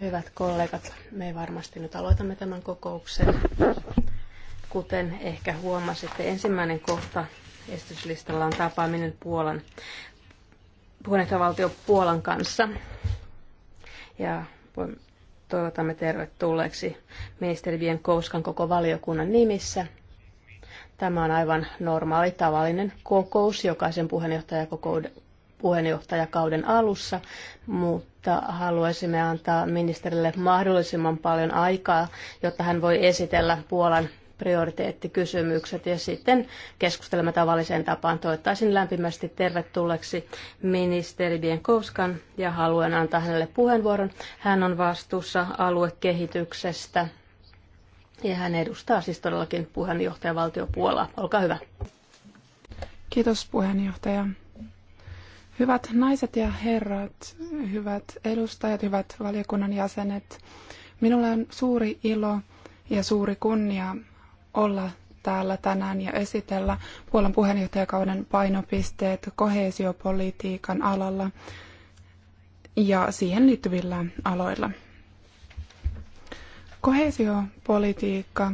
Hyvät kollegat, me varmasti nyt aloitamme tämän kokouksen. Kuten ehkä huomasitte, ensimmäinen kohta esityslistalla on tapaaminen Puolan puheenjohtajavaltio Puolan kanssa. Ja toivotamme tervetulleeksi ministeri Vienkouskan koko valiokunnan nimissä. Tämä on aivan normaali, tavallinen kokous jokaisen puheenjohtajakokouden puheenjohtajakauden alussa, mutta haluaisimme antaa ministerille mahdollisimman paljon aikaa, jotta hän voi esitellä Puolan prioriteettikysymykset ja sitten keskustelemme tavalliseen tapaan. Toivottaisin lämpimästi tervetulleeksi ministeri Bienkowskan ja haluan antaa hänelle puheenvuoron. Hän on vastuussa aluekehityksestä ja hän edustaa siis todellakin puheenjohtajavaltio Puolaa. Olkaa hyvä. Kiitos puheenjohtaja. Hyvät naiset ja herrat, hyvät edustajat, hyvät valiokunnan jäsenet, minulla on suuri ilo ja suuri kunnia olla täällä tänään ja esitellä Puolan puheenjohtajakauden painopisteet koheesiopolitiikan alalla ja siihen liittyvillä aloilla. Koheesiopolitiikka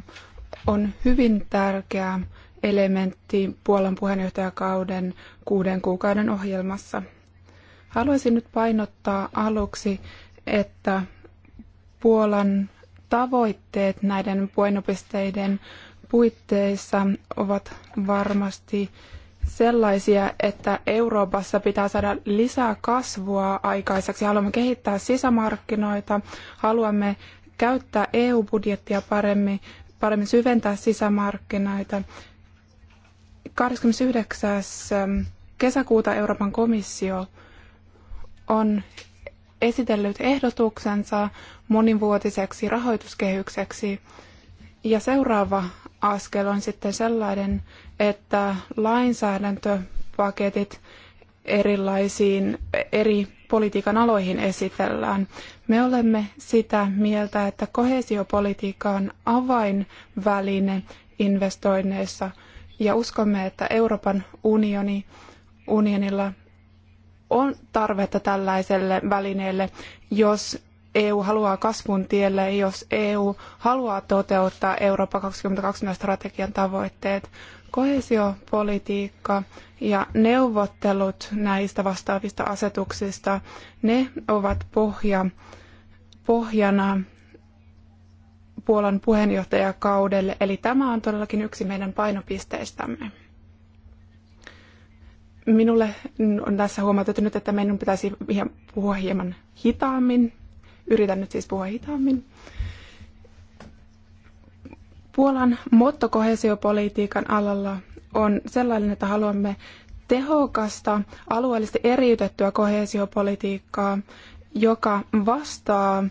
on hyvin tärkeä elementti Puolan puheenjohtajakauden kuuden kuukauden ohjelmassa. Haluaisin nyt painottaa aluksi, että Puolan tavoitteet näiden painopisteiden puitteissa ovat varmasti sellaisia, että Euroopassa pitää saada lisää kasvua aikaiseksi. Haluamme kehittää sisämarkkinoita, haluamme käyttää EU-budjettia paremmin, paremmin syventää sisämarkkinoita 29. Ähm, kesäkuuta Euroopan komissio on esitellyt ehdotuksensa monivuotiseksi rahoituskehykseksi. Ja seuraava askel on sitten sellainen, että lainsäädäntöpaketit erilaisiin eri politiikan aloihin esitellään. Me olemme sitä mieltä, että koheesiopolitiikka on avainväline investoinneissa – ja uskomme, että Euroopan unioni, unionilla on tarvetta tällaiselle välineelle, jos EU haluaa kasvun tielle, jos EU haluaa toteuttaa Eurooppa 2020 strategian tavoitteet. Koheesiopolitiikka ja neuvottelut näistä vastaavista asetuksista, ne ovat pohja, pohjana Puolan puheenjohtajakaudelle, eli tämä on todellakin yksi meidän painopisteistämme. Minulle on tässä huomautettu nyt, että meidän pitäisi puhua hieman hitaammin. Yritän nyt siis puhua hitaammin. Puolan motto kohesiopolitiikan alalla on sellainen, että haluamme tehokasta, alueellisesti eriytettyä kohesiopolitiikkaa, joka vastaa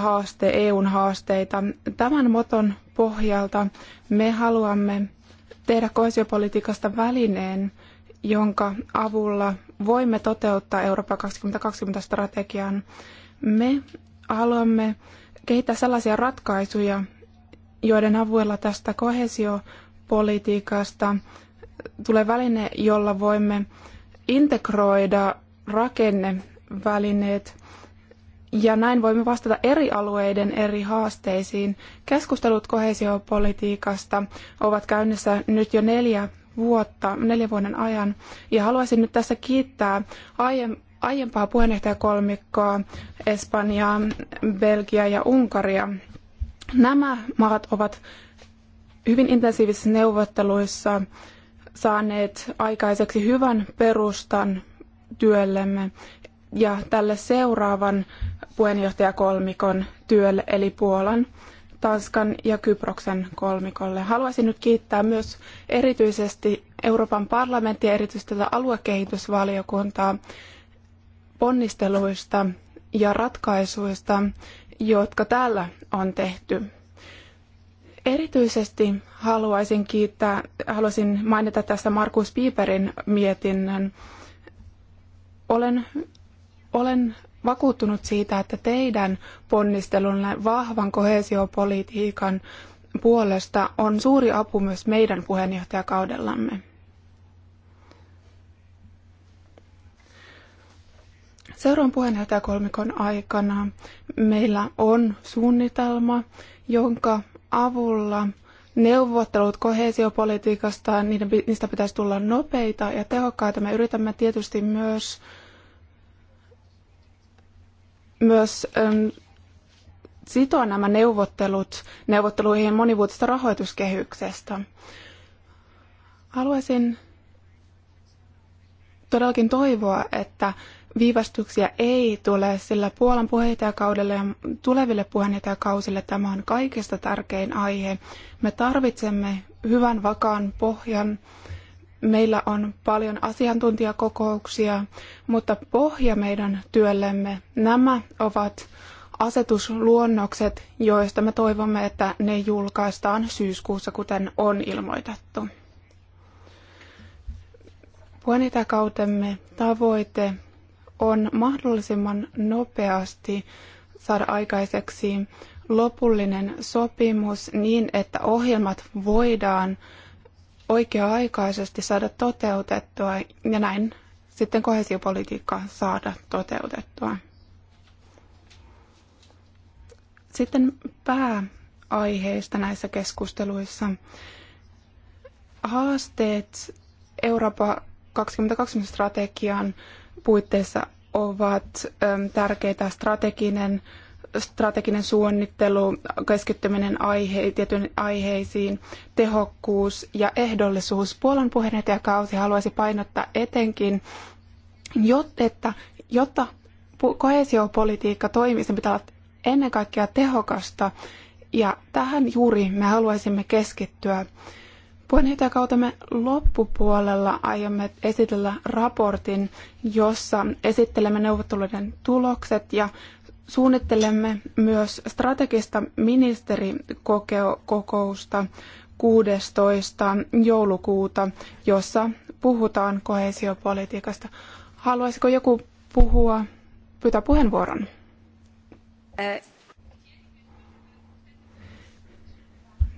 haaste, EUn haasteita. Tämän moton pohjalta me haluamme tehdä koesiopolitiikasta välineen, jonka avulla voimme toteuttaa Eurooppa 2020-strategian. Me haluamme kehittää sellaisia ratkaisuja, joiden avulla tästä koheesiopolitiikasta tulee väline, jolla voimme integroida rakennevälineet ja näin voimme vastata eri alueiden eri haasteisiin. Keskustelut kohesiopolitiikasta ovat käynnissä nyt jo neljä vuotta, neljän vuoden ajan. Ja haluaisin nyt tässä kiittää aiempaa puheenjohtajakolmikkoa Espanjaa, Belgiaa ja Unkaria. Nämä maat ovat hyvin intensiivisissä neuvotteluissa saaneet aikaiseksi hyvän perustan työllemme ja tälle seuraavan puheenjohtajakolmikon työlle, eli Puolan, Tanskan ja Kyproksen kolmikolle. Haluaisin nyt kiittää myös erityisesti Euroopan parlamenttia, erityisesti tätä aluekehitysvaliokuntaa ponnisteluista ja ratkaisuista, jotka täällä on tehty. Erityisesti haluaisin kiittää, haluaisin mainita tässä Markus Pieperin mietinnön. Olen olen vakuuttunut siitä, että teidän ponnistelunne vahvan koheesiopolitiikan puolesta on suuri apu myös meidän puheenjohtajakaudellamme. Seuraavan puheenjohtajakolmikon aikana meillä on suunnitelma, jonka avulla neuvottelut koheesiopolitiikasta niistä pitäisi tulla nopeita ja tehokkaita. Me yritämme tietysti myös myös ähm, sitoa nämä neuvottelut neuvotteluihin monivuotisesta rahoituskehyksestä. Haluaisin todellakin toivoa, että viivästyksiä ei tule, sillä Puolan puheenjohtajakaudelle ja tuleville puheenjohtajakausille tämä on kaikista tärkein aihe. Me tarvitsemme hyvän vakaan pohjan Meillä on paljon asiantuntijakokouksia, mutta pohja meidän työllemme, nämä ovat asetusluonnokset, joista me toivomme, että ne julkaistaan syyskuussa, kuten on ilmoitettu. Puheenjohtajakautemme tavoite on mahdollisimman nopeasti saada aikaiseksi lopullinen sopimus niin, että ohjelmat voidaan oikea-aikaisesti saada toteutettua ja näin sitten kohesiopolitiikkaa saada toteutettua. Sitten pääaiheista näissä keskusteluissa. Haasteet Eurooppa 2020 strategian puitteissa ovat tärkeitä strateginen strateginen suunnittelu, keskittyminen aihe, tietyn aiheisiin, tehokkuus ja ehdollisuus. Puolan puheenjohtajakausi haluaisi painottaa etenkin, että jotta kohesiopolitiikka toimii, sen pitää olla ennen kaikkea tehokasta ja tähän juuri me haluaisimme keskittyä. Puheenjohtajakautemme loppupuolella aiomme esitellä raportin, jossa esittelemme neuvotteluiden tulokset ja Suunnittelemme myös strategista ministerikokousta 16. joulukuuta, jossa puhutaan kohesiopolitiikasta. Haluaisiko joku puhua, pyytää puheenvuoron? Ä-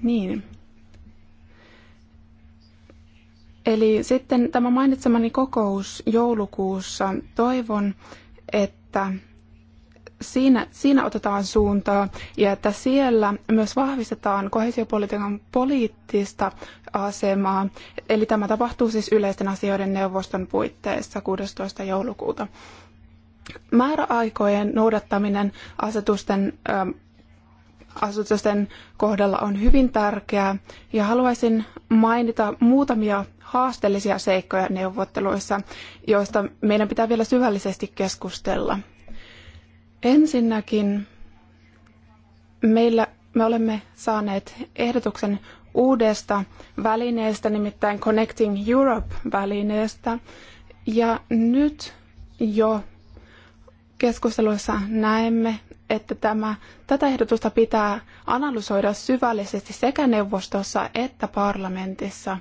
niin. Eli sitten tämä mainitsemani kokous joulukuussa. Toivon, että siinä, siinä otetaan suuntaa ja että siellä myös vahvistetaan kohesiopolitiikan poliittista asemaa. Eli tämä tapahtuu siis yleisten asioiden neuvoston puitteissa 16. joulukuuta. Määräaikojen noudattaminen asetusten, ähm, asetusten kohdalla on hyvin tärkeää ja haluaisin mainita muutamia haasteellisia seikkoja neuvotteluissa, joista meidän pitää vielä syvällisesti keskustella Ensinnäkin meillä, me olemme saaneet ehdotuksen uudesta välineestä, nimittäin Connecting Europe-välineestä. Ja nyt jo keskusteluissa näemme, että tämä, tätä ehdotusta pitää analysoida syvällisesti sekä neuvostossa että parlamentissa.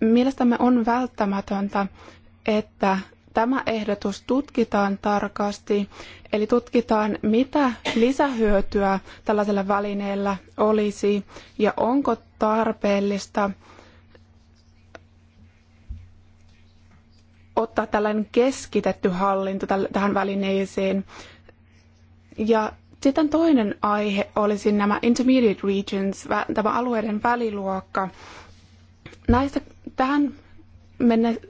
Mielestämme on välttämätöntä, että tämä ehdotus tutkitaan tarkasti, eli tutkitaan, mitä lisähyötyä tällaisella välineellä olisi ja onko tarpeellista ottaa tällainen keskitetty hallinto tähän välineeseen. Ja sitten toinen aihe olisi nämä intermediate regions, tämä alueiden väliluokka. Näistä tähän mennessä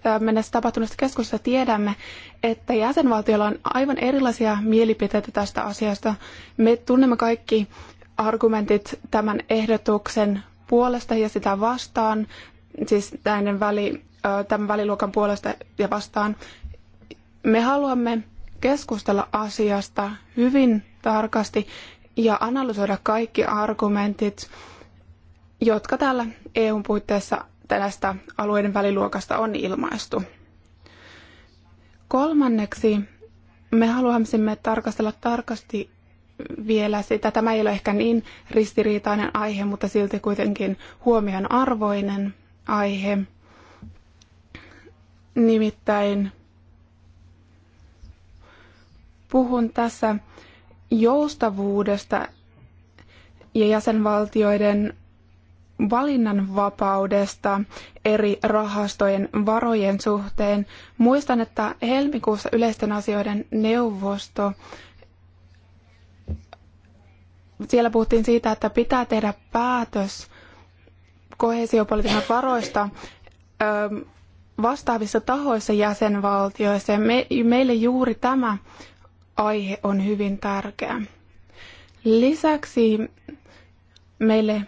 äh, tapahtuneesta keskustelusta tiedämme, että jäsenvaltioilla on aivan erilaisia mielipiteitä tästä asiasta. Me tunnemme kaikki argumentit tämän ehdotuksen puolesta ja sitä vastaan, siis näiden väli, äh, tämän väliluokan puolesta ja vastaan. Me haluamme keskustella asiasta hyvin tarkasti ja analysoida kaikki argumentit, jotka täällä eu puitteissa tästä alueiden väliluokasta on ilmaistu. Kolmanneksi me haluaisimme tarkastella tarkasti vielä sitä. Tämä ei ole ehkä niin ristiriitainen aihe, mutta silti kuitenkin huomion arvoinen aihe. Nimittäin puhun tässä joustavuudesta ja jäsenvaltioiden valinnanvapaudesta eri rahastojen varojen suhteen. Muistan, että helmikuussa yleisten asioiden neuvosto siellä puhuttiin siitä, että pitää tehdä päätös kohesiopolitiikan varoista vastaavissa tahoissa jäsenvaltioissa. Ja me, meille juuri tämä aihe on hyvin tärkeä. Lisäksi meille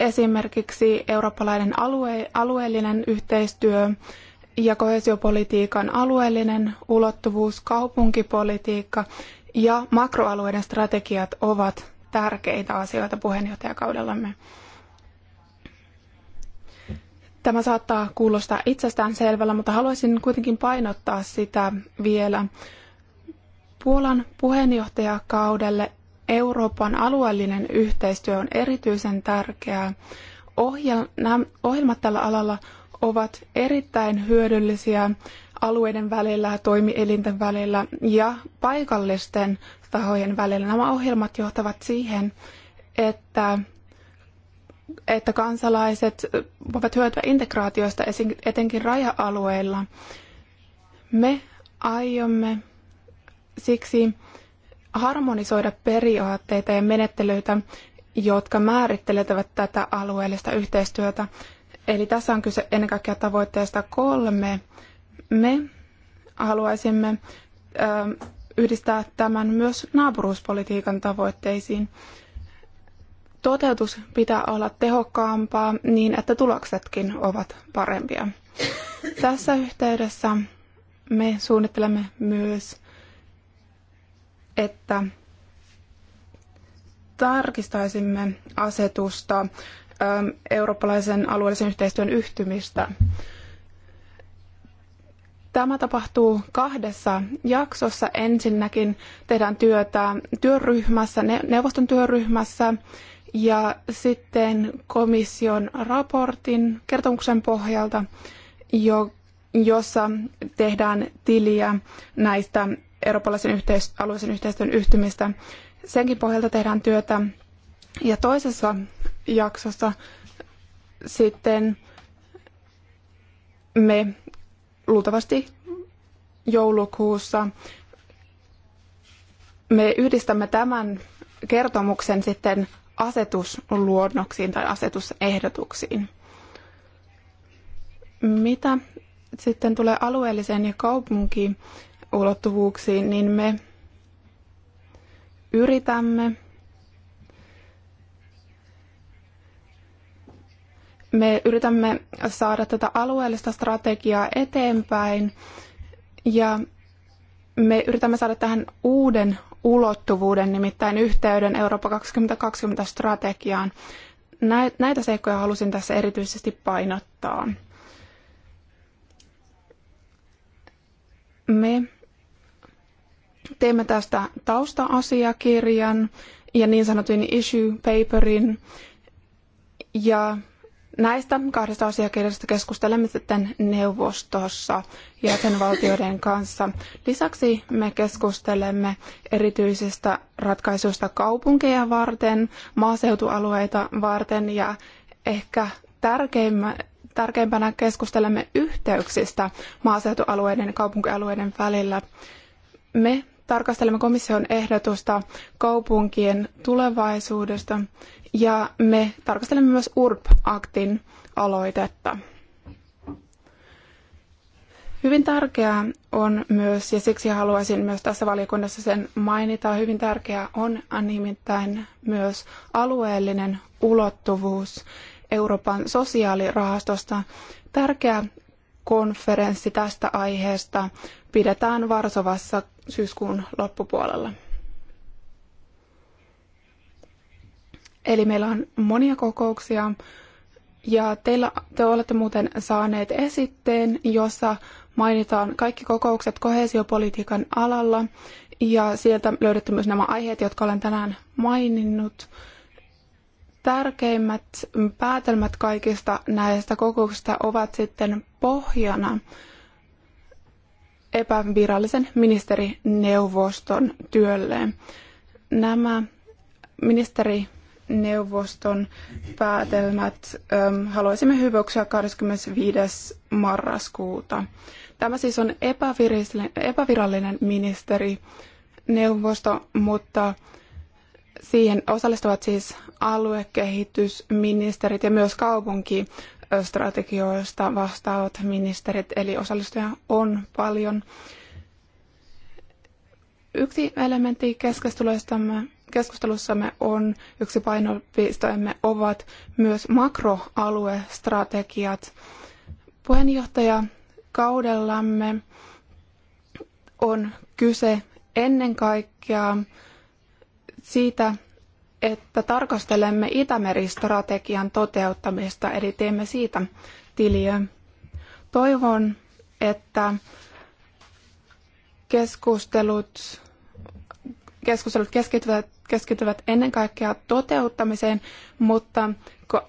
Esimerkiksi eurooppalainen alue, alueellinen yhteistyö ja koheesiopolitiikan alueellinen ulottuvuus, kaupunkipolitiikka ja makroalueiden strategiat ovat tärkeitä asioita puheenjohtajakaudellamme. Tämä saattaa kuulostaa itsestään selvällä, mutta haluaisin kuitenkin painottaa sitä vielä. Puolan puheenjohtajakaudelle Euroopan alueellinen yhteistyö on erityisen tärkeää. Ohjel- nämä ohjelmat tällä alalla ovat erittäin hyödyllisiä alueiden välillä, toimielinten välillä ja paikallisten tahojen välillä. Nämä ohjelmat johtavat siihen, että, että kansalaiset voivat hyötyä integraatiosta etenkin raja-alueilla. Me aiomme siksi harmonisoida periaatteita ja menettelyitä, jotka määrittelevät tätä alueellista yhteistyötä. Eli tässä on kyse ennen kaikkea tavoitteesta kolme. Me haluaisimme ähm, yhdistää tämän myös naapuruuspolitiikan tavoitteisiin. Toteutus pitää olla tehokkaampaa niin, että tuloksetkin ovat parempia. Tässä yhteydessä me suunnittelemme myös että tarkistaisimme asetusta eurooppalaisen alueellisen yhteistyön yhtymistä. Tämä tapahtuu kahdessa jaksossa. Ensinnäkin tehdään työtä työryhmässä, neuvoston työryhmässä ja sitten komission raportin kertomuksen pohjalta, jossa tehdään tiliä näistä eurooppalaisen yhteis- alueellisen yhteistyön yhtymistä. Senkin pohjalta tehdään työtä. Ja toisessa jaksossa sitten me luultavasti joulukuussa me yhdistämme tämän kertomuksen sitten asetusluonnoksiin tai asetusehdotuksiin. Mitä sitten tulee alueelliseen ja kaupunkiin ulottuvuuksiin, niin me yritämme me yritämme saada tätä alueellista strategiaa eteenpäin ja me yritämme saada tähän uuden ulottuvuuden, nimittäin yhteyden Eurooppa 2020 strategiaan. Näitä seikkoja halusin tässä erityisesti painottaa. Me Teemme tästä tausta-asiakirjan ja niin sanotun issue paperin. Ja näistä kahdesta asiakirjasta keskustelemme sitten neuvostossa jäsenvaltioiden kanssa. Lisäksi me keskustelemme erityisistä ratkaisuista kaupunkeja varten, maaseutualueita varten ja ehkä tärkeimmä, tärkeimpänä keskustelemme yhteyksistä maaseutualueiden ja kaupunkialueiden välillä. Me tarkastelemme komission ehdotusta kaupunkien tulevaisuudesta ja me tarkastelemme myös URP-aktin aloitetta. Hyvin tärkeää on myös, ja siksi haluaisin myös tässä valiokunnassa sen mainita, hyvin tärkeää on nimittäin myös alueellinen ulottuvuus Euroopan sosiaalirahastosta. Tärkeä konferenssi tästä aiheesta pidetään Varsovassa syyskuun loppupuolella. Eli meillä on monia kokouksia ja teillä, te olette muuten saaneet esitteen, jossa mainitaan kaikki kokoukset kohesiopolitiikan alalla ja sieltä löydätte myös nämä aiheet, jotka olen tänään maininnut. Tärkeimmät päätelmät kaikista näistä kokouksista ovat sitten pohjana epävirallisen ministerineuvoston työlleen. Nämä ministerineuvoston päätelmät ähm, haluaisimme hyväksyä 25. marraskuuta. Tämä siis on epävirallinen ministerineuvosto, mutta siihen osallistuvat siis aluekehitysministerit ja myös kaupunki strategioista vastaavat ministerit, eli osallistujia on paljon. Yksi elementti keskustelustamme, keskustelussamme on, yksi painopistoemme ovat myös makroaluestrategiat. Puheenjohtaja kaudellamme on kyse ennen kaikkea siitä, että tarkastelemme Itämeri-strategian toteuttamista, eli teemme siitä tiliä. Toivon, että keskustelut, keskustelut keskittyvät, keskittyvät ennen kaikkea toteuttamiseen, mutta,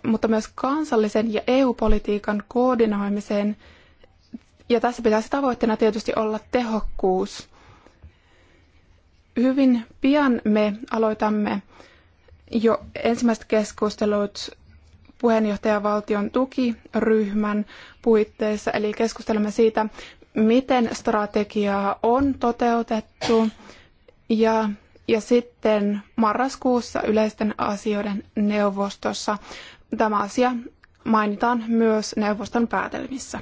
mutta myös kansallisen ja EU-politiikan koordinoimiseen. Ja tässä pitäisi tavoitteena tietysti olla tehokkuus. Hyvin pian me aloitamme jo ensimmäiset keskustelut puheenjohtajavaltion tukiryhmän puitteissa, eli keskustelemme siitä, miten strategiaa on toteutettu ja, ja sitten marraskuussa yleisten asioiden neuvostossa tämä asia mainitaan myös neuvoston päätelmissä.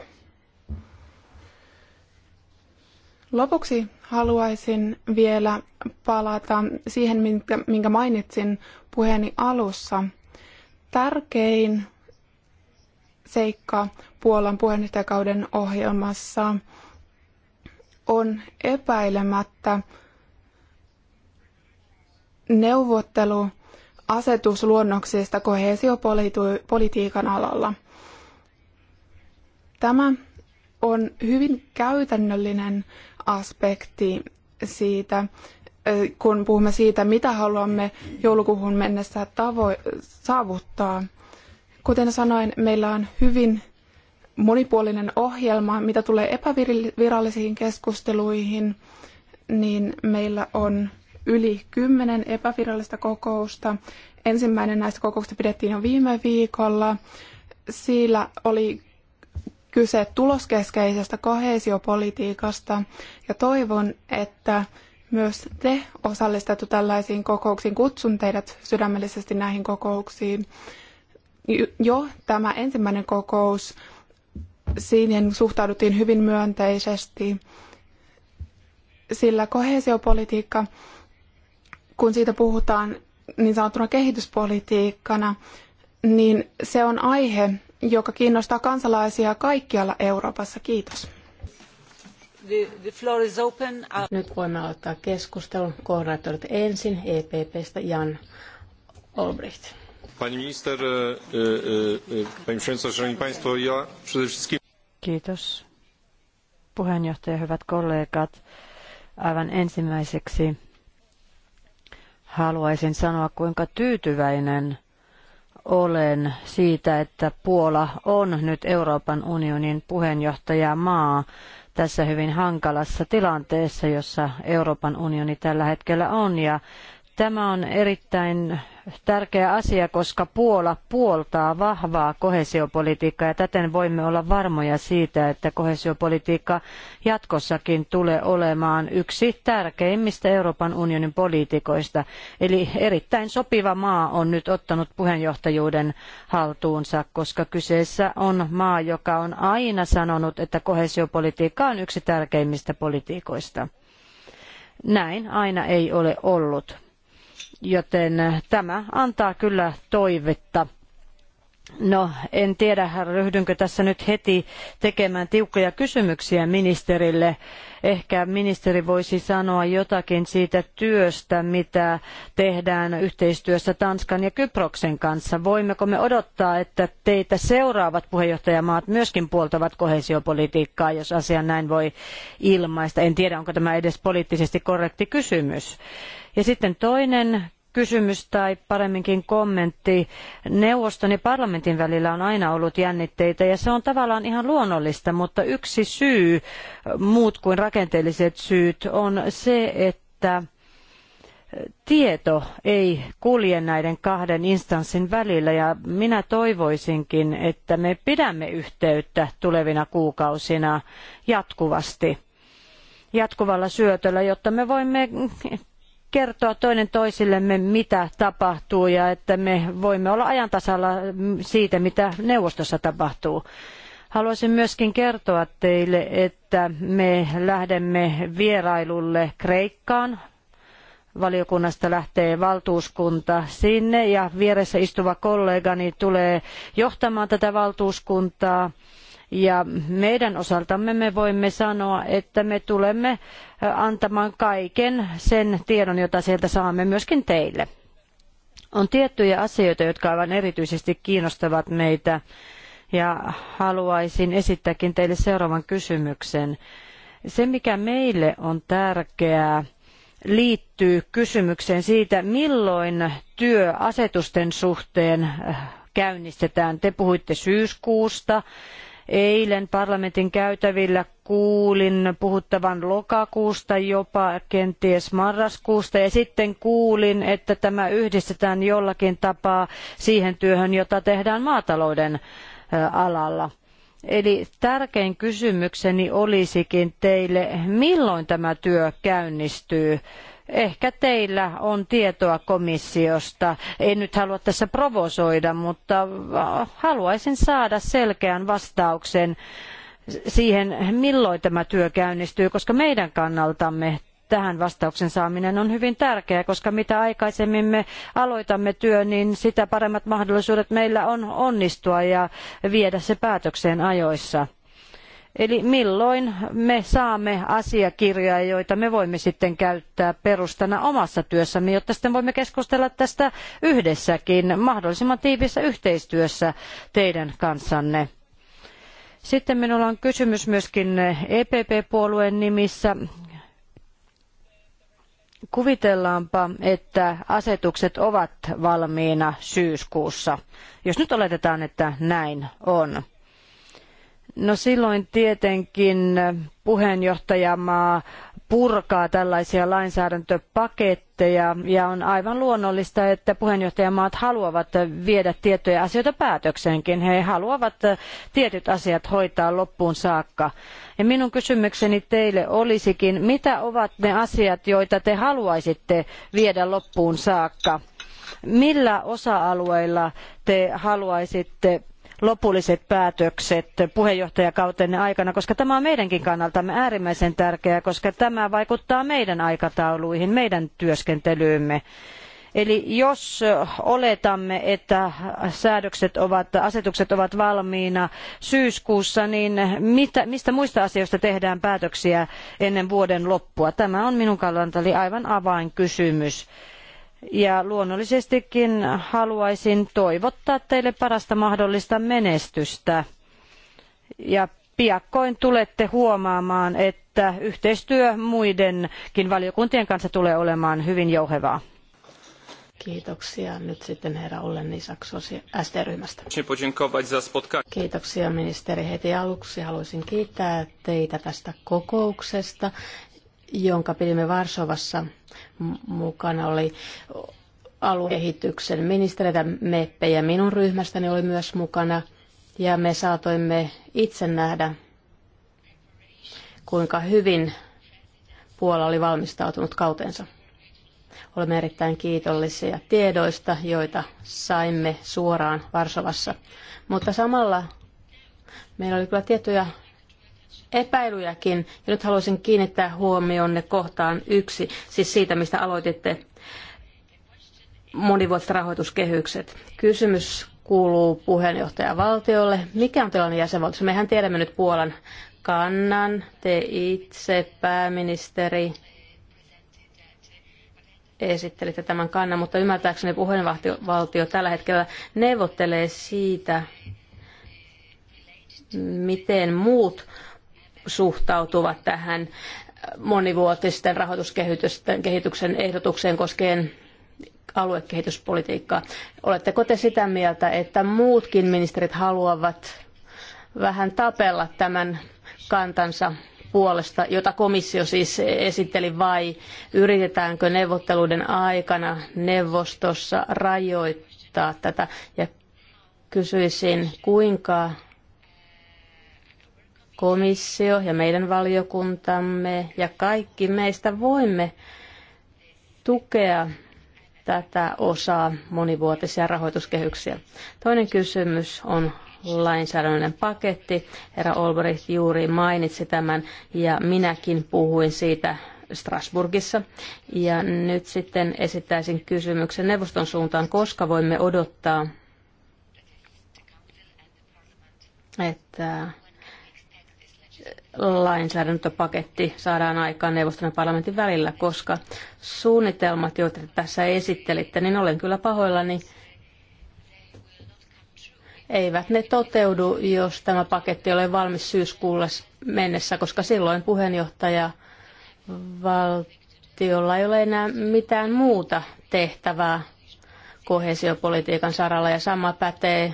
Lopuksi haluaisin vielä palata siihen, minkä, minkä mainitsin puheeni alussa, tärkein seikka Puolan puheenjohtajakauden ohjelmassa on epäilemättä neuvottelu asetusluonnoksista kohesiopolitiikan alalla. Tämä on hyvin käytännöllinen aspekti siitä, kun puhumme siitä, mitä haluamme joulukuuhun mennessä tavo- saavuttaa. Kuten sanoin, meillä on hyvin monipuolinen ohjelma, mitä tulee epävirallisiin keskusteluihin, niin meillä on yli kymmenen epävirallista kokousta. Ensimmäinen näistä kokouksista pidettiin jo viime viikolla. Siellä oli kyse tuloskeskeisestä koheesiopolitiikasta ja toivon, että myös te osallistutte tällaisiin kokouksiin. Kutsun teidät sydämellisesti näihin kokouksiin. Jo tämä ensimmäinen kokous, siihen suhtauduttiin hyvin myönteisesti, sillä koheesiopolitiikka, kun siitä puhutaan niin sanottuna kehityspolitiikkana, niin se on aihe, joka kiinnostaa kansalaisia kaikkialla Euroopassa. Kiitos. Uh, nyt voimme aloittaa keskustelun. Koordinaattorit ensin, EPPstä Jan Olbricht. Pani minister, e, e, e, ja Kiitos. Puheenjohtaja, hyvät kollegat. Aivan ensimmäiseksi haluaisin sanoa, kuinka tyytyväinen olen siitä, että Puola on nyt Euroopan unionin puheenjohtajamaa. maa tässä hyvin hankalassa tilanteessa, jossa Euroopan unioni tällä hetkellä on. Ja tämä on erittäin tärkeä asia, koska Puola puoltaa vahvaa koheesiopolitiikkaa ja täten voimme olla varmoja siitä, että koheesiopolitiikka jatkossakin tulee olemaan yksi tärkeimmistä Euroopan unionin poliitikoista. Eli erittäin sopiva maa on nyt ottanut puheenjohtajuuden haltuunsa, koska kyseessä on maa, joka on aina sanonut, että koheesiopolitiikka on yksi tärkeimmistä politiikoista. Näin aina ei ole ollut Joten tämä antaa kyllä toivetta No, en tiedä, ryhdynkö tässä nyt heti tekemään tiukkoja kysymyksiä ministerille. Ehkä ministeri voisi sanoa jotakin siitä työstä, mitä tehdään yhteistyössä Tanskan ja Kyproksen kanssa. Voimmeko me odottaa, että teitä seuraavat puheenjohtajamaat myöskin puoltavat koheesiopolitiikkaa, jos asian näin voi ilmaista? En tiedä, onko tämä edes poliittisesti korrekti kysymys. Ja sitten toinen kysymys tai paremminkin kommentti. Neuvoston ja parlamentin välillä on aina ollut jännitteitä ja se on tavallaan ihan luonnollista, mutta yksi syy, muut kuin rakenteelliset syyt, on se, että tieto ei kulje näiden kahden instanssin välillä ja minä toivoisinkin, että me pidämme yhteyttä tulevina kuukausina jatkuvasti jatkuvalla syötöllä, jotta me voimme kertoa toinen toisillemme, mitä tapahtuu ja että me voimme olla ajan tasalla siitä, mitä neuvostossa tapahtuu. Haluaisin myöskin kertoa teille, että me lähdemme vierailulle Kreikkaan. Valiokunnasta lähtee valtuuskunta sinne ja vieressä istuva kollegani tulee johtamaan tätä valtuuskuntaa. Ja meidän osaltamme me voimme sanoa, että me tulemme antamaan kaiken sen tiedon, jota sieltä saamme myöskin teille. On tiettyjä asioita, jotka aivan erityisesti kiinnostavat meitä ja haluaisin esittääkin teille seuraavan kysymyksen. Se, mikä meille on tärkeää, liittyy kysymykseen siitä, milloin työ asetusten suhteen käynnistetään. Te puhuitte syyskuusta Eilen parlamentin käytävillä kuulin puhuttavan lokakuusta, jopa kenties marraskuusta, ja sitten kuulin, että tämä yhdistetään jollakin tapaa siihen työhön, jota tehdään maatalouden alalla. Eli tärkein kysymykseni olisikin teille, milloin tämä työ käynnistyy Ehkä teillä on tietoa komissiosta. En nyt halua tässä provosoida, mutta äh, haluaisin saada selkeän vastauksen siihen, milloin tämä työ käynnistyy, koska meidän kannaltamme tähän vastauksen saaminen on hyvin tärkeää, koska mitä aikaisemmin me aloitamme työn, niin sitä paremmat mahdollisuudet meillä on onnistua ja viedä se päätökseen ajoissa. Eli milloin me saamme asiakirjoja, joita me voimme sitten käyttää perustana omassa työssämme, jotta sitten voimme keskustella tästä yhdessäkin mahdollisimman tiiviissä yhteistyössä teidän kanssanne. Sitten minulla on kysymys myöskin EPP-puolueen nimissä. Kuvitellaanpa, että asetukset ovat valmiina syyskuussa, jos nyt oletetaan, että näin on No silloin tietenkin puheenjohtajamaa purkaa tällaisia lainsäädäntöpaketteja ja on aivan luonnollista, että puheenjohtajamaat haluavat viedä tiettyjä asioita päätökseenkin. He haluavat tietyt asiat hoitaa loppuun saakka. Ja minun kysymykseni teille olisikin, mitä ovat ne asiat, joita te haluaisitte viedä loppuun saakka? Millä osa-alueilla te haluaisitte lopulliset päätökset puheenjohtajakautenne aikana, koska tämä on meidänkin kannaltamme äärimmäisen tärkeää, koska tämä vaikuttaa meidän aikatauluihin, meidän työskentelyymme. Eli jos oletamme, että säädökset ovat, asetukset ovat valmiina syyskuussa, niin mitä, mistä muista asioista tehdään päätöksiä ennen vuoden loppua? Tämä on minun kannaltani aivan avainkysymys. kysymys ja luonnollisestikin haluaisin toivottaa teille parasta mahdollista menestystä. Ja piakkoin tulette huomaamaan, että yhteistyö muidenkin valiokuntien kanssa tulee olemaan hyvin jouhevaa. Kiitoksia. Nyt sitten herra Ollen Isaksosi ST-ryhmästä. Kiitoksia ministeri. Heti aluksi haluaisin kiittää teitä tästä kokouksesta jonka pidimme Varsovassa mukana, oli aluekehityksen Meppe ja Minun ryhmästäni oli myös mukana ja me saatoimme itse nähdä, kuinka hyvin Puola oli valmistautunut kautensa. Olemme erittäin kiitollisia tiedoista, joita saimme suoraan Varsovassa. Mutta samalla meillä oli kyllä tiettyjä epäilyjäkin. Ja nyt haluaisin kiinnittää huomionne kohtaan yksi, siis siitä, mistä aloititte monivuotiset rahoituskehykset. Kysymys kuuluu puheenjohtajavaltiolle. Mikä on tilanne jäsenvaltiossa? Mehän tiedämme nyt Puolan kannan. Te itse, pääministeri, esittelitte tämän kannan, mutta ymmärtääkseni puheenvaltio tällä hetkellä neuvottelee siitä, miten muut suhtautuvat tähän monivuotisten rahoituskehityksen ehdotukseen koskien aluekehityspolitiikkaa. Oletteko te sitä mieltä, että muutkin ministerit haluavat vähän tapella tämän kantansa puolesta, jota komissio siis esitteli, vai yritetäänkö neuvotteluiden aikana neuvostossa rajoittaa tätä? Ja kysyisin, kuinka komissio ja meidän valiokuntamme ja kaikki meistä voimme tukea tätä osaa monivuotisia rahoituskehyksiä. Toinen kysymys on lainsäädännöllinen paketti. Herra Olbrecht juuri mainitsi tämän ja minäkin puhuin siitä Strasburgissa. Ja nyt sitten esittäisin kysymyksen neuvoston suuntaan, koska voimme odottaa, että lainsäädäntöpaketti saadaan aikaan neuvoston ja parlamentin välillä, koska suunnitelmat, joita tässä esittelitte, niin olen kyllä pahoillani, eivät ne toteudu, jos tämä paketti ole valmis syyskuulle mennessä, koska silloin puheenjohtaja valtiolla ei ole enää mitään muuta tehtävää kohesiopolitiikan saralla ja sama pätee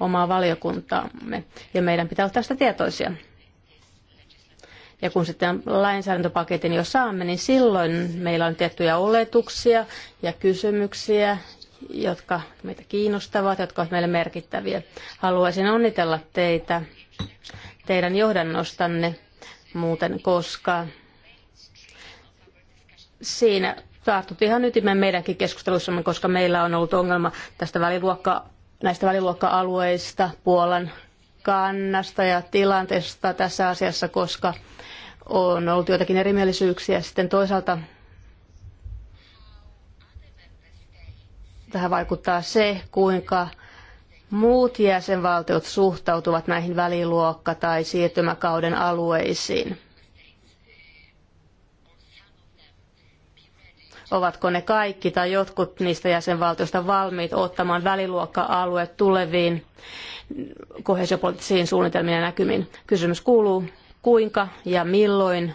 omaa valiokuntaamme ja meidän pitää olla tästä tietoisia. Ja kun sitten lainsäädäntöpaketin jo saamme, niin silloin meillä on tiettyjä oletuksia ja kysymyksiä, jotka meitä kiinnostavat, jotka ovat meille merkittäviä. Haluaisin onnitella teitä teidän johdannostanne muuten, koska siinä tartut ihan ytimen meidänkin keskustelussamme, koska meillä on ollut ongelma tästä väliluokka, näistä väliluokka-alueista, Puolan kannasta ja tilanteesta tässä asiassa, koska on ollut joitakin erimielisyyksiä. Sitten toisaalta tähän vaikuttaa se, kuinka muut jäsenvaltiot suhtautuvat näihin väliluokka- tai siirtymäkauden alueisiin. ovatko ne kaikki tai jotkut niistä jäsenvaltioista valmiit ottamaan väliluokka-alueet tuleviin kohesiopoliittisiin suunnitelmiin ja näkymiin. Kysymys kuuluu, kuinka ja milloin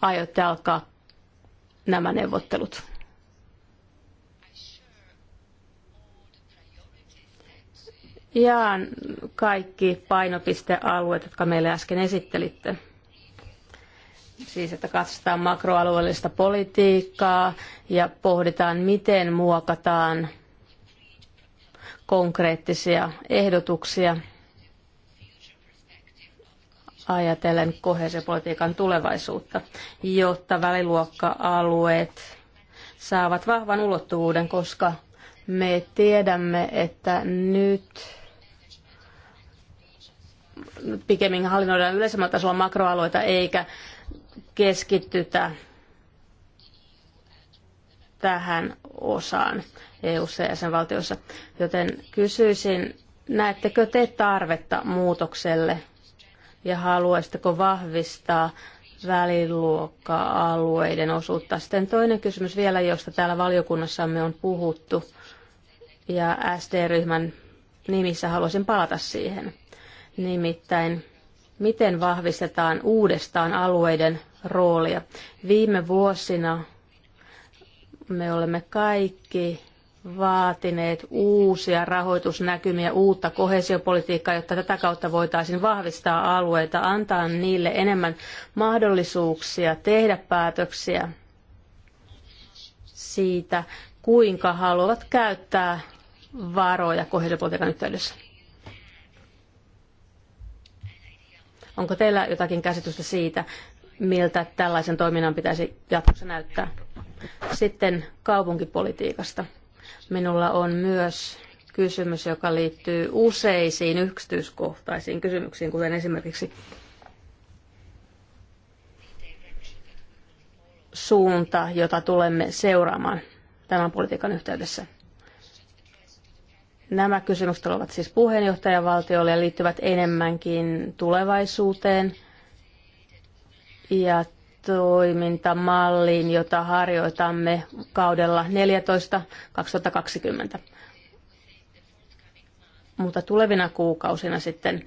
aiotte alkaa nämä neuvottelut? Jaan kaikki painopistealueet, jotka meille äsken esittelitte. Siis, että katsotaan makroalueellista politiikkaa ja pohditaan, miten muokataan konkreettisia ehdotuksia ajatellen kohesiopolitiikan tulevaisuutta, jotta väliluokka-alueet saavat vahvan ulottuvuuden, koska me tiedämme, että nyt pikemminkin hallinnoidaan yleisemmällä tasolla makroalueita eikä keskitytä tähän osaan EU-ssa ja jäsenvaltioissa. Joten kysyisin, näettekö te tarvetta muutokselle ja haluaisitteko vahvistaa väliluokka-alueiden osuutta? Sitten toinen kysymys vielä, josta täällä valiokunnassamme on puhuttu ja SD-ryhmän nimissä haluaisin palata siihen. Nimittäin miten vahvistetaan uudestaan alueiden roolia. Viime vuosina me olemme kaikki vaatineet uusia rahoitusnäkymiä, uutta kohesiopolitiikkaa, jotta tätä kautta voitaisiin vahvistaa alueita, antaa niille enemmän mahdollisuuksia tehdä päätöksiä siitä, kuinka haluavat käyttää varoja kohesiopolitiikan yhteydessä. Onko teillä jotakin käsitystä siitä, miltä tällaisen toiminnan pitäisi jatkossa näyttää? Sitten kaupunkipolitiikasta. Minulla on myös kysymys, joka liittyy useisiin yksityiskohtaisiin kysymyksiin, kuten esimerkiksi suunta, jota tulemme seuraamaan tämän politiikan yhteydessä. Nämä kysymykset ovat siis puheenjohtajavaltiolle ja liittyvät enemmänkin tulevaisuuteen ja toimintamalliin, jota harjoitamme kaudella 14-2020. Mutta tulevina kuukausina sitten,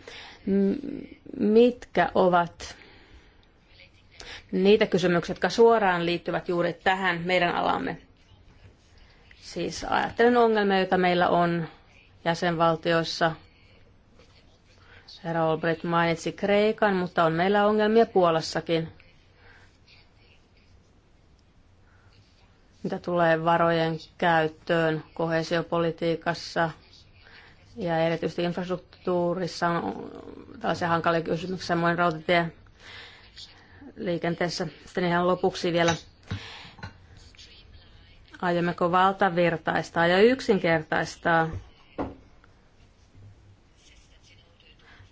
mitkä ovat niitä kysymyksiä, jotka suoraan liittyvät juuri tähän meidän alamme? Siis ajattelen ongelmia, joita meillä on jäsenvaltioissa. Herra Olbrecht mainitsi Kreikan, mutta on meillä ongelmia Puolassakin. Mitä tulee varojen käyttöön kohesiopolitiikassa ja erityisesti infrastruktuurissa on tällaisia hankalia kysymyksiä, samoin rautatie liikenteessä. Sitten ihan lopuksi vielä aiommeko valtavirtaistaa ja yksinkertaistaa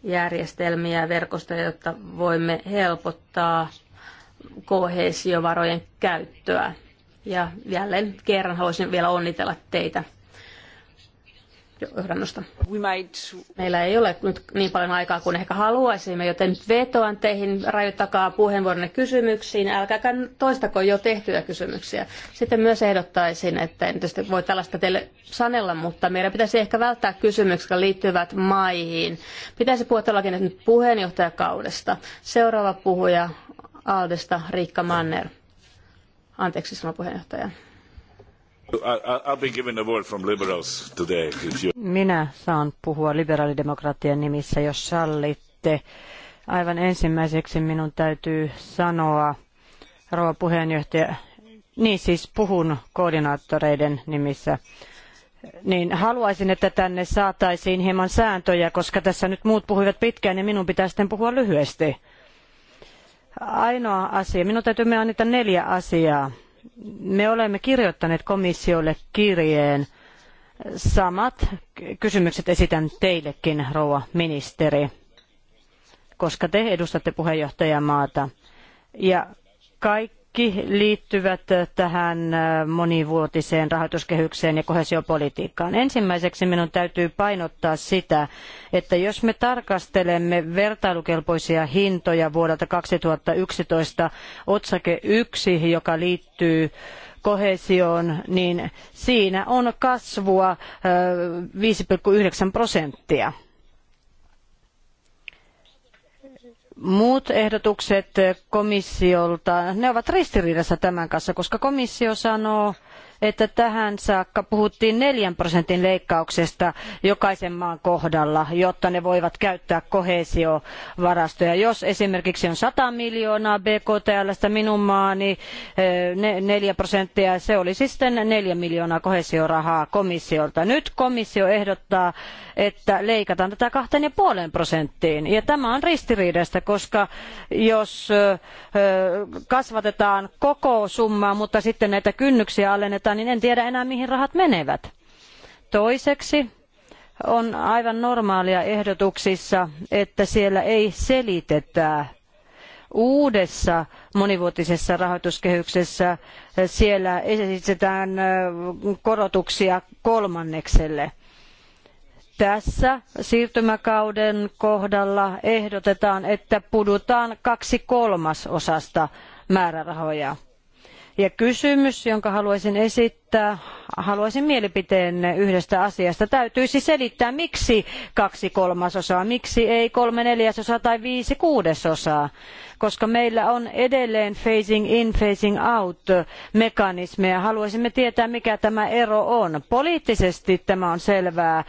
järjestelmiä ja verkostoja, jotta voimme helpottaa kohesiovarojen käyttöä. Ja jälleen kerran haluaisin vielä onnitella teitä johdannosta. Meillä ei ole nyt niin paljon aikaa kuin ehkä haluaisimme, joten vetoan teihin, rajoittakaa puheenvuoronne kysymyksiin, älkääkään toistako jo tehtyjä kysymyksiä. Sitten myös ehdottaisin, että en tietysti voi tällaista teille sanella, mutta meidän pitäisi ehkä välttää kysymyksiä, jotka liittyvät maihin. Pitäisi puhua todellakin nyt puheenjohtajakaudesta. Seuraava puhuja Aldesta, Riikka Manner. Anteeksi, sanoi puheenjohtaja. Minä saan puhua liberaalidemokraattien nimissä, jos sallitte. Aivan ensimmäiseksi minun täytyy sanoa, rouva puheenjohtaja, niin siis puhun koordinaattoreiden nimissä niin haluaisin, että tänne saataisiin hieman sääntöjä, koska tässä nyt muut puhuivat pitkään ja minun pitää sitten puhua lyhyesti. Ainoa asia, minun täytyy mainita neljä asiaa me olemme kirjoittaneet komissiolle kirjeen. Samat kysymykset esitän teillekin, rouva ministeri, koska te edustatte puheenjohtajamaata. Ja kaikki kaikki liittyvät tähän monivuotiseen rahoituskehykseen ja kohesiopolitiikkaan. Ensimmäiseksi minun täytyy painottaa sitä, että jos me tarkastelemme vertailukelpoisia hintoja vuodelta 2011 otsake 1, joka liittyy kohesioon, niin siinä on kasvua 5,9 prosenttia muut ehdotukset komissiolta, ne ovat ristiriidassa tämän kanssa, koska komissio sanoo, että tähän saakka puhuttiin neljän prosentin leikkauksesta jokaisen maan kohdalla, jotta ne voivat käyttää kohesiovarastoja. Jos esimerkiksi on 100 miljoonaa BKTLstä minun maani, eh, neljä prosenttia, se olisi sitten neljä miljoonaa kohesiorahaa komissiolta. Nyt komissio ehdottaa, että leikataan tätä kahteen ja puoleen prosenttiin. Ja tämä on ristiriidasta, koska jos eh, kasvatetaan koko summaa, mutta sitten näitä kynnyksiä alennetaan, toimintaa, niin en tiedä enää mihin rahat menevät. Toiseksi on aivan normaalia ehdotuksissa, että siellä ei selitetä uudessa monivuotisessa rahoituskehyksessä siellä esitetään korotuksia kolmannekselle. Tässä siirtymäkauden kohdalla ehdotetaan, että pudutaan kaksi kolmasosasta määrärahoja ja kysymys, jonka haluaisin esittää, että haluaisin mielipiteenne yhdestä asiasta. Täytyisi selittää, miksi kaksi kolmasosaa, miksi ei kolme neljäsosaa tai viisi kuudesosaa, koska meillä on edelleen phasing in, phasing out mekanismeja. Haluaisimme tietää, mikä tämä ero on. Poliittisesti tämä on selvää.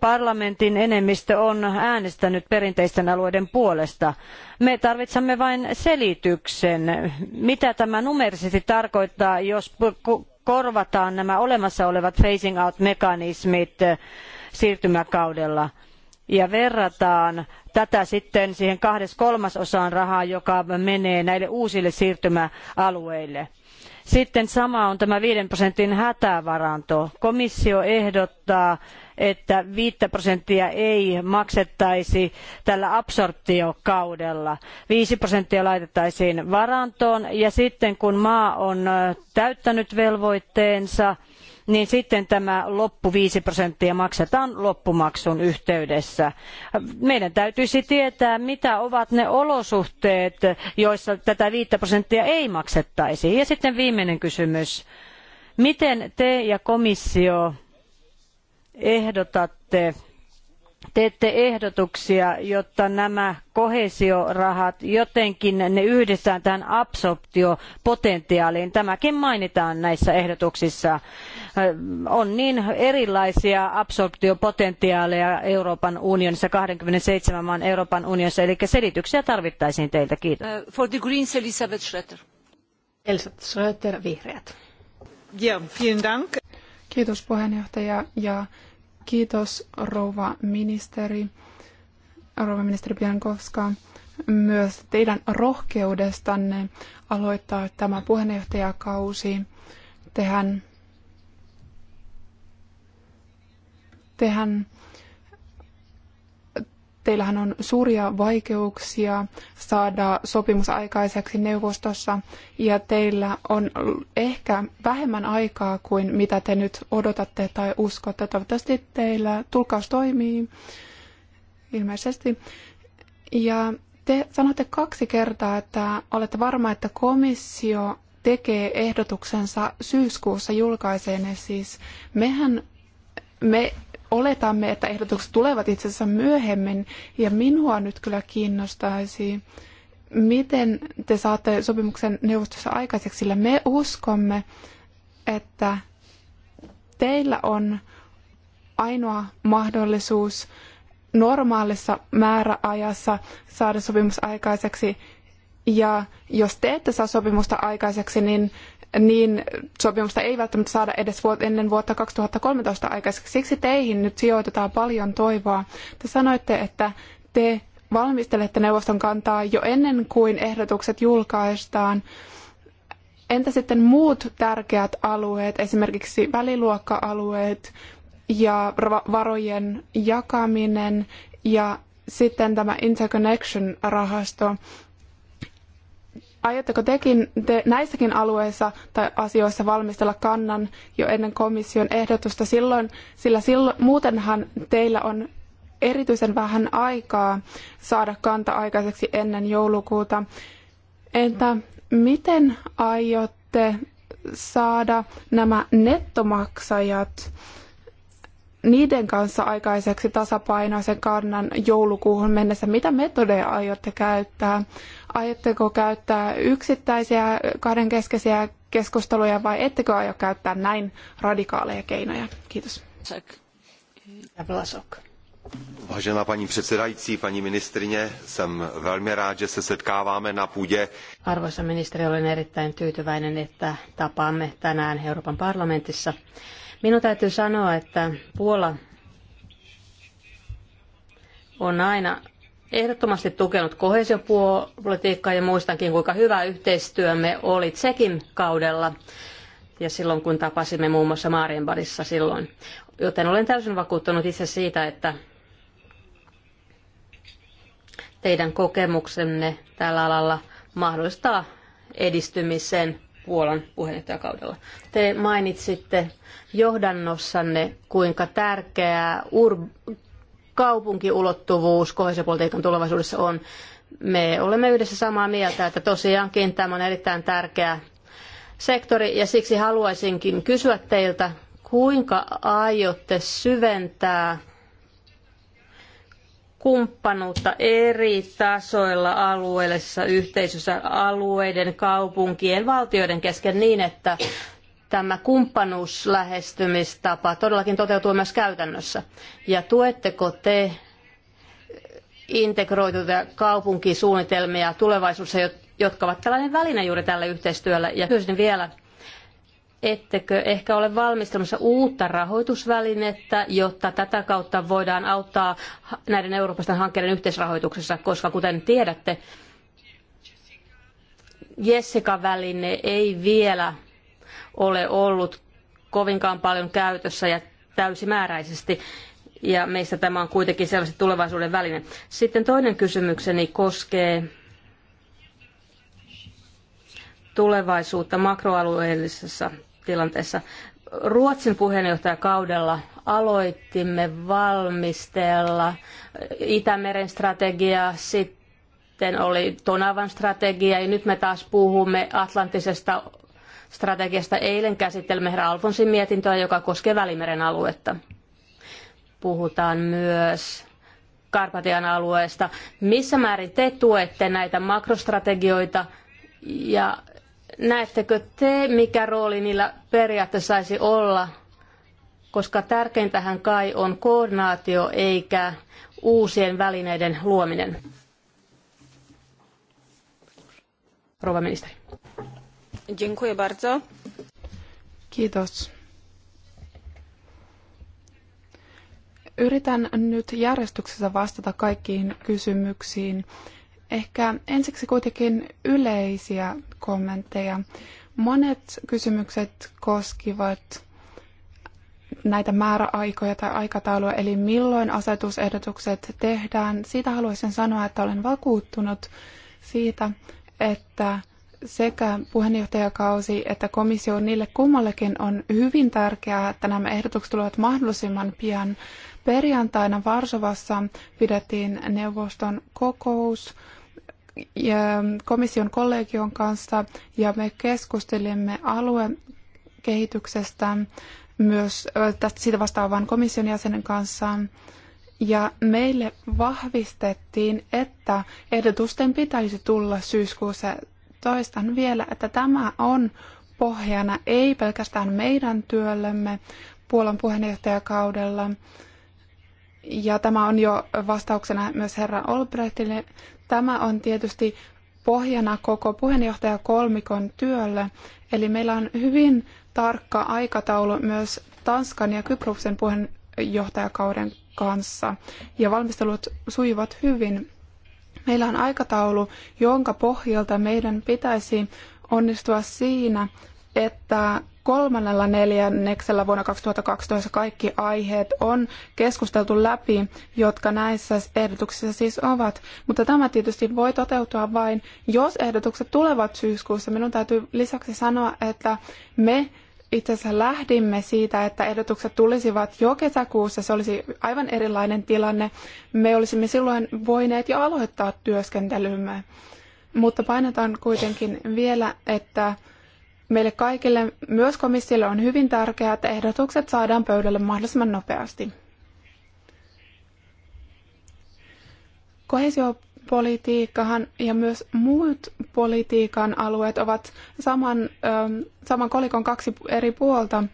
Parlamentin enemmistö on äänestänyt perinteisten alueiden puolesta. Me tarvitsemme vain selityksen, mitä tämä numerisesti tarkoittaa, jos korvataan nämä olemassa olevat phasing out mekanismit eh, siirtymäkaudella ja verrataan tätä sitten siihen kahdes kolmasosaan rahaa, joka menee näille uusille siirtymäalueille. Sitten sama on tämä 5 prosentin hätävaranto. Komissio ehdottaa että 5 prosenttia ei maksettaisi tällä absorptiokaudella. viisi prosenttia laitettaisiin varantoon ja sitten kun maa on täyttänyt velvoitteensa, niin sitten tämä loppu viisi prosenttia maksetaan loppumaksun yhteydessä. Meidän täytyisi tietää, mitä ovat ne olosuhteet, joissa tätä viittä prosenttia ei maksettaisi. Ja sitten viimeinen kysymys. Miten te ja komissio ehdotatte? Teette ehdotuksia, jotta nämä kohesiorahat jotenkin ne yhdistään tähän absorptiopotentiaaliin. Tämäkin mainitaan näissä ehdotuksissa. On niin erilaisia absorptiopotentiaaleja Euroopan unionissa, 27 maan Euroopan unionissa, eli selityksiä tarvittaisiin teiltä. Kiitos. Uh, for the Greens, Elisabeth Schröter. Elisabeth Schröter, Vihreät. Yeah, vielen Dank. Kiitos puheenjohtaja ja Kiitos rouva ministeri, rouva ministeri Piankovska, myös teidän rohkeudestanne aloittaa tämä puheenjohtajakausi. Tehän, tehän Teillähän on suuria vaikeuksia saada sopimus aikaiseksi neuvostossa ja teillä on ehkä vähemmän aikaa kuin mitä te nyt odotatte tai uskotte. Toivottavasti teillä tulkaus toimii ilmeisesti. Ja te sanotte kaksi kertaa, että olette varma, että komissio tekee ehdotuksensa syyskuussa julkaisee ne siis. Mehän me oletamme, että ehdotukset tulevat itse asiassa myöhemmin, ja minua nyt kyllä kiinnostaisi, miten te saatte sopimuksen neuvostossa aikaiseksi, sillä me uskomme, että teillä on ainoa mahdollisuus normaalissa määräajassa saada sopimus aikaiseksi. Ja jos te ette saa sopimusta aikaiseksi, niin niin sopimusta ei välttämättä saada edes ennen vuotta 2013 aikaiseksi. Siksi teihin nyt sijoitetaan paljon toivoa. Te sanoitte, että te valmistelette neuvoston kantaa jo ennen kuin ehdotukset julkaistaan. Entä sitten muut tärkeät alueet, esimerkiksi väliluokka-alueet ja varojen jakaminen ja sitten tämä Interconnection-rahasto. Aiotteko tekin te näissäkin alueissa tai asioissa valmistella kannan jo ennen komission ehdotusta silloin, sillä silloin, muutenhan teillä on erityisen vähän aikaa saada kanta aikaiseksi ennen joulukuuta. Entä miten aiotte saada nämä nettomaksajat niiden kanssa aikaiseksi tasapainoisen kannan joulukuuhun mennessä? Mitä metodeja aiotte käyttää? aiotteko käyttää yksittäisiä kahdenkeskeisiä keskusteluja vai ettekö aio käyttää näin radikaaleja keinoja? Kiitos. Vážená paní předsedající, paní ministrině, jsem velmi rád, že se setkáváme na půdě. Arvoisa ministeri, olen erittäin tyytyväinen, että tapaamme tänään Euroopan parlamentissa. Minun täytyy sanoa, että Puola on aina ehdottomasti tukenut kohesiopolitiikkaa ja muistankin, kuinka hyvä yhteistyömme oli Tsekin kaudella ja silloin kun tapasimme muun muassa Marienbadissa silloin. Joten olen täysin vakuuttunut itse siitä, että teidän kokemuksenne tällä alalla mahdollistaa edistymisen Puolan puheenjohtajakaudella. Te mainitsitte johdannossanne, kuinka tärkeää ur- kaupunkiulottuvuus kohesiopolitiikan tulevaisuudessa on. Me olemme yhdessä samaa mieltä, että tosiaankin tämä on erittäin tärkeä sektori ja siksi haluaisinkin kysyä teiltä, kuinka aiotte syventää kumppanuutta eri tasoilla alueellisessa yhteisössä alueiden, kaupunkien, valtioiden kesken niin, että tämä kumppanuuslähestymistapa todellakin toteutuu myös käytännössä? Ja tuetteko te integroituja kaupunkisuunnitelmia tulevaisuudessa, jotka ovat tällainen väline juuri tälle yhteistyölle? Ja kysyisin vielä, ettekö ehkä ole valmistelemassa uutta rahoitusvälinettä, jotta tätä kautta voidaan auttaa näiden Euroopan hankkeiden yhteisrahoituksessa, koska kuten tiedätte, Jessica-väline ei vielä ole ollut kovinkaan paljon käytössä ja täysimääräisesti. Ja meistä tämä on kuitenkin selvästi tulevaisuuden väline. Sitten toinen kysymykseni koskee tulevaisuutta makroalueellisessa tilanteessa. Ruotsin puheenjohtajakaudella aloitimme valmistella Itämeren strategiaa, sitten oli Tonavan strategia ja nyt me taas puhumme Atlanttisesta strategiasta. Eilen käsittelemme herra Alfonsin mietintöä, joka koskee Välimeren aluetta. Puhutaan myös Karpatian alueesta. Missä määrin te tuette näitä makrostrategioita ja näettekö te, mikä rooli niillä periaatteessa saisi olla? Koska tärkeintähän kai on koordinaatio eikä uusien välineiden luominen. Rouva ministeri. Dziękuję bardzo. Kiitos. Yritän nyt järjestyksessä vastata kaikkiin kysymyksiin. Ehkä ensiksi kuitenkin yleisiä kommentteja. Monet kysymykset koskivat näitä määräaikoja tai aikataulua, eli milloin asetusehdotukset tehdään. Siitä haluaisin sanoa, että olen vakuuttunut siitä, että sekä puheenjohtajakausi että komissio, niille kummallekin on hyvin tärkeää, että nämä ehdotukset tulevat mahdollisimman pian. Perjantaina Varsovassa pidettiin neuvoston kokous komission kollegion kanssa ja me keskustelimme aluekehityksestä myös äh, tästä siitä vastaavan komission jäsenen kanssa. Ja meille vahvistettiin, että ehdotusten pitäisi tulla syyskuussa toistan vielä, että tämä on pohjana ei pelkästään meidän työllemme Puolan puheenjohtajakaudella, ja tämä on jo vastauksena myös herra Olbrechtille. Tämä on tietysti pohjana koko puheenjohtajakolmikon työlle, eli meillä on hyvin tarkka aikataulu myös Tanskan ja Kyproksen puheenjohtajakauden kanssa, ja valmistelut sujuvat hyvin. Meillä on aikataulu, jonka pohjalta meidän pitäisi onnistua siinä, että kolmannella neljänneksellä vuonna 2012 kaikki aiheet on keskusteltu läpi, jotka näissä ehdotuksissa siis ovat. Mutta tämä tietysti voi toteutua vain, jos ehdotukset tulevat syyskuussa. Minun täytyy lisäksi sanoa, että me itse asiassa lähdimme siitä, että ehdotukset tulisivat jo kesäkuussa, se olisi aivan erilainen tilanne. Me olisimme silloin voineet jo aloittaa työskentelymme. Mutta painetaan kuitenkin vielä, että meille kaikille, myös komissiolle on hyvin tärkeää, että ehdotukset saadaan pöydälle mahdollisimman nopeasti. Kohesio politiikkahan ja myös muut politiikan alueet ovat saman, saman kolikon kaksi eri puolta.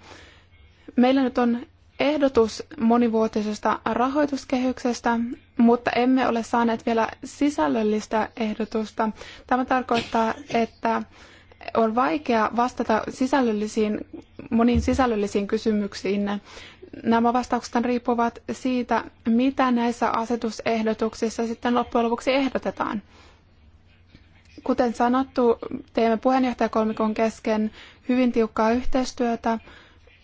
Meillä nyt on ehdotus monivuotisesta rahoituskehyksestä, mutta emme ole saaneet vielä sisällöllistä ehdotusta. Tämä tarkoittaa, että on vaikea vastata sisällöllisiin, moniin sisällöllisiin kysymyksiin nämä vastaukset riippuvat siitä, mitä näissä asetusehdotuksissa sitten loppujen lopuksi ehdotetaan. Kuten sanottu, teemme puheenjohtajakolmikon kesken hyvin tiukkaa yhteistyötä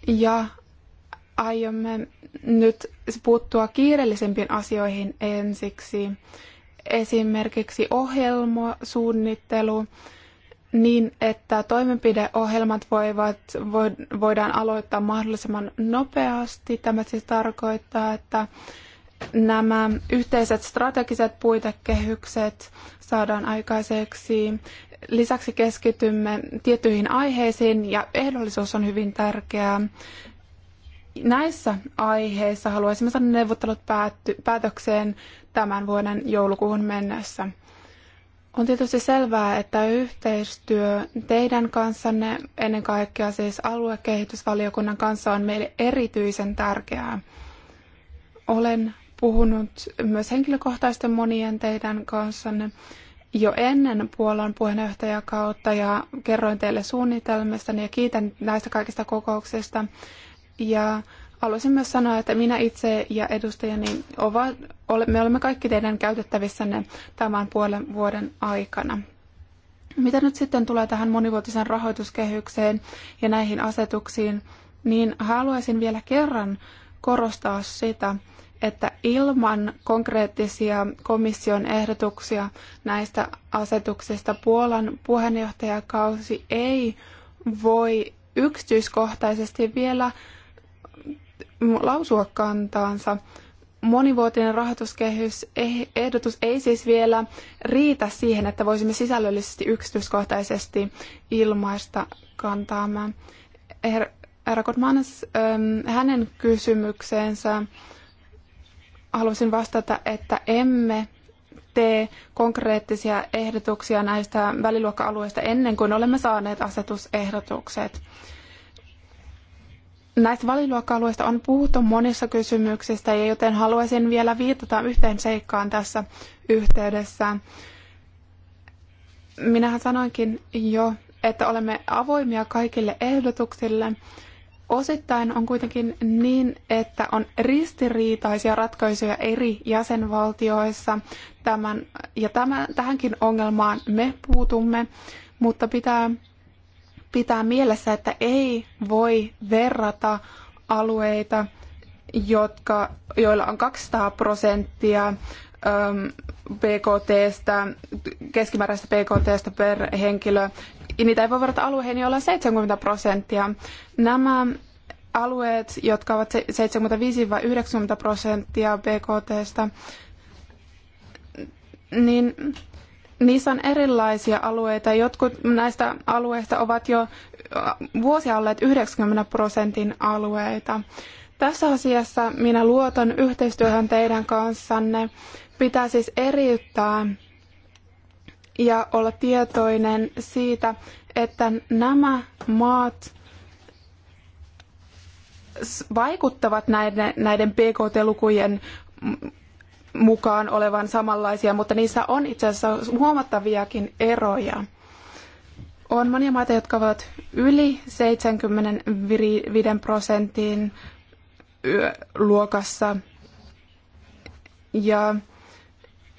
ja aiomme nyt puuttua kiireellisempiin asioihin ensiksi. Esimerkiksi ohjelmasuunnittelu, suunnittelu niin, että toimenpideohjelmat voivat, voidaan aloittaa mahdollisimman nopeasti. Tämä siis tarkoittaa, että nämä yhteiset strategiset puitekehykset saadaan aikaiseksi. Lisäksi keskitymme tiettyihin aiheisiin ja ehdollisuus on hyvin tärkeää. Näissä aiheissa haluaisimme saada neuvottelut päätty, päätökseen tämän vuoden joulukuuhun mennessä. On tietysti selvää, että yhteistyö teidän kanssanne, ennen kaikkea siis aluekehitysvaliokunnan kanssa, on meille erityisen tärkeää. Olen puhunut myös henkilökohtaisten monien teidän kanssanne jo ennen Puolan puheenjohtajakautta ja kerroin teille suunnitelmista ja kiitän näistä kaikista kokouksista. Ja Haluaisin myös sanoa, että minä itse ja edustajani ovat, me olemme kaikki teidän käytettävissänne tämän puolen vuoden aikana. Mitä nyt sitten tulee tähän monivuotiseen rahoituskehykseen ja näihin asetuksiin, niin haluaisin vielä kerran korostaa sitä, että ilman konkreettisia komission ehdotuksia näistä asetuksista Puolan puheenjohtajakausi ei voi yksityiskohtaisesti vielä lausua kantaansa. Monivuotinen rahoituskehysehdotus eh, ei siis vielä riitä siihen, että voisimme sisällöllisesti yksityiskohtaisesti ilmaista kantaamme. Herra Kotmanes, ähm, hänen kysymykseensä haluaisin vastata, että emme tee konkreettisia ehdotuksia näistä väliluokka-alueista ennen kuin olemme saaneet asetusehdotukset. Näistä valiluokka-alueista on puhuttu monissa kysymyksistä, joten haluaisin vielä viitata yhteen seikkaan tässä yhteydessä. Minähän sanoinkin jo, että olemme avoimia kaikille ehdotuksille. Osittain on kuitenkin niin, että on ristiriitaisia ratkaisuja eri jäsenvaltioissa. Tämän, ja tämän, tähänkin ongelmaan me puutumme, mutta pitää pitää mielessä, että ei voi verrata alueita, jotka, joilla on 200 prosenttia ähm, BKTstä, keskimääräistä BKTstä per henkilö. Niitä ei voi verrata alueihin, joilla on 70 prosenttia. Nämä alueet, jotka ovat 75-90 prosenttia BKTstä, niin niissä on erilaisia alueita. Jotkut näistä alueista ovat jo vuosia olleet 90 prosentin alueita. Tässä asiassa minä luotan yhteistyöhön teidän kanssanne. Pitää siis eriyttää ja olla tietoinen siitä, että nämä maat vaikuttavat näiden, näiden BKT-lukujen mukaan olevan samanlaisia, mutta niissä on itse asiassa huomattaviakin eroja. On monia maita, jotka ovat yli 75 prosentin luokassa. Ja,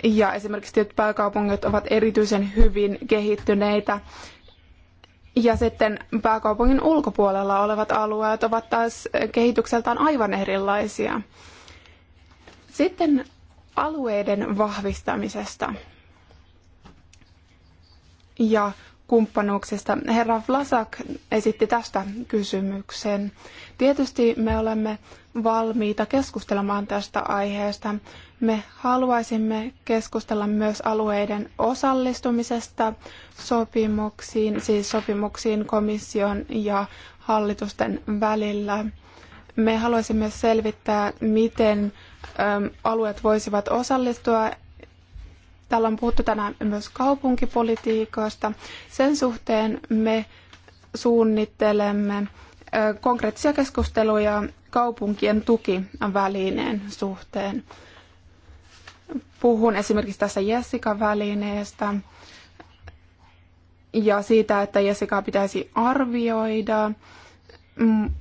ja esimerkiksi tietyt pääkaupungit ovat erityisen hyvin kehittyneitä. Ja sitten pääkaupungin ulkopuolella olevat alueet ovat taas kehitykseltään aivan erilaisia. Sitten alueiden vahvistamisesta ja kumppanuuksista. Herra Vlasak esitti tästä kysymyksen. Tietysti me olemme valmiita keskustelemaan tästä aiheesta. Me haluaisimme keskustella myös alueiden osallistumisesta sopimuksiin, siis sopimuksiin komission ja hallitusten välillä. Me haluaisimme selvittää, miten alueet voisivat osallistua. Täällä on puhuttu tänään myös kaupunkipolitiikasta. Sen suhteen me suunnittelemme konkreettisia keskusteluja kaupunkien tukivälineen suhteen. Puhun esimerkiksi tässä Jessica-välineestä ja siitä, että Jessica pitäisi arvioida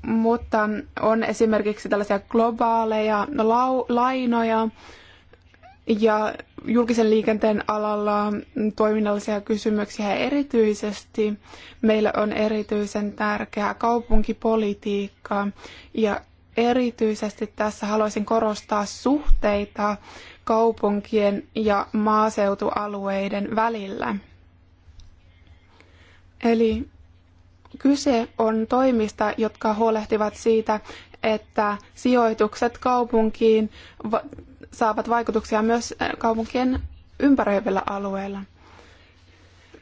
mutta on esimerkiksi tällaisia globaaleja lau lainoja ja julkisen liikenteen alalla toiminnallisia kysymyksiä erityisesti. Meillä on erityisen tärkeää kaupunkipolitiikka ja erityisesti tässä haluaisin korostaa suhteita kaupunkien ja maaseutualueiden välillä. Eli Kyse on toimista, jotka huolehtivat siitä, että sijoitukset kaupunkiin saavat vaikutuksia myös äh, kaupunkien ympäröivillä alueilla.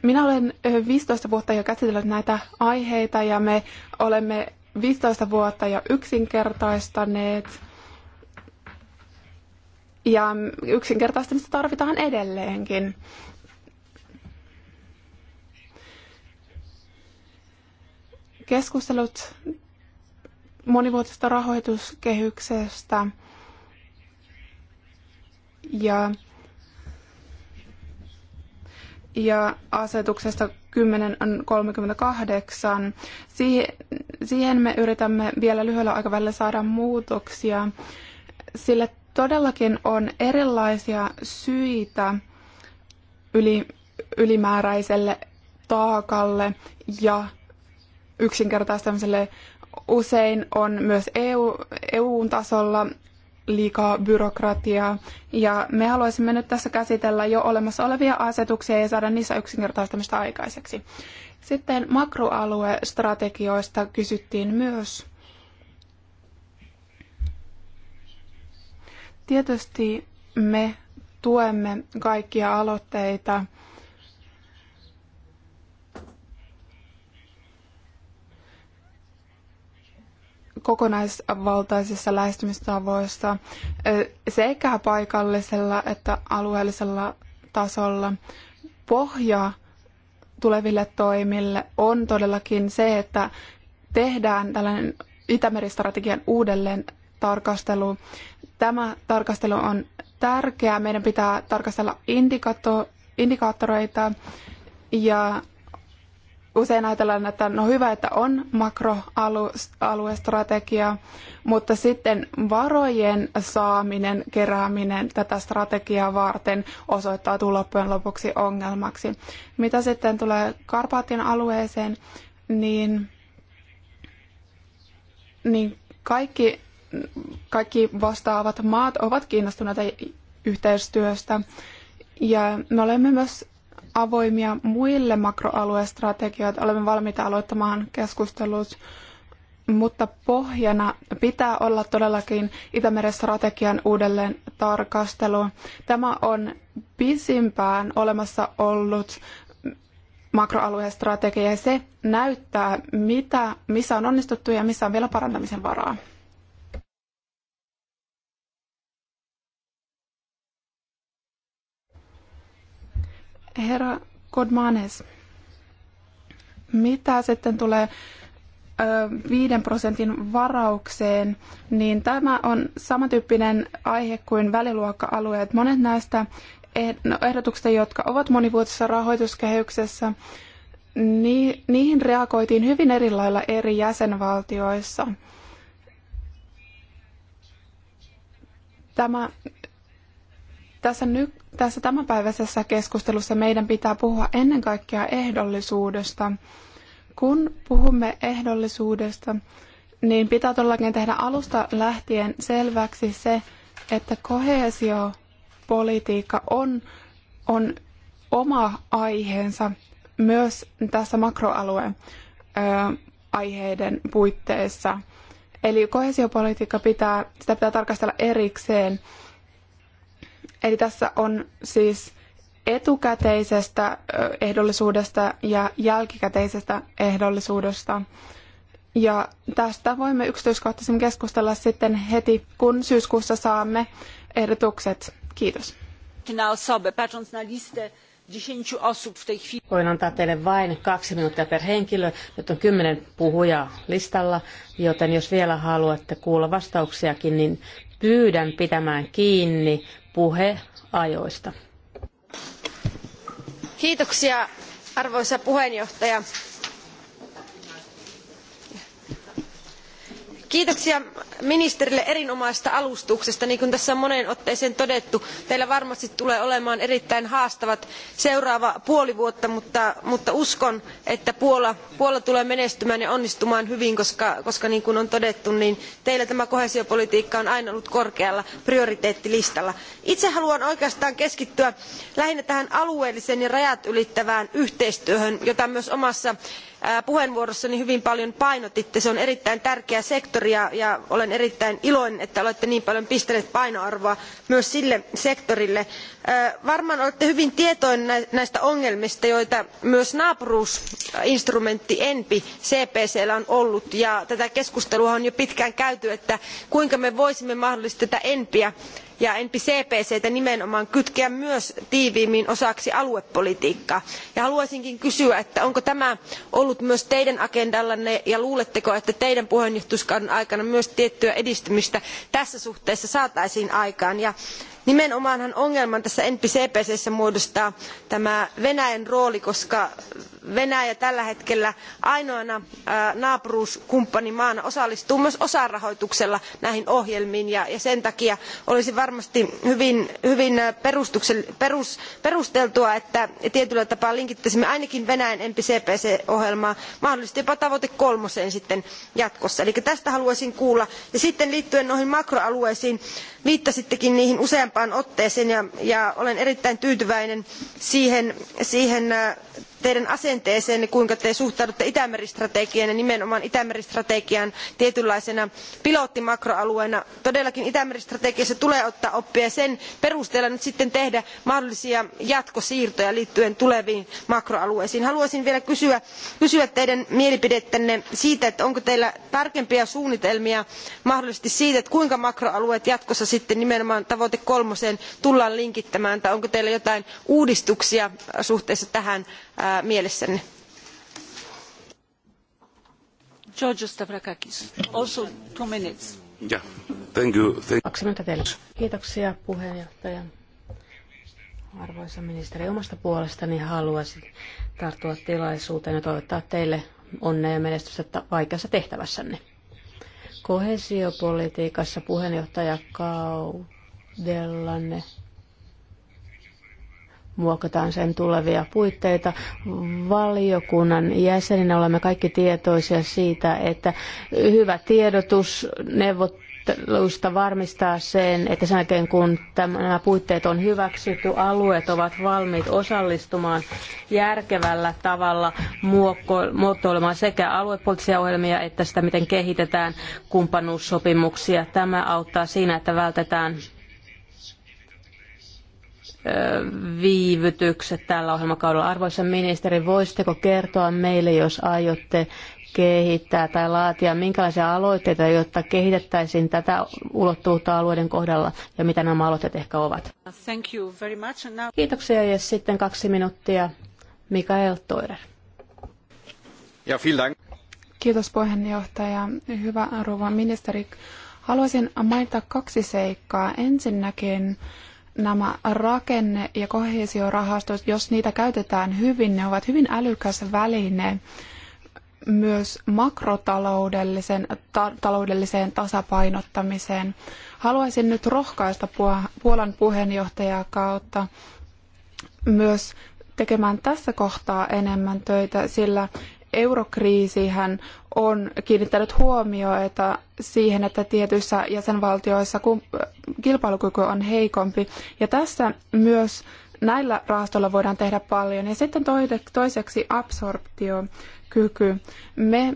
Minä olen 15 äh, vuotta jo käsitellyt näitä aiheita ja me olemme 15 vuotta jo yksinkertaistaneet. Ja yksinkertaistamista tarvitaan edelleenkin. Keskustelut monivuotisesta rahoituskehyksestä ja, ja asetuksesta 10.38. Siihen, siihen me yritämme vielä lyhyellä aikavälillä saada muutoksia, sillä todellakin on erilaisia syitä yli, ylimääräiselle taakalle ja yksinkertaistamiselle usein on myös EU, EU-tasolla liikaa byrokratiaa. Ja me haluaisimme nyt tässä käsitellä jo olemassa olevia asetuksia ja saada niissä yksinkertaistamista aikaiseksi. Sitten makroaluestrategioista kysyttiin myös. Tietysti me tuemme kaikkia aloitteita, kokonaisvaltaisissa lähestymistavoissa sekä paikallisella että alueellisella tasolla. Pohja tuleville toimille on todellakin se, että tehdään tällainen Itämeri-strategian uudelleen tarkastelu. Tämä tarkastelu on tärkeää. Meidän pitää tarkastella indikaattoreita ja usein ajatellaan, että no hyvä, että on makroaluestrategia, mutta sitten varojen saaminen, kerääminen tätä strategiaa varten osoittautuu loppujen lopuksi ongelmaksi. Mitä sitten tulee Karpaatin alueeseen, niin, niin kaikki, kaikki vastaavat maat ovat kiinnostuneita yhteistyöstä. Ja me olemme myös avoimia muille makroaluestrategioita. Olemme valmiita aloittamaan keskustelut, mutta pohjana pitää olla todellakin Itämeren strategian uudelleen tarkastelu. Tämä on pisimpään olemassa ollut makroaluestrategia ja se näyttää, mitä, missä on onnistuttu ja missä on vielä parantamisen varaa. Herra Godmanes, mitä sitten tulee 5 prosentin varaukseen, niin tämä on samantyyppinen aihe kuin väliluokka-alueet. Monet näistä eh- no, ehdotuksista, jotka ovat monivuotisessa rahoituskehyksessä, niihin reagoitiin hyvin eri lailla eri jäsenvaltioissa. Tämä tässä, ny, tässä tämänpäiväisessä keskustelussa meidän pitää puhua ennen kaikkea ehdollisuudesta. Kun puhumme ehdollisuudesta, niin pitää todellakin tehdä alusta lähtien selväksi se, että koheesiopolitiikka on, on oma aiheensa myös tässä makroalueen aiheiden puitteissa. Eli koheesiopolitiikka pitää, sitä pitää tarkastella erikseen. Eli tässä on siis etukäteisestä ehdollisuudesta ja jälkikäteisestä ehdollisuudesta. Ja tästä voimme yksityiskohtaisemmin keskustella sitten heti, kun syyskuussa saamme ehdotukset. Kiitos. Voin antaa teille vain kaksi minuuttia per henkilö. Nyt on kymmenen puhujaa listalla, joten jos vielä haluatte kuulla vastauksiakin, niin pyydän pitämään kiinni puheajoista. Kiitoksia arvoisa puheenjohtaja Kiitoksia ministerille erinomaisesta alustuksesta. Niin kuin tässä on moneen otteeseen todettu, teillä varmasti tulee olemaan erittäin haastavat seuraava puoli vuotta, mutta, uskon, että Puola, tulee menestymään ja onnistumaan hyvin, koska, niin kuin on todettu, niin teillä tämä koheesiopolitiikka on aina ollut korkealla prioriteettilistalla. Itse haluan oikeastaan keskittyä lähinnä tähän alueelliseen ja rajat ylittävään yhteistyöhön, jota myös omassa puheenvuorossanne hyvin paljon painotitte. se on erittäin tärkeä sektori ja, olen erittäin iloinen että olette niin paljon pistänyt painoarvoa myös sille sektorille. varmaan olette hyvin tietoinen näistä ongelmista joita myös naapuruusinstrumentti enpi llä on ollut ja tätä keskustelua on jo pitkään käyty että kuinka me voisimme mahdollisesti tätä enpiä ja enempi cpctä nimenomaan kytkeä myös tiiviimmin osaksi aluepolitiikkaa. Ja haluaisinkin kysyä että onko tämä ollut myös teidän agendallanne ja luuletteko että teidän puheenjohtajuuskautenne aikana myös tiettyä edistymistä tässä suhteessa saataisiin aikaan? Ja nimenomaanhan ongelman tässä NPCP:ssä muodostaa tämä venäjän rooli koska venäjä tällä hetkellä ainoana naapuruuskumppanimaana osallistuu myös osarahoituksella näihin ohjelmiin ja sen takia olisi varmasti hyvin, perusteltua että tietyllä tapaa linkittäisimme ainakin venäjän npcpc ohjelmaa mahdollisesti jopa tavoite kolmeen sitten jatkossa. eli tästä haluaisin kuulla. ja sitten liittyen noihin makroalueisiin viittasittekin niihin useampaan otteeseen ja, olen erittäin tyytyväinen siihen, siihen äh, teidän asenteeseenne kuinka te suhtaudutte itämeri strategiaan ja nimenomaan itämeri strategiaan tietynlaisena pilottimakroalueena. todellakin itämeri strategiassa tulee ottaa oppia ja sen perusteella nyt sitten tehdä mahdollisia jatkosiirtoja liittyen tuleviin makroalueisiin. haluaisin vielä kysyä, teidän mielipidettänne siitä onko teillä tarkempia suunnitelmia mahdollisesti siitä kuinka makroalueet jatkossa sitten nimenomaan tavoite kolmoseen tullaan linkittämään tai onko teillä jotain uudistuksia suhteessa tähän mielessänne? also two minutes. Kiitoksia puheenjohtaja. Arvoisa ministeri, omasta puolestani haluaisin tarttua tilaisuuteen ja toivottaa teille onnea ja menestystä vaikeassa tehtävässänne. Kohesiopolitiikassa puheenjohtajakaudellanne muokataan sen tulevia puitteita. Valiokunnan jäseninä olemme kaikki tietoisia siitä, että hyvä tiedotus, neuvot, neuvotteluista varmistaa sen, että sen jälkeen kun nämä puitteet on hyväksytty, alueet ovat valmiit osallistumaan järkevällä tavalla muotoilemaan sekä aluepoliittisia ohjelmia että sitä, miten kehitetään kumppanuussopimuksia. Tämä auttaa siinä, että vältetään viivytykset tällä ohjelmakaudella. Arvoisa ministeri, voisitteko kertoa meille, jos aiotte kehittää tai laatia, minkälaisia aloitteita, jotta kehitettäisiin tätä ulottuvuutta alueiden kohdalla ja mitä nämä aloitteet ehkä ovat? Thank you very much. Now... Kiitoksia ja sitten kaksi minuuttia. Mikael Toirer. Ja, vielen Kiitos puheenjohtaja. Hyvä rouva ministeri. Haluaisin mainita kaksi seikkaa. Ensinnäkin nämä rakenne- ja kohesiorahastot, jos niitä käytetään hyvin, ne ovat hyvin älykäs väline myös makrotaloudelliseen ta- taloudelliseen tasapainottamiseen. Haluaisin nyt rohkaista Puolan puheenjohtajaa kautta myös tekemään tässä kohtaa enemmän töitä, sillä eurokriisihän on kiinnittänyt huomioita siihen, että tietyissä jäsenvaltioissa kilpailukyky on heikompi. Ja tässä myös näillä rahastoilla voidaan tehdä paljon. Ja sitten toiseksi absorptiokyky. Me,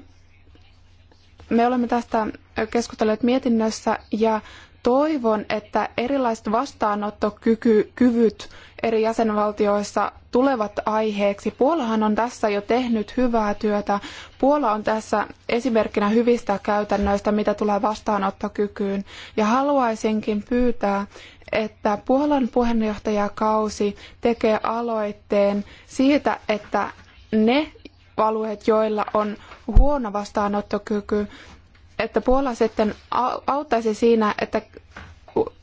me olemme tästä keskustelleet mietinnössä ja Toivon, että erilaiset vastaanottokyvyt eri jäsenvaltioissa tulevat aiheeksi. Puolahan on tässä jo tehnyt hyvää työtä. Puola on tässä esimerkkinä hyvistä käytännöistä, mitä tulee vastaanottokykyyn. Ja haluaisinkin pyytää, että Puolan puheenjohtajakausi tekee aloitteen siitä, että ne alueet, joilla on huono vastaanottokyky, että Puola sitten auttaisi siinä, että,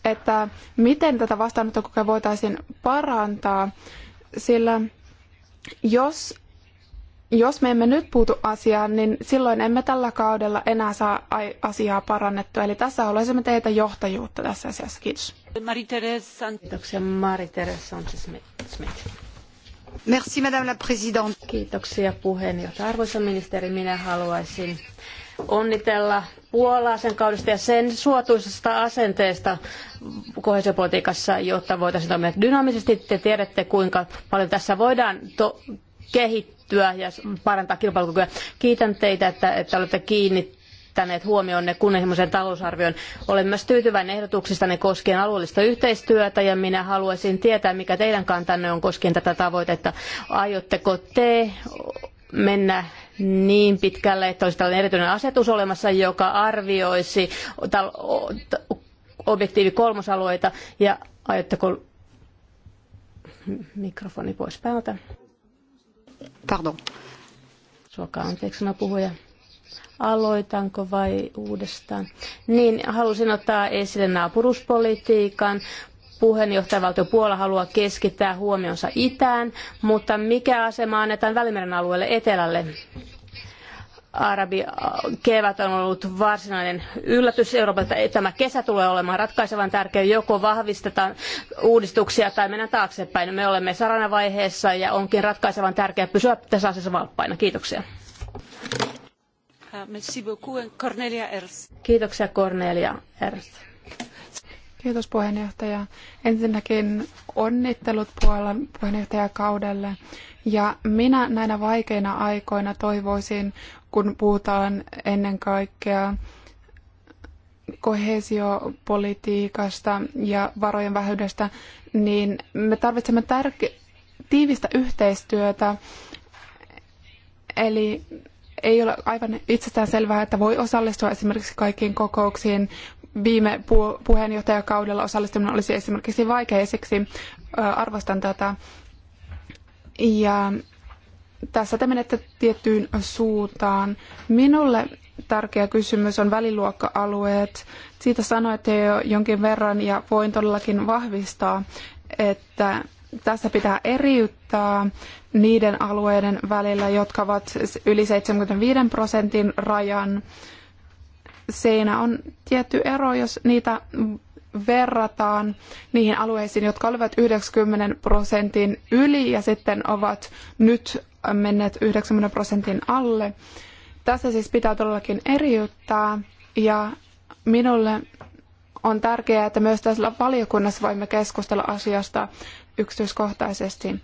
että miten tätä vastaanottokokea voitaisiin parantaa, sillä jos, jos me emme nyt puutu asiaan, niin silloin emme tällä kaudella enää saa asiaa parannettua. Eli tässä haluaisimme teitä johtajuutta tässä asiassa. Kiitos. Kiitoksia Marie-Therese Sanchez-Smith. Merci, Madame la Présidente. Kiitoksia puheenjohtaja. Arvoisa ministeri, minä haluaisin onnitella Puolaa sen kaudesta ja sen suotuisesta asenteesta kohesiopolitiikassa, jotta voitaisiin toimia dynaamisesti. Te tiedätte, kuinka paljon tässä voidaan kehittyä ja parantaa kilpailukykyä. Kiitän teitä, että, että olette kiinnittäneet huomionne kunnianhimoisen talousarvion. Olen myös tyytyväinen ehdotuksistanne koskien alueellista yhteistyötä ja minä haluaisin tietää, mikä teidän kantanne on koskien tätä tavoitetta. Aiotteko te mennä niin pitkälle, että olisi tällainen erityinen asetus olemassa, joka arvioisi objektiivi kolmosalueita ja aiotteko mikrofoni pois päältä. Pardon. Suokaa anteeksi no puhuja. Aloitanko vai uudestaan? Niin, halusin ottaa esille naapuruuspolitiikan puheenjohtajavaltio Puola haluaa keskittää huomionsa itään, mutta mikä asema annetaan Välimeren alueelle etelälle? Arabi äh, kevät on ollut varsinainen yllätys Euroopalta. Tämä kesä tulee olemaan ratkaisevan tärkeä. Joko vahvistetaan uudistuksia tai mennään taaksepäin. Me olemme sarana vaiheessa ja onkin ratkaisevan tärkeää pysyä tässä asiassa valppaina. Kiitoksia. Äh, Kiitoksia Cornelia Erst. Kiitos puheenjohtaja. Ensinnäkin onnittelut Puolan puheenjohtajakaudelle. Ja minä näinä vaikeina aikoina toivoisin, kun puhutaan ennen kaikkea kohesiopolitiikasta ja varojen vähyydestä, niin me tarvitsemme tärke- tiivistä yhteistyötä. Eli ei ole aivan itsestään selvää, että voi osallistua esimerkiksi kaikkiin kokouksiin, viime pu- puheenjohtajakaudella osallistuminen olisi esimerkiksi vaikea, ja siksi arvostan tätä. Ja tässä te menette tiettyyn suuntaan. Minulle tärkeä kysymys on väliluokka-alueet. Siitä sanoitte jo jonkin verran ja voin todellakin vahvistaa, että tässä pitää eriyttää niiden alueiden välillä, jotka ovat yli 75 prosentin rajan siinä on tietty ero, jos niitä verrataan niihin alueisiin, jotka olivat 90 prosentin yli ja sitten ovat nyt menneet 90 prosentin alle. Tässä siis pitää todellakin eriyttää ja minulle on tärkeää, että myös tässä valiokunnassa voimme keskustella asiasta yksityiskohtaisesti.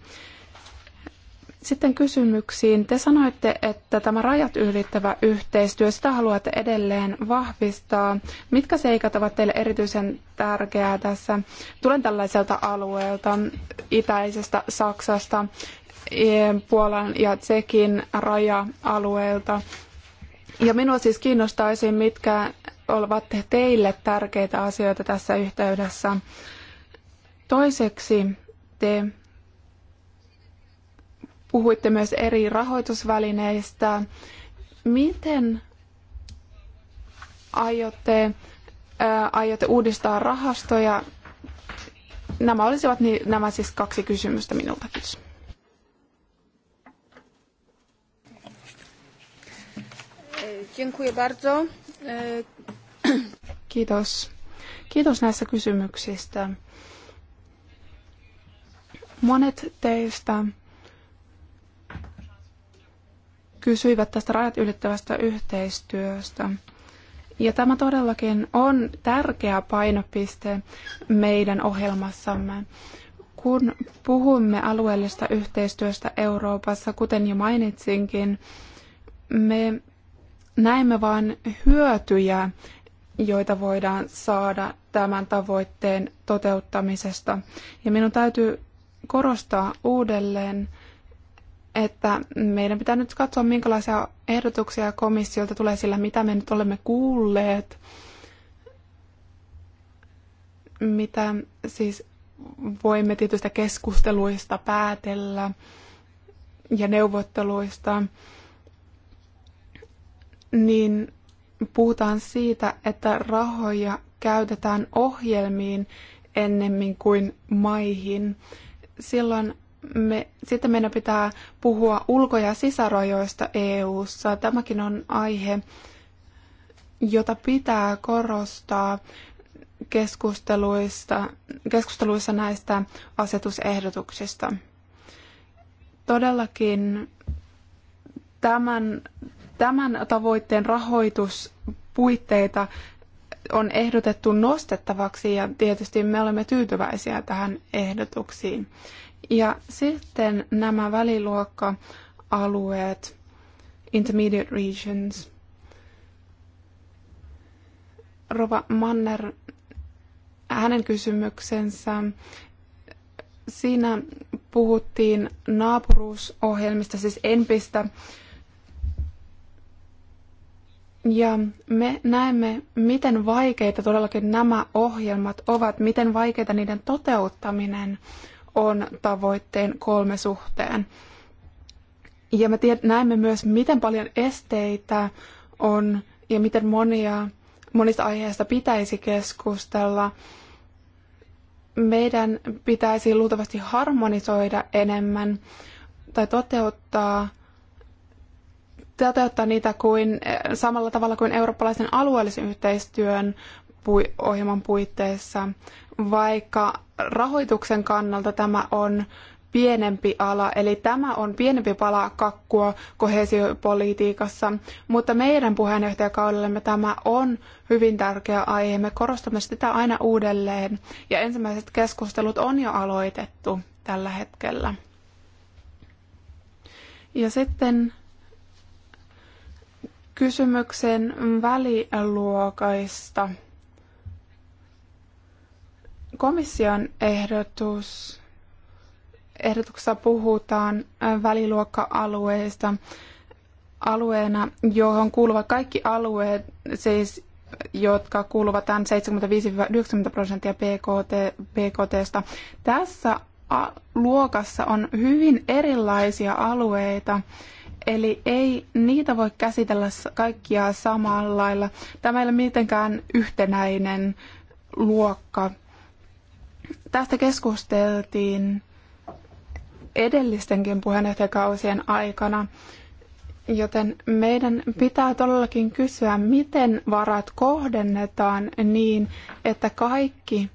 Sitten kysymyksiin. Te sanoitte, että tämä rajat ylittävä yhteistyö, sitä haluatte edelleen vahvistaa. Mitkä seikat ovat teille erityisen tärkeää tässä? Tulen tällaiselta alueelta, itäisestä Saksasta, e, Puolan ja Tsekin raja-alueelta. Ja minua siis kiinnostaisi, mitkä ovat teille tärkeitä asioita tässä yhteydessä. Toiseksi te Puhuitte myös eri rahoitusvälineistä. Miten aiotte, ää, aiotte uudistaa rahastoja? Nämä olisivat nämä siis kaksi kysymystä minulta. Kiitos. Kiitos. Kiitos näistä kysymyksistä. Monet teistä kysyivät tästä rajat ylittävästä yhteistyöstä. Ja tämä todellakin on tärkeä painopiste meidän ohjelmassamme. Kun puhumme alueellista yhteistyöstä Euroopassa, kuten jo mainitsinkin, me näemme vain hyötyjä, joita voidaan saada tämän tavoitteen toteuttamisesta. Ja minun täytyy korostaa uudelleen, että meidän pitää nyt katsoa, minkälaisia ehdotuksia komissiolta tulee sillä, mitä me nyt olemme kuulleet, mitä siis voimme tietystä keskusteluista päätellä ja neuvotteluista, niin puhutaan siitä, että rahoja käytetään ohjelmiin ennemmin kuin maihin. Silloin me, sitten meidän pitää puhua ulko- ja sisärajoista EU:ssa. Tämäkin on aihe, jota pitää korostaa keskusteluista keskusteluissa näistä asetusehdotuksista. Todellakin tämän, tämän tavoitteen rahoituspuitteita on ehdotettu nostettavaksi ja tietysti me olemme tyytyväisiä tähän ehdotuksiin. Ja sitten nämä väliluokka-alueet, intermediate regions. Rova Manner, hänen kysymyksensä, siinä puhuttiin naapuruusohjelmista, siis ENPistä, ja me näemme, miten vaikeita todellakin nämä ohjelmat ovat, miten vaikeita niiden toteuttaminen on tavoitteen kolme suhteen. Ja me tied- näemme myös, miten paljon esteitä on ja miten monia, monista aiheista pitäisi keskustella. Meidän pitäisi luultavasti harmonisoida enemmän tai toteuttaa toteuttaa niitä kuin, eh, samalla tavalla kuin eurooppalaisen alueellisen yhteistyön ohjelman puitteissa vaikka rahoituksen kannalta tämä on pienempi ala, eli tämä on pienempi pala kakkua koheesiopolitiikassa, mutta meidän puheenjohtajakaudellemme tämä on hyvin tärkeä aihe. Me korostamme sitä aina uudelleen ja ensimmäiset keskustelut on jo aloitettu tällä hetkellä. Ja sitten kysymyksen väliluokaista – Komission ehdotus, ehdotuksessa puhutaan väliluokka-alueista alueena, johon kuuluvat kaikki alueet, siis jotka kuuluvat tämän 75-90 prosenttia BKT, BKTstä. Tässä luokassa on hyvin erilaisia alueita, eli ei niitä voi käsitellä kaikkia samalla lailla. Tämä ei ole mitenkään yhtenäinen luokka. Tästä keskusteltiin edellistenkin puheenjohtajakausien aikana, joten meidän pitää todellakin kysyä, miten varat kohdennetaan niin, että kaikki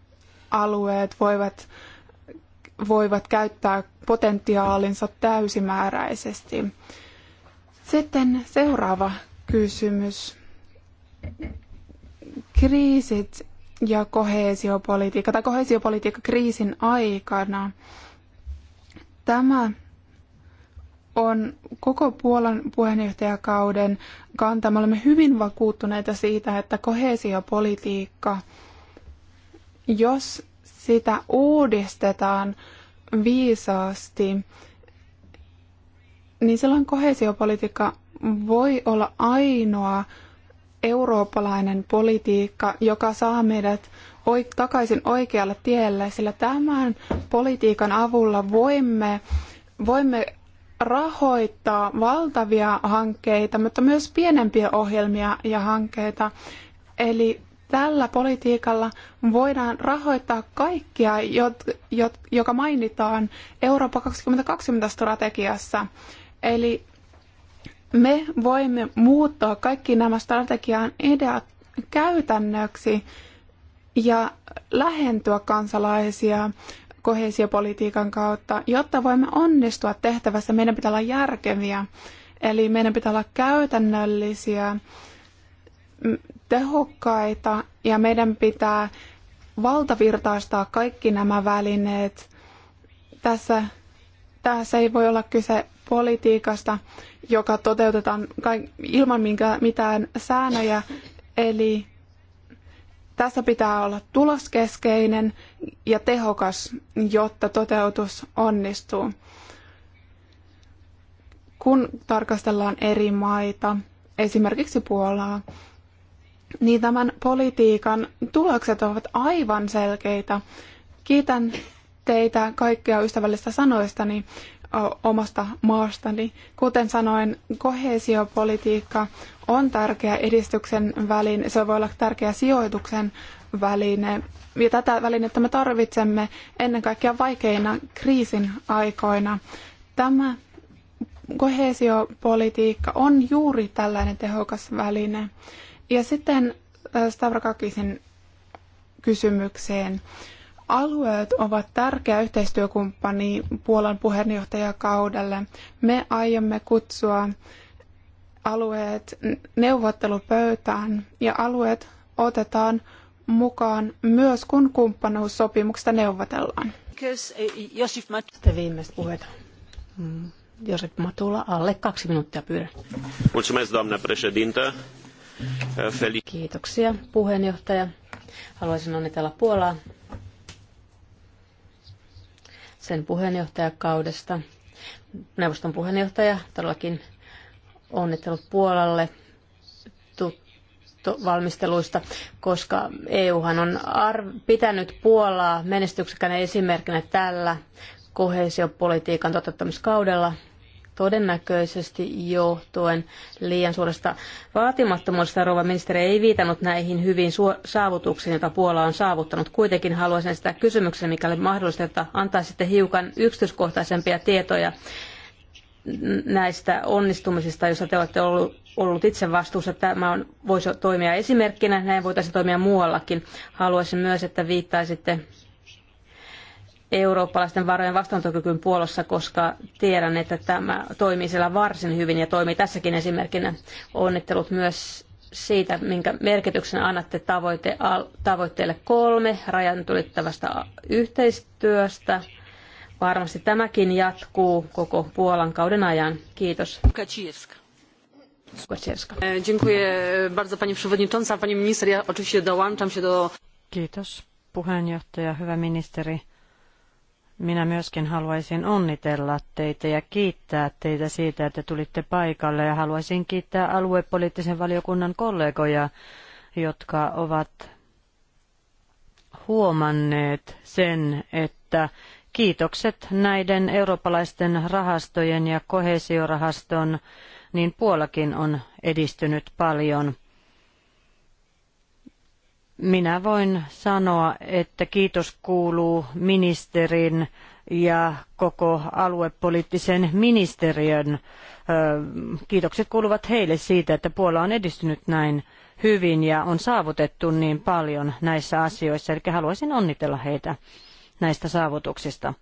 alueet voivat, voivat käyttää potentiaalinsa täysimääräisesti. Sitten seuraava kysymys. Kriisit ja koheesiopolitiikka tai koheesiopolitiikka kriisin aikana. Tämä on koko Puolan puheenjohtajakauden kanta. Me olemme hyvin vakuuttuneita siitä, että koheesiopolitiikka, jos sitä uudistetaan viisaasti, niin silloin koheesiopolitiikka voi olla ainoa eurooppalainen politiikka, joka saa meidät takaisin oikealle tielle, sillä tämän politiikan avulla voimme, voimme rahoittaa valtavia hankkeita, mutta myös pienempiä ohjelmia ja hankkeita. Eli tällä politiikalla voidaan rahoittaa kaikkia, joka mainitaan Eurooppa 2020 strategiassa. Eli me voimme muuttaa kaikki nämä strategian ideat käytännöksi ja lähentyä kansalaisia kohesiopolitiikan kautta, jotta voimme onnistua tehtävässä. Meidän pitää olla järkeviä, eli meidän pitää olla käytännöllisiä, tehokkaita ja meidän pitää valtavirtaistaa kaikki nämä välineet. Tässä tässä ei voi olla kyse politiikasta, joka toteutetaan ilman mitään säännöjä. Eli tässä pitää olla tuloskeskeinen ja tehokas, jotta toteutus onnistuu. Kun tarkastellaan eri maita, esimerkiksi Puolaa, niin tämän politiikan tulokset ovat aivan selkeitä. Kiitän teitä kaikkia ystävällistä sanoistani omasta maastani. Kuten sanoin, koheesiopolitiikka on tärkeä edistyksen väline, se voi olla tärkeä sijoituksen väline. Ja tätä välinettä me tarvitsemme ennen kaikkea vaikeina kriisin aikoina. Tämä koheesiopolitiikka on juuri tällainen tehokas väline. Ja sitten Stavrakakisin kysymykseen. Alueet ovat tärkeä yhteistyökumppani Puolan puheenjohtajakaudelle. Me aiomme kutsua alueet neuvottelupöytään ja alueet otetaan mukaan myös kun kumppanuussopimuksesta neuvotellaan. Josif Sitten viimeiset puheet. Mm, Josip Matula, alle kaksi minuuttia pyydän. Mulțumesc, doamna președintă. Kiitoksia, puheenjohtaja. Haluaisin onnitella Puolaa sen puheenjohtajakaudesta. Neuvoston puheenjohtaja todellakin onnittelut Puolalle valmisteluista, koska EUhan on pitänyt Puolaa menestyksekänä esimerkkinä tällä koheesiopolitiikan toteuttamiskaudella – todennäköisesti johtuen liian suuresta vaatimattomuudesta. Rouva ministeri ei viitannut näihin hyvin saavutuksiin, joita Puola on saavuttanut. Kuitenkin haluaisin sitä kysymyksen, mikäli mahdollista, että antaisitte hiukan yksityiskohtaisempia tietoja näistä onnistumisista, joista te olette ollut, ollut itse vastuussa. Tämä on, voisi toimia esimerkkinä, näin voitaisiin toimia muuallakin. Haluaisin myös, että viittaisitte eurooppalaisten varojen vastaanottokykyn puolossa, koska tiedän, että tämä toimii siellä varsin hyvin ja toimii tässäkin esimerkkinä. Onnittelut myös siitä, minkä merkityksen annatte tavoite, tavoitteelle kolme rajan tulittavasta yhteistyöstä. Varmasti tämäkin jatkuu koko Puolan kauden ajan. Kiitos. Kaczewska. E, dziękuję bardzo pani przewodnicząca, pani minister. Ja oczywiście dołączam się do... Kiitos puheenjohtaja, hyvä ministeri. Minä myöskin haluaisin onnitella teitä ja kiittää teitä siitä, että tulitte paikalle ja haluaisin kiittää aluepoliittisen valiokunnan kollegoja, jotka ovat huomanneet sen, että kiitokset näiden eurooppalaisten rahastojen ja kohesiorahaston, niin Puolakin on edistynyt paljon – minä voin sanoa, että kiitos kuuluu ministerin ja koko aluepoliittisen ministeriön. Kiitokset kuuluvat heille siitä, että Puola on edistynyt näin hyvin ja on saavutettu niin paljon näissä asioissa. Eli haluaisin onnitella heitä näistä saavutuksista.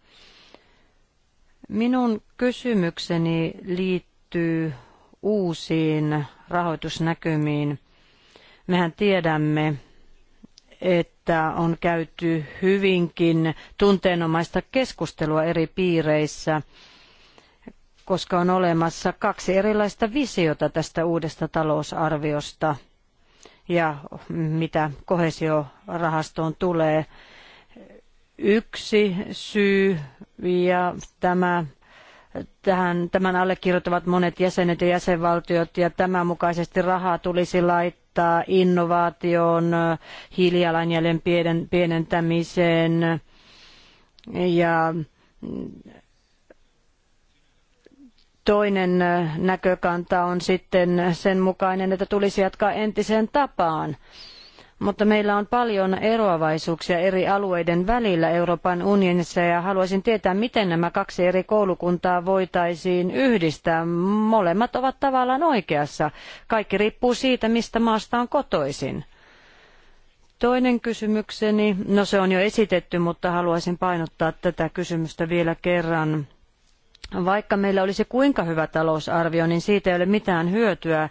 Minun kysymykseni liittyy uusiin rahoitusnäkymiin. Mehän tiedämme, että on käyty hyvinkin tunteenomaista keskustelua eri piireissä, koska on olemassa kaksi erilaista visiota tästä uudesta talousarviosta ja mitä kohesiorahastoon tulee. Yksi syy ja tämä Tähän, tämän allekirjoittavat monet jäsenet ja jäsenvaltiot ja tämän mukaisesti rahaa tulisi laittaa innovaatioon, hiilijalanjäljen pienentämiseen ja toinen näkökanta on sitten sen mukainen, että tulisi jatkaa entiseen tapaan mutta meillä on paljon eroavaisuuksia eri alueiden välillä Euroopan unionissa ja haluaisin tietää, miten nämä kaksi eri koulukuntaa voitaisiin yhdistää. Molemmat ovat tavallaan oikeassa. Kaikki riippuu siitä, mistä maasta on kotoisin. Toinen kysymykseni, no se on jo esitetty, mutta haluaisin painottaa tätä kysymystä vielä kerran. Vaikka meillä olisi kuinka hyvä talousarvio, niin siitä ei ole mitään hyötyä,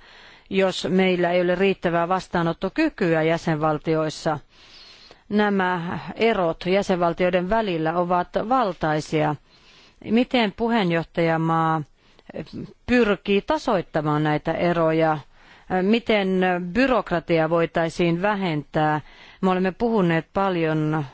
jos meillä ei ole riittävää vastaanottokykyä jäsenvaltioissa. Nämä erot jäsenvaltioiden välillä ovat valtaisia. Miten puheenjohtajamaa pyrkii tasoittamaan näitä eroja? Miten byrokratia voitaisiin vähentää? Me olemme puhuneet paljon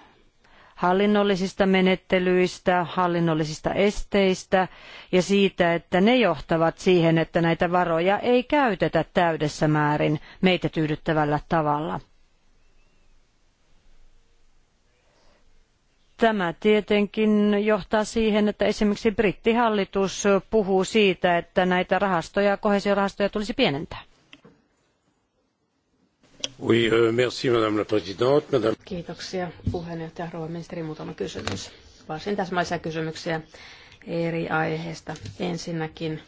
hallinnollisista menettelyistä, hallinnollisista esteistä ja siitä, että ne johtavat siihen, että näitä varoja ei käytetä täydessä määrin meitä tyydyttävällä tavalla. Tämä tietenkin johtaa siihen, että esimerkiksi brittihallitus puhuu siitä, että näitä rahastoja, kohesiorahastoja tulisi pienentää. Oui, euh, merci, madame la présidente. Madame... Kiitoksia puheenjohtaja rouva ministeri. Muutama kysymys. Varsin täsmällisiä kysymyksiä eri aiheesta. Ensinnäkin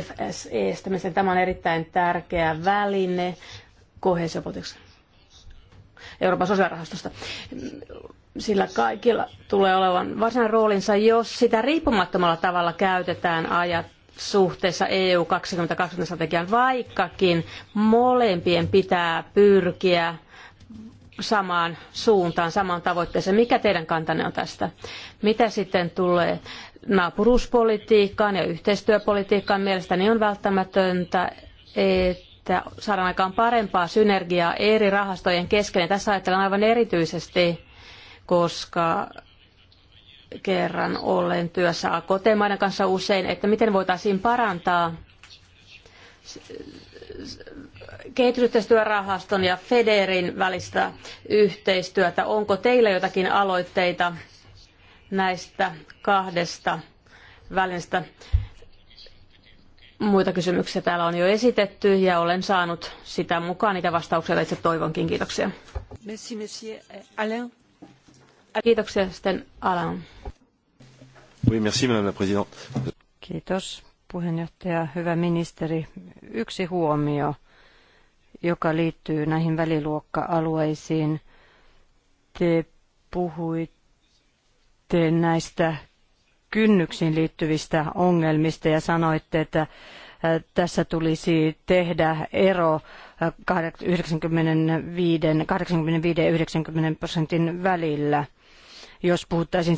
FSE, estämisen tämä on erittäin tärkeä väline kohesiopolitiikassa Euroopan sosiaalirahastosta. Sillä kaikilla tulee olevan varsinainen roolinsa, jos sitä riippumattomalla tavalla käytetään ajat suhteessa EU 2020 strategiaan, vaikkakin molempien pitää pyrkiä samaan suuntaan, samaan tavoitteeseen. Mikä teidän kantanne on tästä? Mitä sitten tulee naapuruuspolitiikkaan ja yhteistyöpolitiikkaan? Mielestäni on välttämätöntä, että saadaan aikaan parempaa synergiaa eri rahastojen kesken. Ja tässä ajattelen aivan erityisesti, koska kerran olen työssä AKT-maiden kanssa usein, että miten voitaisiin parantaa kehitysyhteistyörahaston ja Federin välistä yhteistyötä. Onko teillä jotakin aloitteita näistä kahdesta välistä? Muita kysymyksiä täällä on jo esitetty ja olen saanut sitä mukaan niitä vastauksia, itse toivonkin. Kiitoksia. Merci, monsieur. Alain. Kiitoksia sitten Alan. Oui, merci, madame la présidente. Kiitos puheenjohtaja. Hyvä ministeri. Yksi huomio, joka liittyy näihin väliluokka-alueisiin. Te puhuitte näistä kynnyksiin liittyvistä ongelmista ja sanoitte, että tässä tulisi tehdä ero 95 90 prosentin välillä jos puhuttaisiin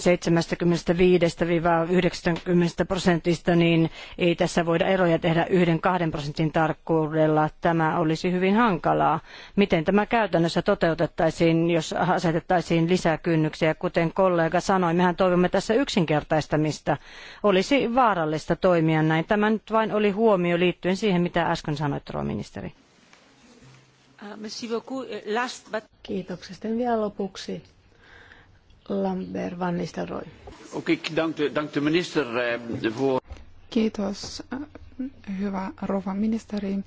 75-90 prosentista, niin ei tässä voida eroja tehdä yhden kahden prosentin tarkkuudella. Tämä olisi hyvin hankalaa. Miten tämä käytännössä toteutettaisiin, jos asetettaisiin lisää kynnyksiä? Kuten kollega sanoi, mehän toivomme tässä yksinkertaistamista. Olisi vaarallista toimia näin. Tämä nyt vain oli huomio liittyen siihen, mitä äsken sanoit, ministeri. Ah, Kiitoksesta vielä lopuksi Lambert van Nistelrooy. Okei, dank de minister eh, voor... Kiitos, eh, hyvä rouva ministeri.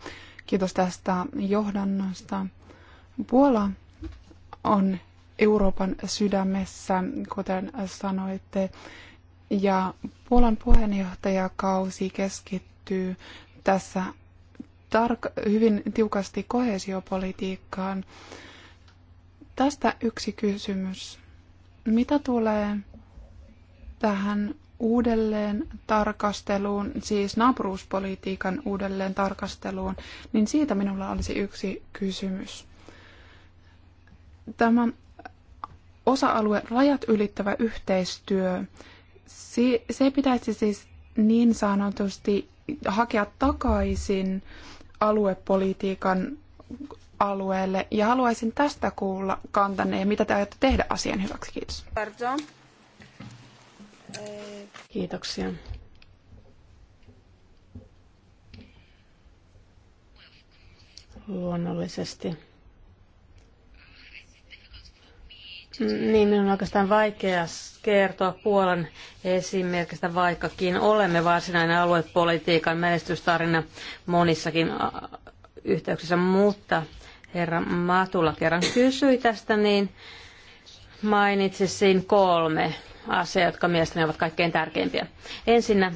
Kiitos tästä johdannosta. Puola on Euroopan sydämessä, kuten sanoitte, ja Puolan puheenjohtajakausi keskittyy tässä tark- hyvin tiukasti kohesiopolitiikkaan. Tästä yksi kysymys. Mitä tulee tähän uudelleen tarkasteluun, siis naapuruuspolitiikan uudelleen tarkasteluun, niin siitä minulla olisi yksi kysymys. Tämä osa-alue rajat ylittävä yhteistyö, se pitäisi siis niin sanotusti hakea takaisin aluepolitiikan alueelle ja haluaisin tästä kuulla kantanne ja mitä te aiotte tehdä asian hyväksi. Kiitos. Kiitoksia. Luonnollisesti. Niin, on oikeastaan vaikea kertoa Puolan esimerkistä, vaikkakin olemme varsinainen aluepolitiikan menestystarina monissakin yhteyksissä, mutta herra Matula kerran kysyi tästä, niin mainitsisin kolme asiaa, jotka mielestäni ovat kaikkein tärkeimpiä. Ensinnä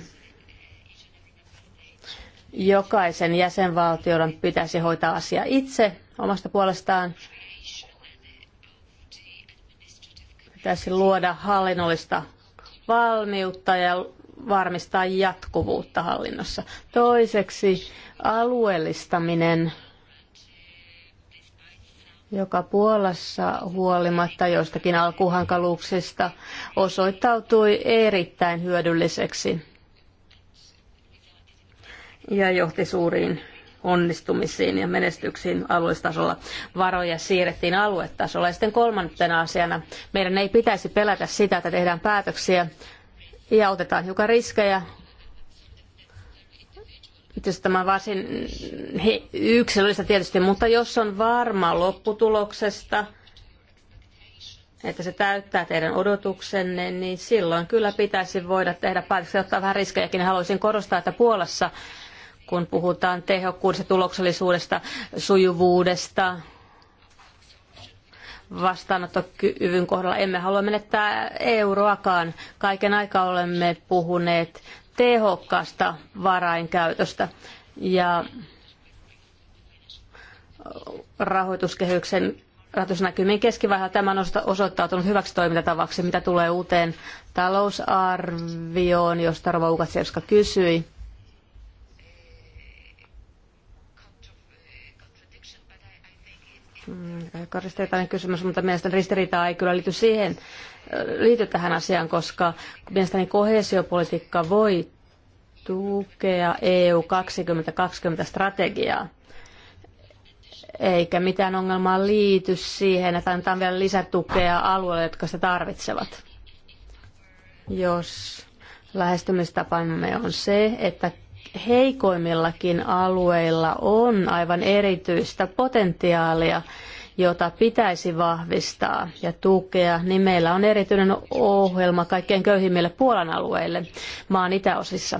jokaisen jäsenvaltion pitäisi hoitaa asia itse omasta puolestaan. Pitäisi luoda hallinnollista valmiutta ja varmistaa jatkuvuutta hallinnossa. Toiseksi alueellistaminen joka Puolassa huolimatta joistakin alkuhankaluuksista osoittautui erittäin hyödylliseksi ja johti suuriin onnistumisiin ja menestyksiin alueistasolla. Varoja siirrettiin aluetasolla. Ja sitten kolmantena asiana meidän ei pitäisi pelätä sitä, että tehdään päätöksiä ja otetaan hiukan riskejä, Tietysti tämä on varsin yksilöllistä tietysti, mutta jos on varma lopputuloksesta, että se täyttää teidän odotuksenne, niin silloin kyllä pitäisi voida tehdä päätöksiä ottaa vähän riskejäkin. Haluaisin korostaa, että Puolassa, kun puhutaan tehokkuudesta, tuloksellisuudesta, sujuvuudesta, vastaanottokyvyn kohdalla emme halua menettää euroakaan. Kaiken aikaa olemme puhuneet tehokkaasta varainkäytöstä. Ja rahoituskehyksen rahoitusnäkymien keskivaiheella tämä on osoittautunut hyväksi toimintatavaksi, mitä tulee uuteen talousarvioon, josta Rova Ukatsevska kysyi. Hmm, Ristiriitainen kysymys, mutta mielestäni ristiriitaa ei kyllä liity siihen, liity tähän asiaan, koska mielestäni kohesiopolitiikka voi tukea EU 2020 strategiaa. Eikä mitään ongelmaa liity siihen, että annetaan vielä lisätukea alueille, jotka sitä tarvitsevat. Jos lähestymistapamme on se, että heikoimmillakin alueilla on aivan erityistä potentiaalia jota pitäisi vahvistaa ja tukea, niin meillä on erityinen ohjelma kaikkein köyhimmille Puolan alueille maan itäosissa.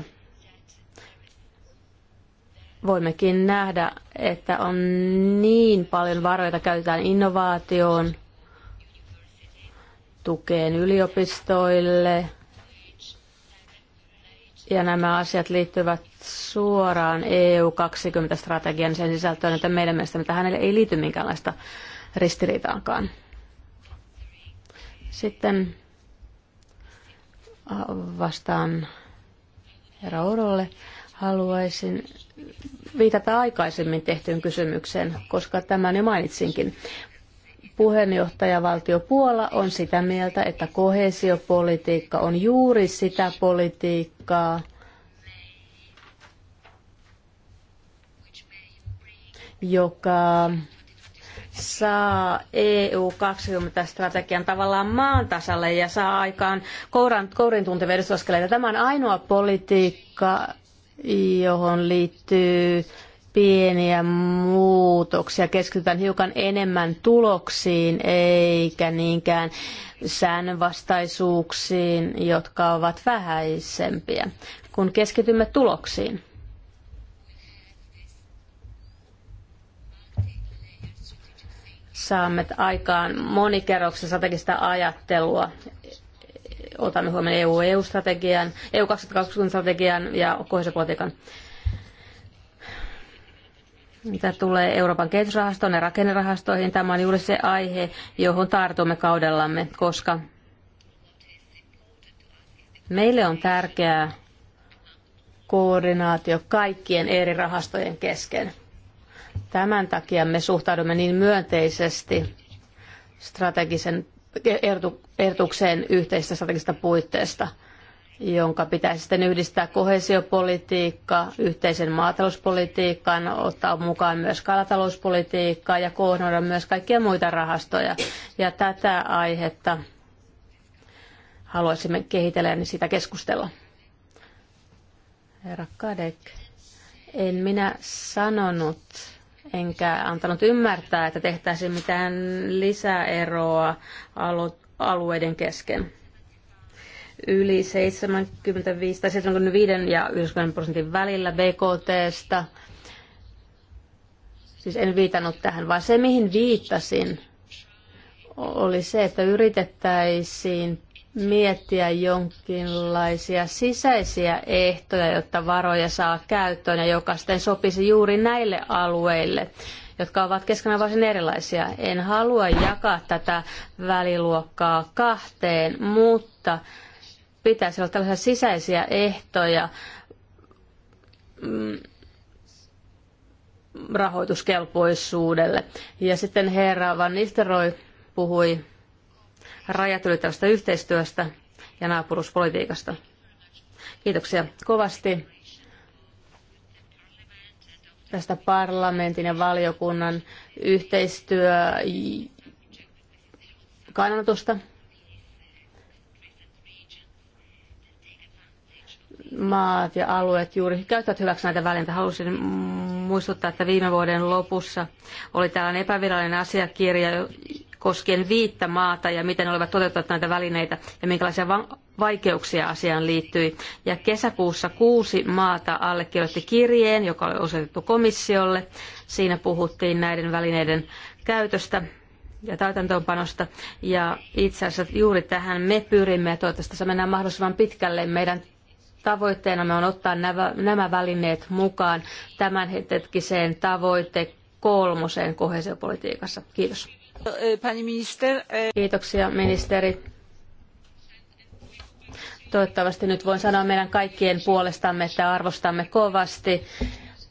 Voimmekin nähdä, että on niin paljon varoja, käytetään innovaatioon, tukeen yliopistoille, ja nämä asiat liittyvät suoraan EU-20-strategian sen sisältöön, että meidän mielestämme tähän ei liity minkäänlaista ristiriitaakaan. Sitten äh, vastaan herra Orolle. Haluaisin viitata aikaisemmin tehtyyn kysymykseen, koska tämän jo mainitsinkin. Puheenjohtajavaltio Puola on sitä mieltä, että kohesiopolitiikka on juuri sitä politiikkaa, joka saa EU 20 strategian tavallaan maan tasalle ja saa aikaan kourin tuntevia Tämä on ainoa politiikka, johon liittyy pieniä muutoksia. Keskitytään hiukan enemmän tuloksiin eikä niinkään säännönvastaisuuksiin, jotka ovat vähäisempiä, kun keskitymme tuloksiin saamme aikaan monikerroksen strategista ajattelua. Otamme huomioon EU-EU-strategian, EU-2020-strategian ja kohesiopolitiikan. Mitä tulee Euroopan kehitysrahastoon ja rakennerahastoihin, tämä on juuri se aihe, johon tartumme kaudellamme, koska meille on tärkeää koordinaatio kaikkien eri rahastojen kesken Tämän takia me suhtaudumme niin myönteisesti strategisen ehdotukseen yhteisestä strategisesta puitteesta, jonka pitäisi sitten yhdistää kohesiopolitiikka, yhteisen maatalouspolitiikan, ottaa mukaan myös kalatalouspolitiikkaa ja koordinoida myös kaikkia muita rahastoja. Ja tätä aihetta haluaisimme kehitellä ja niin sitä keskustella. Herra Kadek, en minä sanonut, enkä antanut ymmärtää, että tehtäisiin mitään lisäeroa alueiden kesken. Yli 75 tai 75 ja 90 prosentin välillä BKTstä. Siis en viitannut tähän, vaan se mihin viittasin oli se, että yritettäisiin miettiä jonkinlaisia sisäisiä ehtoja, jotta varoja saa käyttöön ja joka sitten sopisi juuri näille alueille, jotka ovat keskenään varsin erilaisia. En halua jakaa tätä väliluokkaa kahteen, mutta pitäisi olla tällaisia sisäisiä ehtoja mm, rahoituskelpoisuudelle. Ja sitten herra Van Nistelrooy puhui rajat ylittävästä yhteistyöstä ja naapuruspolitiikasta. Kiitoksia kovasti tästä parlamentin ja valiokunnan yhteistyö kannatusta. maat ja alueet juuri käyttävät hyväksi näitä välineitä. Halusin muistuttaa, että viime vuoden lopussa oli tällainen epävirallinen asiakirja, koskien viittä maata ja miten ne olivat toteuttaneet näitä välineitä ja minkälaisia vaikeuksia asiaan liittyi. Ja kesäkuussa kuusi maata allekirjoitti kirjeen, joka oli osoitettu komissiolle. Siinä puhuttiin näiden välineiden käytöstä ja täytäntöönpanosta. Ja itse asiassa juuri tähän me pyrimme ja toivottavasti tässä mennään mahdollisimman pitkälle. Meidän tavoitteenamme on ottaa nämä, nämä välineet mukaan tämänhetkiseen tavoite kolmoseen kohesiopolitiikassa. Kiitos. E, Kiitoksia ministeri. Toivottavasti nyt voin sanoa meidän kaikkien puolestamme, että arvostamme kovasti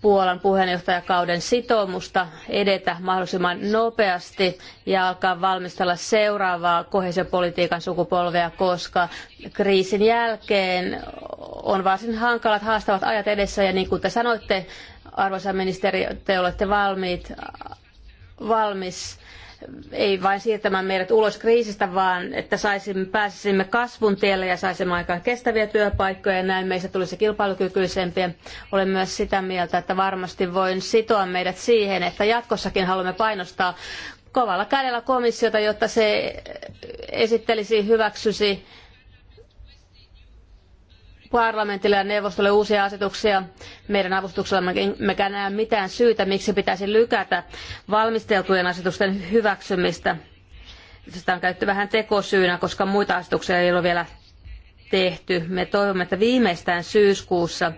Puolan puheenjohtajakauden sitoumusta edetä mahdollisimman nopeasti ja alkaa valmistella seuraavaa kohesiopolitiikan sukupolvea, koska kriisin jälkeen on varsin hankalat, haastavat ajat edessä ja niin kuin te sanoitte, arvoisa ministeri, te olette valmiit, valmis ei vain siirtämään meidät ulos kriisistä, vaan että saisimme, pääsisimme kasvun tielle ja saisimme aikaan kestäviä työpaikkoja ja näin meistä tulisi kilpailukykyisempiä. Olen myös sitä mieltä, että varmasti voin sitoa meidät siihen, että jatkossakin haluamme painostaa kovalla kädellä komissiota, jotta se esittelisi, hyväksyisi parlamentille ja neuvostolle uusia asetuksia meidän avustuksella emmekä näe mitään syytä, miksi pitäisi lykätä valmisteltujen asetusten hyväksymistä. Sitä on käytetty vähän tekosyynä, koska muita asetuksia ei ole vielä tehty. Me toivomme, että viimeistään syyskuussa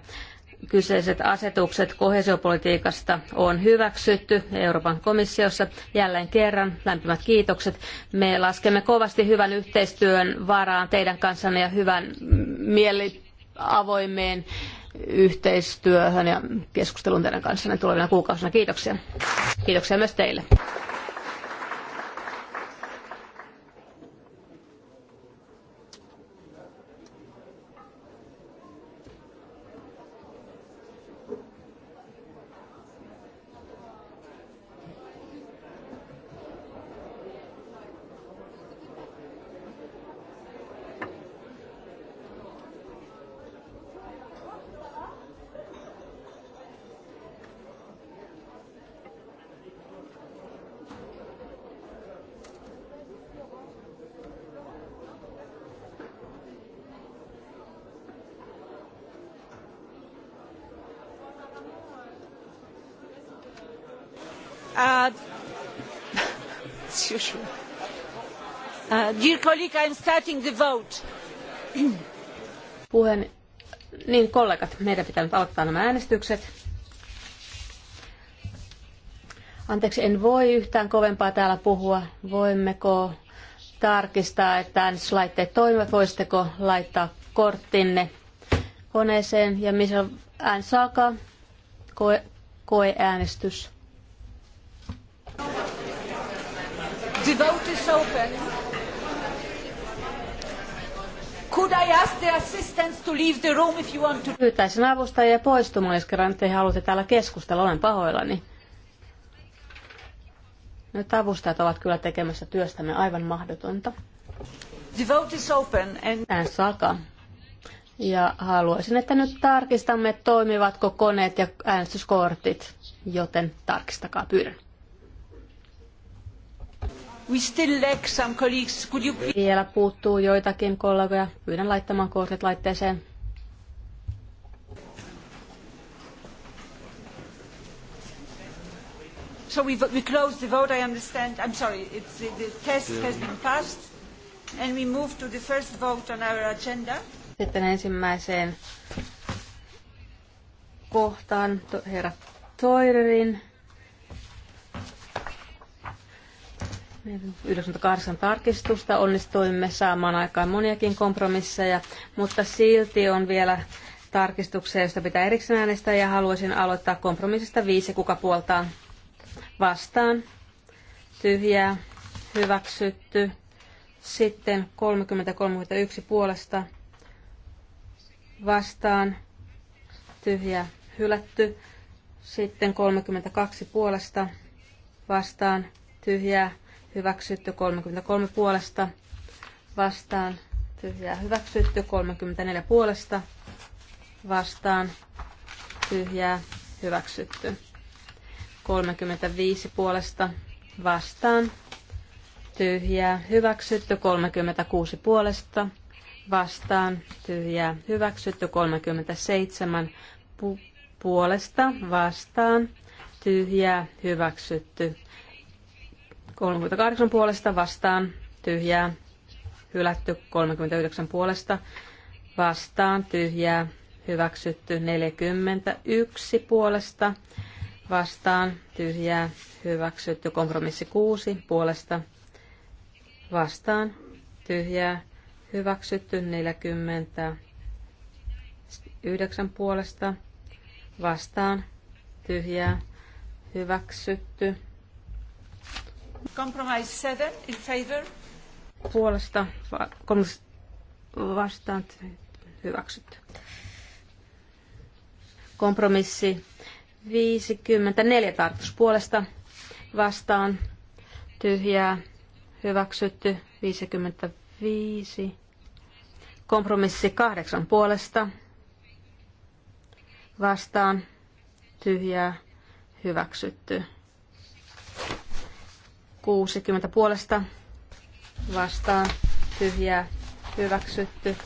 kyseiset asetukset koheesiopolitiikasta on hyväksytty Euroopan komissiossa. Jälleen kerran lämpimät kiitokset. Me laskemme kovasti hyvän yhteistyön varaan teidän kanssanne ja hyvän mielipiteen avoimeen yhteistyöhön ja keskustelun teidän kanssanne tulevina kuukausina. Kiitoksia. Kiitoksia myös teille. Uh, Uh, dear colleague, I'm starting the vote. niin kollegat, meidän pitää nyt aloittaa nämä äänestykset. Anteeksi, en voi yhtään kovempaa täällä puhua. Voimmeko tarkistaa, että äänestyslaitteet toimivat? Voisitteko laittaa korttinne koneeseen? Ja missä äänestys alkaa? Koe, koeäänestys. The vote is open. Could I ask the assistants to leave the room if you want to... Pyytäisin avustajia poistumaan, jos kerran te haluatte täällä keskustella. Olen pahoillani. Nyt avustajat ovat kyllä tekemässä työstämme aivan mahdotonta. The vote is open and... Äänestys alkaa. Ja haluaisin, että nyt tarkistamme, toimivatko koneet ja äänestyskortit, joten tarkistakaa pyydän. We still lack some colleagues. Could you... Vielä puuttuu joitakin kollegoja. Pyydän laittamaan kortit laitteeseen. So we, we close the vote, I understand. I'm sorry, it's, the test has been passed. And we move to the first vote on our agenda. Sitten ensimmäiseen kohtaan herra Toirin. 98 tarkistusta onnistuimme saamaan aikaan moniakin kompromisseja, mutta silti on vielä tarkistuksia, joista pitää erikseen äänestää ja haluaisin aloittaa kompromissista viisi, kuka puoltaa vastaan. Tyhjää, hyväksytty. Sitten 30-31 puolesta vastaan, tyhjä hylätty. Sitten 32 puolesta vastaan, tyhjää, hyväksytty 33 puolesta vastaan, tyhjää hyväksytty 34 puolesta vastaan, tyhjää hyväksytty 35 puolesta vastaan, tyhjää hyväksytty 36 puolesta vastaan, tyhjää hyväksytty 37 pu- puolesta vastaan, tyhjää hyväksytty 38 puolesta vastaan tyhjää. Hylätty 39 puolesta vastaan tyhjää. Hyväksytty 41 puolesta vastaan tyhjää. Hyväksytty kompromissi 6 puolesta vastaan tyhjää. Hyväksytty 49 puolesta vastaan tyhjää. Hyväksytty Compromise 7 in favor. Puolesta va- vastaan hyväksytty. Kompromissi 54 tarkoitus puolesta vastaan tyhjää hyväksytty 55. Kompromissi 8 puolesta vastaan tyhjää hyväksytty 60 puolesta vastaan tyhjää hyväksytty.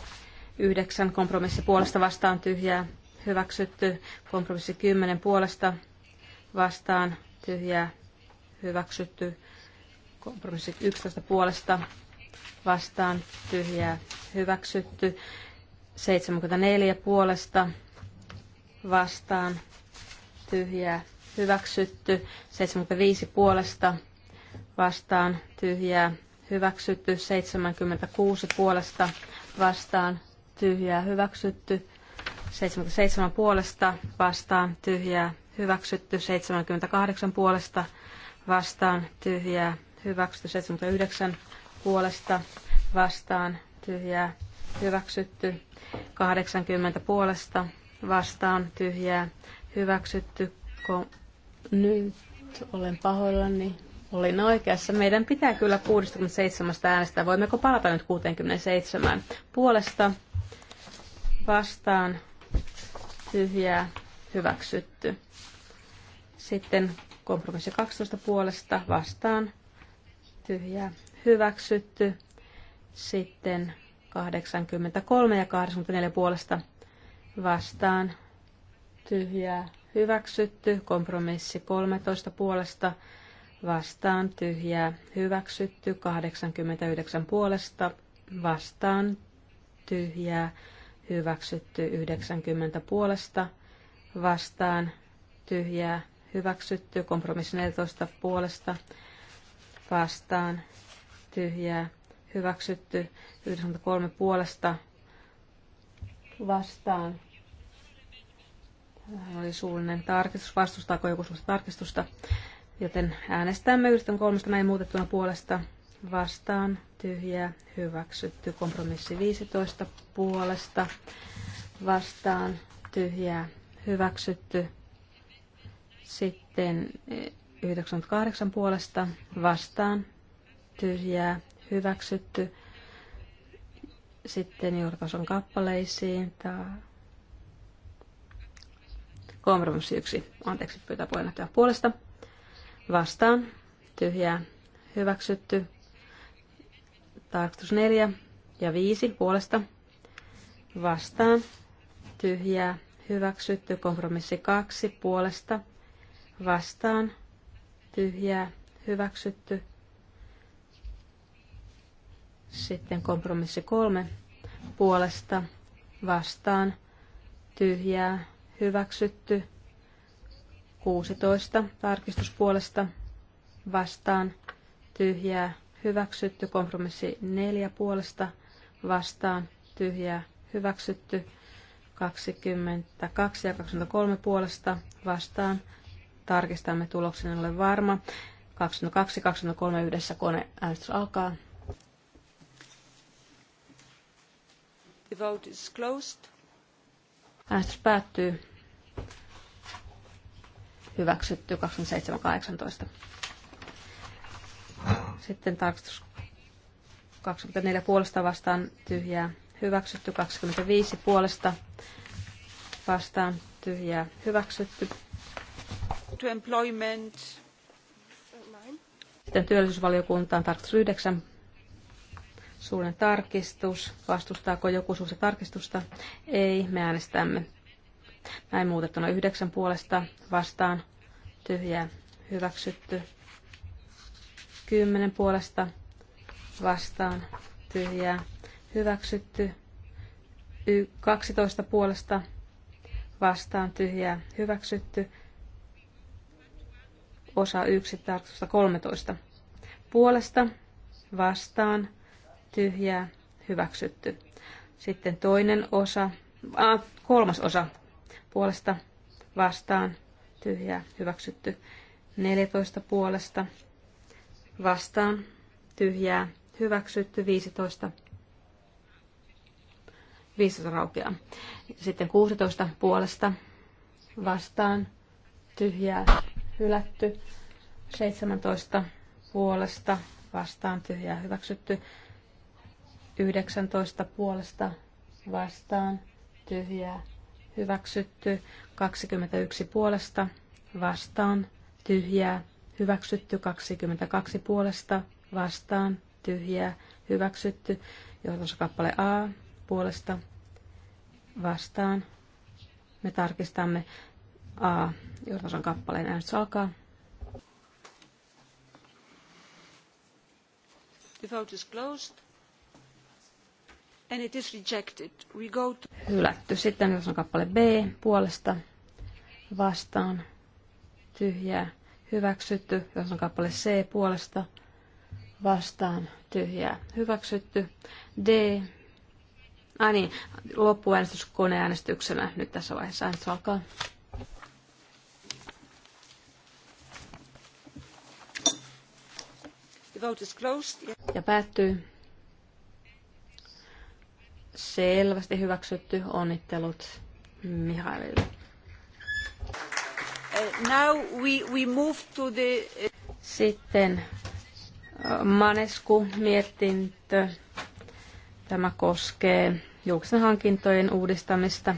9 kompromissi puolesta vastaan tyhjää hyväksytty. Kompromissi 10 puolesta vastaan tyhjää hyväksytty. Kompromissi 11 puolesta vastaan tyhjää hyväksytty. 74 puolesta vastaan tyhjää hyväksytty. 75 puolesta vastaan tyhjää hyväksytty, 76 puolesta vastaan tyhjää hyväksytty, 77 puolesta vastaan tyhjää hyväksytty, 78 puolesta vastaan tyhjää hyväksytty, 79 puolesta vastaan tyhjää hyväksytty, 80 puolesta vastaan tyhjää hyväksytty, ko- nyt olen pahoillani Olin oikeassa. Meidän pitää kyllä 67 äänestää. Voimmeko palata nyt 67 puolesta? Vastaan tyhjää hyväksytty. Sitten kompromissi 12 puolesta vastaan tyhjää hyväksytty. Sitten 83 ja 84 puolesta vastaan tyhjää hyväksytty. Kompromissi 13 puolesta vastaan tyhjää hyväksytty 89 puolesta vastaan tyhjää hyväksytty 90 puolesta vastaan tyhjää hyväksytty kompromissi 14 puolesta vastaan tyhjää hyväksytty 93 puolesta vastaan Tämä oli suullinen tarkistus. Vastustaako joku sellaista tarkistusta? Joten äänestämme yhdistön kolmesta näin muutettuna puolesta vastaan tyhjää hyväksytty. Kompromissi 15 puolesta vastaan tyhjää hyväksytty. Sitten 98 eh, puolesta vastaan tyhjää hyväksytty. Sitten on kappaleisiin. Tämä kompromissi yksi. Anteeksi, pyytää puheenjohtaja puolesta vastaan tyhjää hyväksytty. tarkoitus 4 ja 5 puolesta vastaan tyhjää hyväksytty. Kompromissi 2 puolesta vastaan tyhjää hyväksytty. Sitten kompromissi 3 puolesta vastaan tyhjää hyväksytty. 16 tarkistuspuolesta vastaan tyhjää hyväksytty. Kompromissi 4 puolesta vastaan tyhjää hyväksytty. 22 ja 23 puolesta vastaan. Tarkistamme tuloksen, ole varma. 22, 23 yhdessä koneäänestys alkaa. The vote is closed. Äänestys päättyy hyväksytty 2718. Sitten tarkistus 24 puolesta vastaan tyhjää hyväksytty, 25 puolesta vastaan tyhjää hyväksytty. To employment. Sitten työllisyysvaliokuntaan tarkistus 9 suuren tarkistus. Vastustaako joku suullista tarkistusta? Ei, me äänestämme näin muutettuna yhdeksän puolesta vastaan tyhjää hyväksytty. Kymmenen puolesta vastaan tyhjää hyväksytty. Y- 12 puolesta vastaan tyhjää hyväksytty. Osa 1 tarkoitusta 13 puolesta vastaan tyhjää hyväksytty. Sitten toinen osa, kolmas osa puolesta vastaan tyhjä hyväksytty. 14 puolesta vastaan tyhjää hyväksytty. 15 15 raukeaa. Sitten 16 puolesta vastaan tyhjää hylätty. 17 puolesta vastaan tyhjää hyväksytty. 19 puolesta vastaan tyhjää hyväksytty, 21 puolesta, vastaan, tyhjää, hyväksytty, 22 puolesta, vastaan, tyhjää, hyväksytty, johdossa kappale A, puolesta, vastaan. Me tarkistamme A, johdossa kappaleen äänestys alkaa. The vote is closed and it is rejected. We go to... Hylätty. Sitten jos on kappale B puolesta vastaan tyhjää. Hyväksytty. Jos on kappale C puolesta vastaan tyhjää. Hyväksytty. D. Ah niin, loppuäänestys koneäänestyksenä nyt tässä vaiheessa. Äänestys alkaa. The vote is closed. Ja päättyy. Selvästi hyväksytty. Onnittelut Mihailille. Uh, now we, we move to the... Uh, sitten uh, Manesku mietintö. Tämä koskee julkisten hankintojen uudistamista.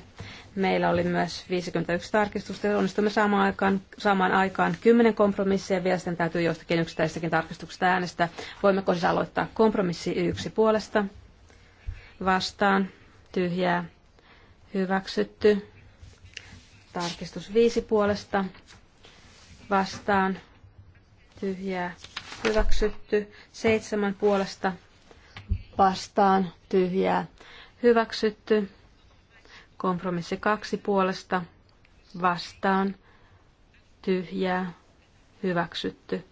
Meillä oli myös 51 tarkistusta ja onnistumme samaan aikaan, samaan aikaan 10 kompromissia vielä sitten täytyy jostakin yksittäistäkin tarkistuksesta äänestää. Voimmeko siis aloittaa kompromissi yksi puolesta vastaan tyhjää hyväksytty. Tarkistus 5 puolesta vastaan tyhjää hyväksytty. 7 puolesta vastaan tyhjää hyväksytty. Kompromissi 2 puolesta vastaan tyhjää hyväksytty.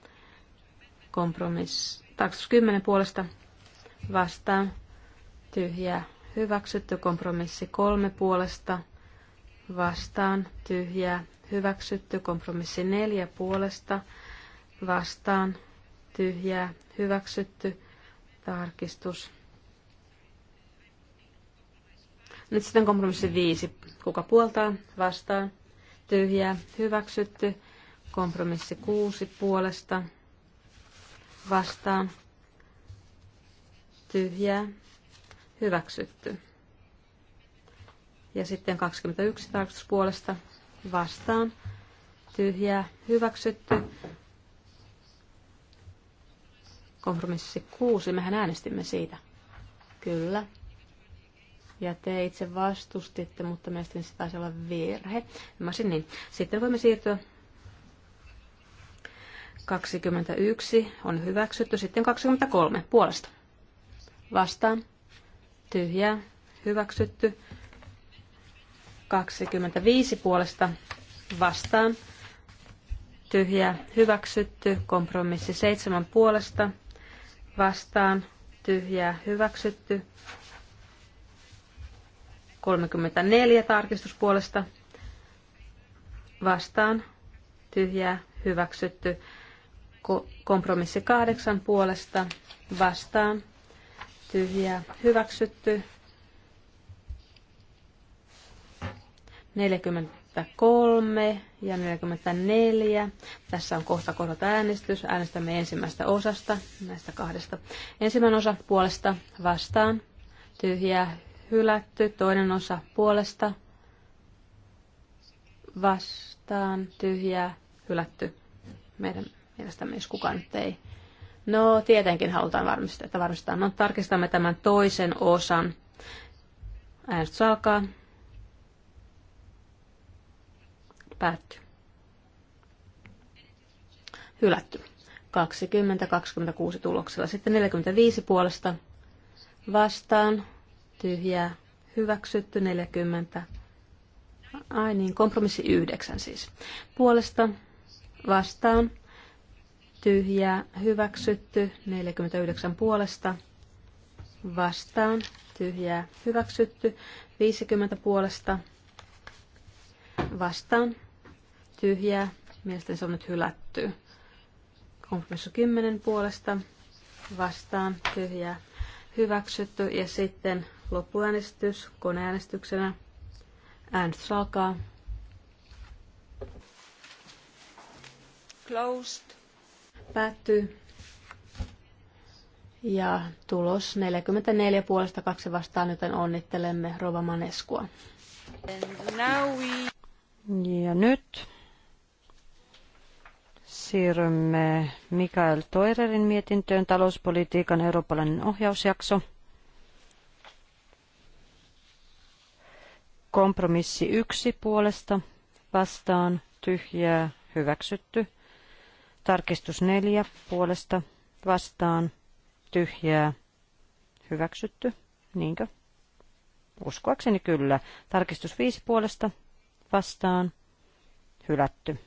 Kompromissi 10 puolesta vastaan tyhjä hyväksytty. Kompromissi kolme puolesta vastaan tyhjä hyväksytty. Kompromissi neljä puolesta vastaan tyhjä hyväksytty. Tarkistus. Nyt sitten kompromissi viisi. Kuka puoltaa vastaan tyhjää hyväksytty. Kompromissi kuusi puolesta vastaan tyhjää hyväksytty. Ja sitten 21 tarkastuspuolesta vastaan tyhjää hyväksytty. Kompromissi 6, mehän äänestimme siitä. Kyllä. Ja te itse vastustitte, mutta mielestäni se taisi olla virhe. Mä niin. Sitten voimme siirtyä 21 on hyväksytty, sitten 23 puolesta. Vastaan tyhjää, hyväksytty. 25 puolesta vastaan, tyhjää, hyväksytty. Kompromissi 7 puolesta vastaan, tyhjää, hyväksytty. 34 tarkistuspuolesta vastaan, tyhjää, hyväksytty. Kompromissi 8 puolesta vastaan, tyhjää hyväksytty. 43 ja 44. Tässä on kohta kohdat äänestys. Äänestämme ensimmäistä osasta näistä kahdesta. Ensimmäinen osa puolesta vastaan. Tyhjää hylätty. Toinen osa puolesta vastaan. Tyhjää hylätty. Meidän mielestämme, jos kukaan nyt ei No tietenkin halutaan varmistaa, että varmistetaan. No tarkistamme tämän toisen osan. Äänestys alkaa. Päättyy. Hylätty. 20-26 tuloksella. Sitten 45 puolesta vastaan. Tyhjää. Hyväksytty 40. Ai niin, kompromissi 9 siis. Puolesta vastaan tyhjää hyväksytty 49 puolesta vastaan tyhjää hyväksytty 50 puolesta vastaan tyhjää mielestäni se on nyt hylätty kompromissi 10 puolesta vastaan tyhjää hyväksytty ja sitten loppuäänestys koneäänestyksenä äänestys alkaa closed päättyy. Ja tulos 44 puolesta kaksi vastaan, joten onnittelemme Rova Maneskua. Ja nyt siirrymme Mikael Toirerin mietintöön talouspolitiikan eurooppalainen ohjausjakso. Kompromissi yksi puolesta vastaan tyhjää hyväksytty. Tarkistus neljä puolesta vastaan tyhjää hyväksytty, niinkö? Uskoakseni kyllä. Tarkistus viisi puolesta vastaan hylätty.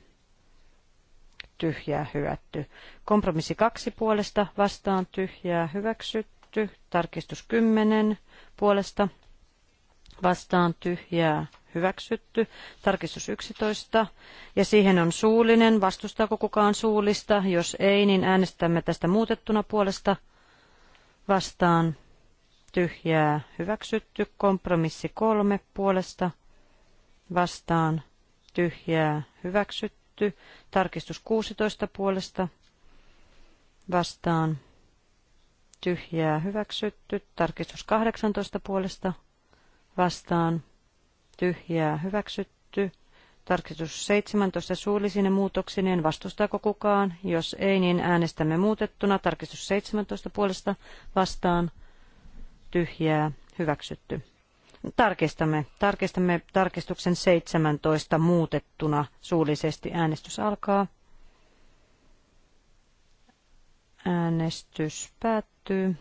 Tyhjää hylätty. Kompromissi kaksi puolesta vastaan tyhjää hyväksytty. Tarkistus kymmenen puolesta vastaan tyhjää hyväksytty. Tarkistus 11. Ja siihen on suullinen. Vastustaako kukaan suullista? Jos ei, niin äänestämme tästä muutettuna puolesta vastaan tyhjää hyväksytty. Kompromissi 3 puolesta vastaan tyhjää hyväksytty. Tarkistus 16 puolesta vastaan tyhjää hyväksytty. Tarkistus 18 puolesta vastaan vastaan tyhjää hyväksytty. Tarkistus 17 suullisine muutoksineen. Vastustaako kukaan? Jos ei, niin äänestämme muutettuna. Tarkistus 17 puolesta vastaan tyhjää hyväksytty. Tarkistamme. Tarkistamme tarkistuksen 17 muutettuna suullisesti. Äänestys alkaa. Äänestys päättyy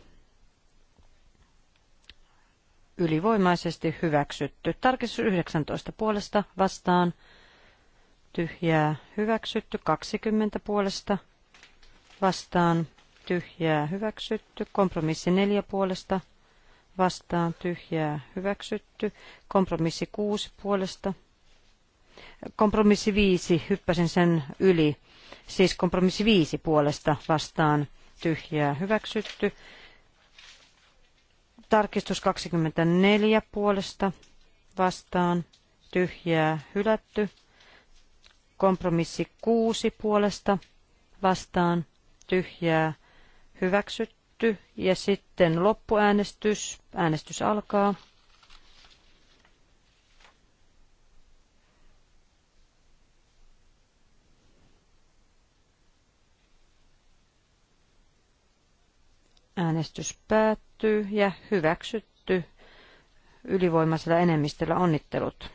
ylivoimaisesti hyväksytty. Tarkistus 19 puolesta vastaan tyhjää hyväksytty. 20 puolesta vastaan tyhjää hyväksytty. Kompromissi 4 puolesta vastaan tyhjää hyväksytty. Kompromissi 6 puolesta. Kompromissi 5, hyppäsin sen yli. Siis kompromissi 5 puolesta vastaan tyhjää hyväksytty. Tarkistus 24 puolesta vastaan tyhjää hylätty. Kompromissi 6 puolesta vastaan tyhjää hyväksytty. Ja sitten loppuäänestys. Äänestys alkaa. Äänestys päättyy ja hyväksytty ylivoimaisella enemmistöllä onnittelut.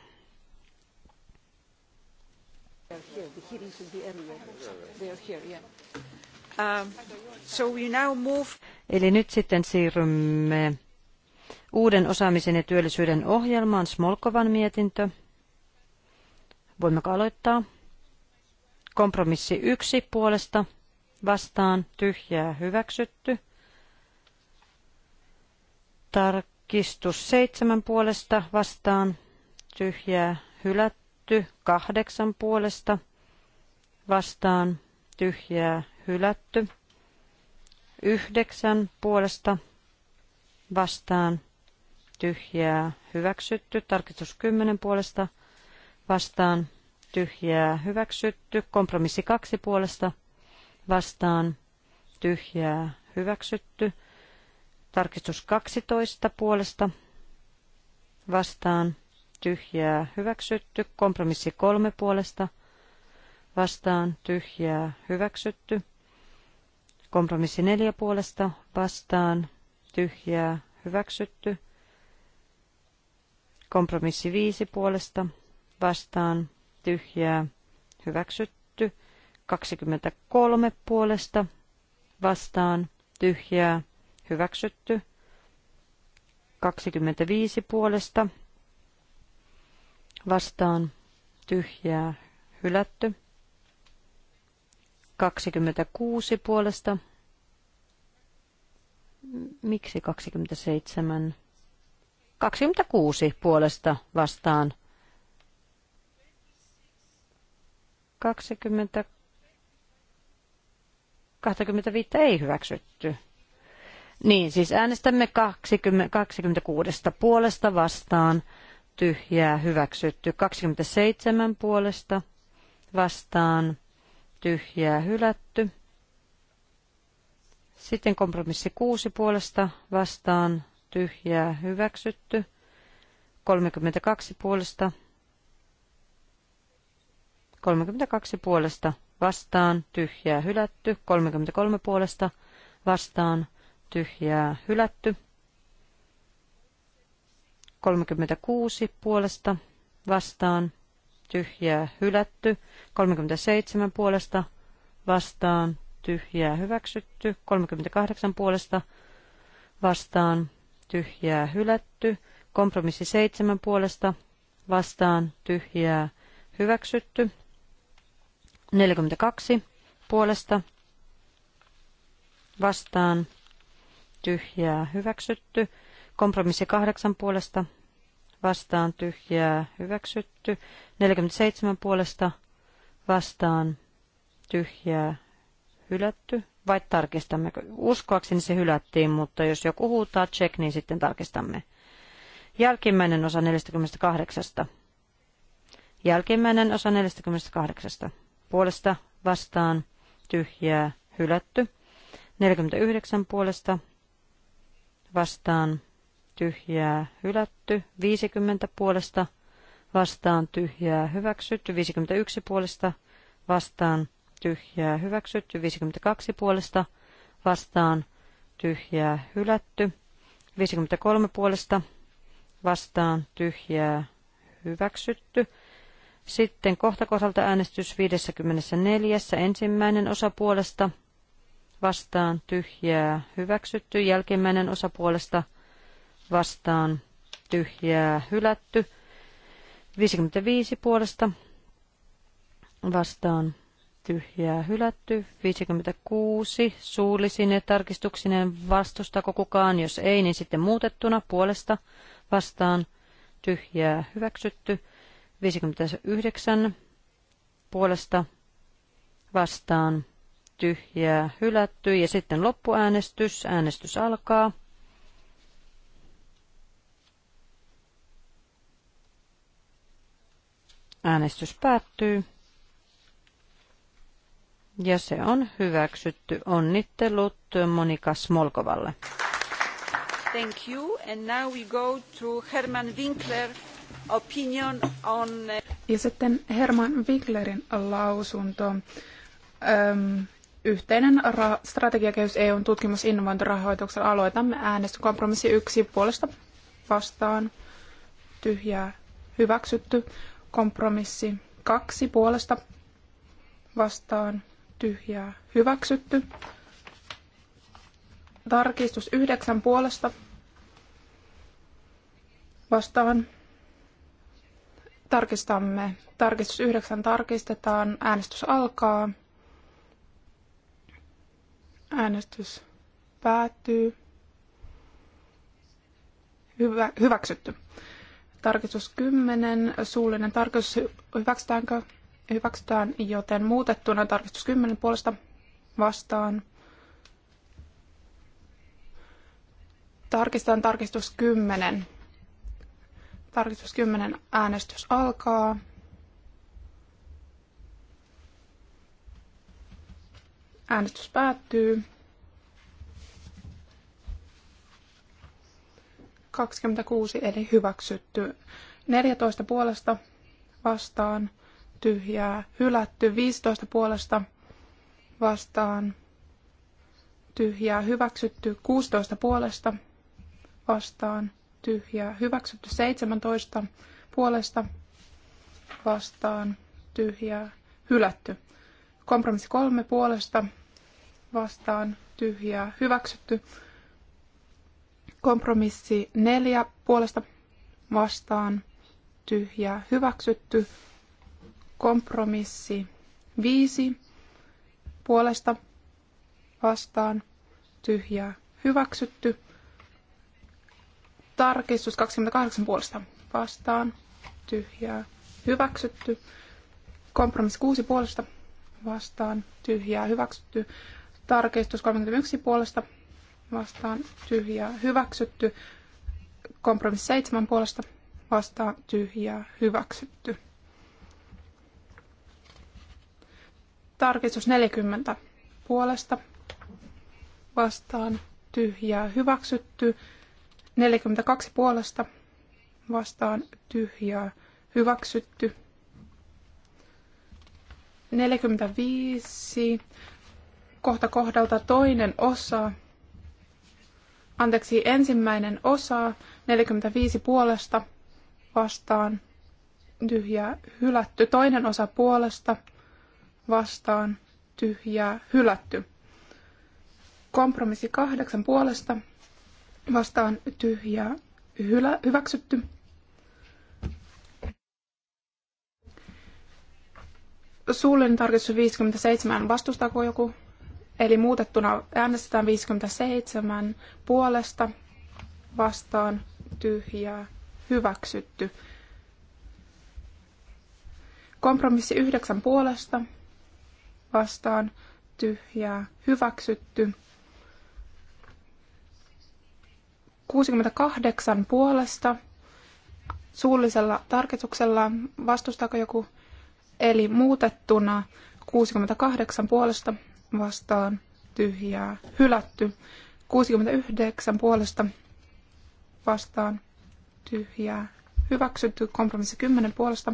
Eli nyt sitten siirrymme uuden osaamisen ja työllisyyden ohjelmaan Smolkovan mietintö. Voimmeko aloittaa? Kompromissi yksi puolesta vastaan tyhjää hyväksytty. Tarkistus seitsemän puolesta vastaan tyhjää hylätty. Kahdeksan puolesta vastaan tyhjää hylätty. Yhdeksän puolesta vastaan tyhjää hyväksytty. Tarkistus kymmenen puolesta vastaan tyhjää hyväksytty. Kompromissi kaksi puolesta vastaan tyhjää hyväksytty. Tarkistus 12 puolesta vastaan tyhjää hyväksytty. Kompromissi 3 puolesta vastaan tyhjää hyväksytty. Kompromissi 4 puolesta vastaan tyhjää hyväksytty. Kompromissi 5 puolesta vastaan tyhjää hyväksytty. 23 puolesta vastaan tyhjää hyväksytty. 25 puolesta vastaan tyhjää hylätty. 26 puolesta. Miksi 27? 26 puolesta vastaan. 20, 25 ei hyväksytty. Niin, siis äänestämme 20, 26 puolesta vastaan, tyhjää hyväksytty. 27 puolesta vastaan, tyhjää hylätty. Sitten kompromissi 6 puolesta vastaan, tyhjää hyväksytty. 32 puolesta 32 puolesta vastaan, tyhjää hylätty, 33 puolesta vastaan, tyhjää hylätty. 36 puolesta vastaan tyhjää hylätty. 37 puolesta vastaan tyhjää hyväksytty. 38 puolesta vastaan tyhjää hylätty. Kompromissi 7 puolesta vastaan tyhjää hyväksytty. 42 puolesta vastaan tyhjää hyväksytty. Kompromissi kahdeksan puolesta vastaan tyhjää hyväksytty. 47 puolesta vastaan tyhjää hylätty. Vai tarkistamme? Uskoakseni se hylättiin, mutta jos joku huutaa check, niin sitten tarkistamme. Jälkimmäinen osa 48. Jälkimmäinen osa 48. Puolesta vastaan tyhjää hylätty. 49 puolesta vastaan tyhjää hylätty, 50 puolesta vastaan tyhjää hyväksytty, 51 puolesta vastaan tyhjää hyväksytty, 52 puolesta vastaan tyhjää hylätty, 53 puolesta vastaan tyhjää hyväksytty. Sitten kohtakohdalta äänestys 54. ensimmäinen osa puolesta vastaan tyhjää hyväksytty, jälkimmäinen osa puolesta vastaan tyhjää hylätty, 55 puolesta vastaan tyhjää hylätty, 56 ja tarkistuksinen vastustako kukaan, jos ei, niin sitten muutettuna puolesta vastaan tyhjää hyväksytty, 59 puolesta vastaan tyhjää hylätty. Ja sitten loppuäänestys. Äänestys alkaa. Äänestys päättyy. Ja se on hyväksytty. Onnittelut Monika Smolkovalle. Thank you. And now we go to Herman Winkler opinion on... Ja sitten Herman Winklerin lausunto. Um, yhteinen ra- strategiakehys EUn tutkimus- ja innovointirahoituksen aloitamme äänestys kompromissi yksi puolesta vastaan tyhjää hyväksytty kompromissi kaksi puolesta vastaan tyhjää hyväksytty tarkistus yhdeksän puolesta vastaan tarkistamme tarkistus yhdeksän tarkistetaan äänestys alkaa Äänestys päättyy. Hyvä, hyväksytty. Tarkistus 10, suullinen tarkistus, hyväksytäänkö? Hyväksytään, joten muutettuna tarkistus 10 puolesta vastaan. Tarkistetaan tarkistus 10. Tarkistus 10 äänestys alkaa. Äänestys päättyy. 26 eli hyväksytty. 14 puolesta vastaan tyhjää hylätty. 15 puolesta vastaan tyhjää hyväksytty. 16 puolesta vastaan tyhjää hyväksytty. 17 puolesta vastaan tyhjää hylätty. Kompromissi kolme puolesta vastaan tyhjää hyväksytty. Kompromissi neljä puolesta vastaan tyhjää hyväksytty. Kompromissi viisi puolesta vastaan tyhjää hyväksytty. Tarkistus 28 puolesta vastaan tyhjää hyväksytty. Kompromissi 6 puolesta vastaan tyhjää hyväksytty. Tarkistus 31 puolesta vastaan tyhjää hyväksytty. Kompromissi 7 puolesta vastaan tyhjää hyväksytty. Tarkistus 40 puolesta vastaan tyhjää hyväksytty. 42 puolesta vastaan tyhjää hyväksytty. 45, kohta kohdalta toinen osa, anteeksi, ensimmäinen osa, 45 puolesta vastaan, tyhjä hylätty, toinen osa puolesta vastaan, tyhjä hylätty. Kompromissi kahdeksan puolesta vastaan tyhjä hylä, hyväksytty. suullinen tarkistus 57, vastustaako joku? Eli muutettuna äänestetään 57 puolesta vastaan tyhjää hyväksytty. Kompromissi 9 puolesta vastaan tyhjää hyväksytty. 68 puolesta suullisella tarkistuksella vastustaako joku Eli muutettuna 68 puolesta vastaan tyhjää hylätty. 69 puolesta vastaan tyhjää hyväksytty. Kompromissi 10 puolesta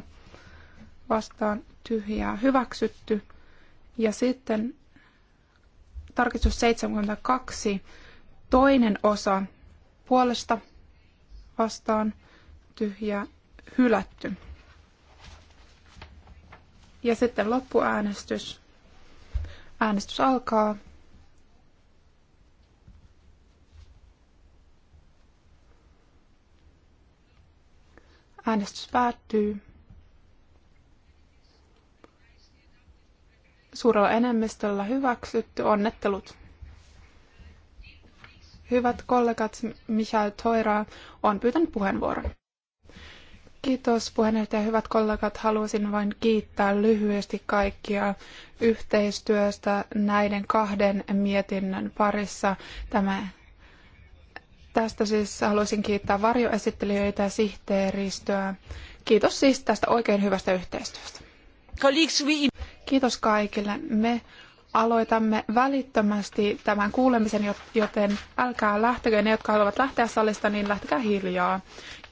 vastaan tyhjää hyväksytty. Ja sitten tarkistus 72, toinen osa puolesta vastaan tyhjää hylätty. Ja sitten loppuäänestys. Äänestys alkaa. Äänestys päättyy. Suurella enemmistöllä hyväksytty. Onnettelut. Hyvät kollegat, Michael Toira on pyytänyt puheenvuoron. Kiitos puheenjohtaja. Hyvät kollegat, haluaisin vain kiittää lyhyesti kaikkia yhteistyöstä näiden kahden mietinnön parissa. Tämä, tästä siis haluaisin kiittää varjoesittelijöitä ja sihteeristöä. Kiitos siis tästä oikein hyvästä yhteistyöstä. Kiitos kaikille. Me aloitamme välittömästi tämän kuulemisen, joten älkää lähtekö. Ne, jotka haluavat lähteä salista, niin lähtekää hiljaa.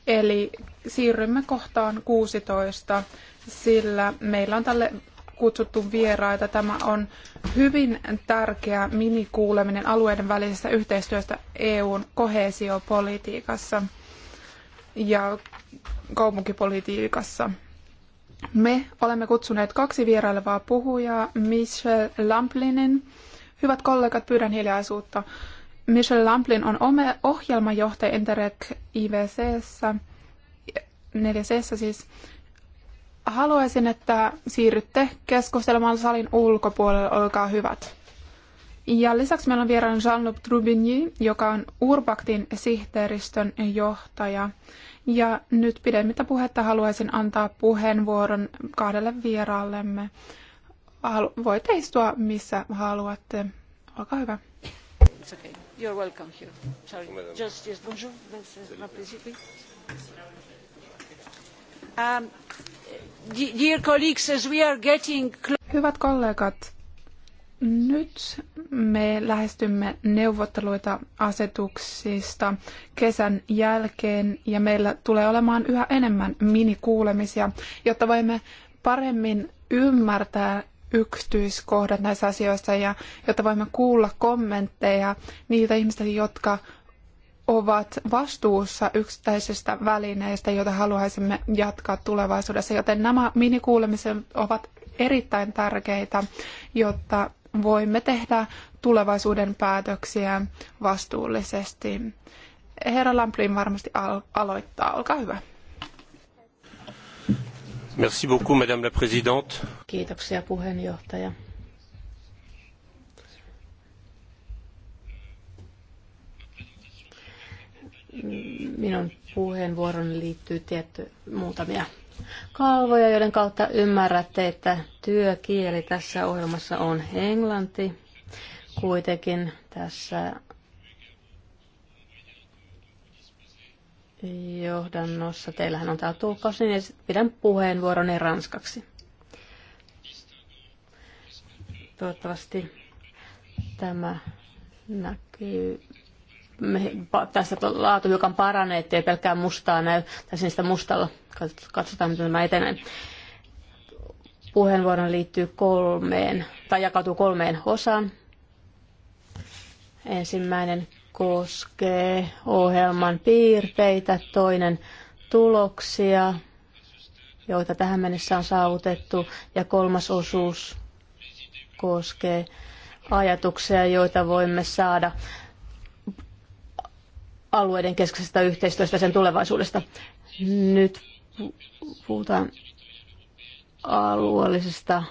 Eli siirrymme kohtaan 16, sillä meillä on tälle kutsuttu vieraita. Tämä on hyvin tärkeä minikuuleminen alueiden välisestä yhteistyöstä EUn koheesiopolitiikassa ja kaupunkipolitiikassa. Me olemme kutsuneet kaksi vierailevaa puhujaa, Michel Lamplinin. Hyvät kollegat, pyydän hiljaisuutta. Michel Lamplin on ohjelmajohtaja Interreg IVCssä – neljäsessä siis, haluaisin, että siirrytte keskustelemaan salin ulkopuolelle, olkaa hyvät. Ja lisäksi meillä on vieraan Jean-Luc Trubigny, joka on Urbaktin sihteeristön johtaja. Ja nyt pidemmittä puhetta haluaisin antaa puheenvuoron kahdelle vieraallemme. Halu- voitte istua missä haluatte. Olkaa hyvä. It's okay. You're welcome here. Sorry. Just, just bonjour. Um, Hyvät kollegat, nyt me lähestymme neuvotteluita asetuksista kesän jälkeen ja meillä tulee olemaan yhä enemmän minikuulemisia, jotta voimme paremmin ymmärtää yksityiskohdat näissä asioissa ja jotta voimme kuulla kommentteja niiltä ihmisiltä, jotka ovat vastuussa yksittäisistä välineistä, joita haluaisimme jatkaa tulevaisuudessa. Joten nämä minikuulemiset ovat erittäin tärkeitä, jotta voimme tehdä tulevaisuuden päätöksiä vastuullisesti. Herra Lamplin varmasti al- aloittaa. Olkaa hyvä. Merci beaucoup, Madame la Présidente. Kiitoksia puheenjohtaja. minun puheenvuoroni liittyy tietty muutamia kalvoja, joiden kautta ymmärrätte, että työkieli tässä ohjelmassa on englanti. Kuitenkin tässä johdannossa, teillähän on täällä tulkkaus, niin pidän puheenvuoroni ranskaksi. Toivottavasti tämä näkyy tässä laatu hiukan paranee, ettei pelkkää mustaa näy, tai sinistä mustalla. Katsotaan, miten tämä etenee. Puheenvuoron liittyy kolmeen, tai jakautuu kolmeen osaan. Ensimmäinen koskee ohjelman piirteitä, toinen tuloksia, joita tähän mennessä on saavutettu, ja kolmas osuus koskee ajatuksia, joita voimme saada alueiden keskisestä yhteistyöstä ja sen tulevaisuudesta. Nyt puhutaan alueellisesta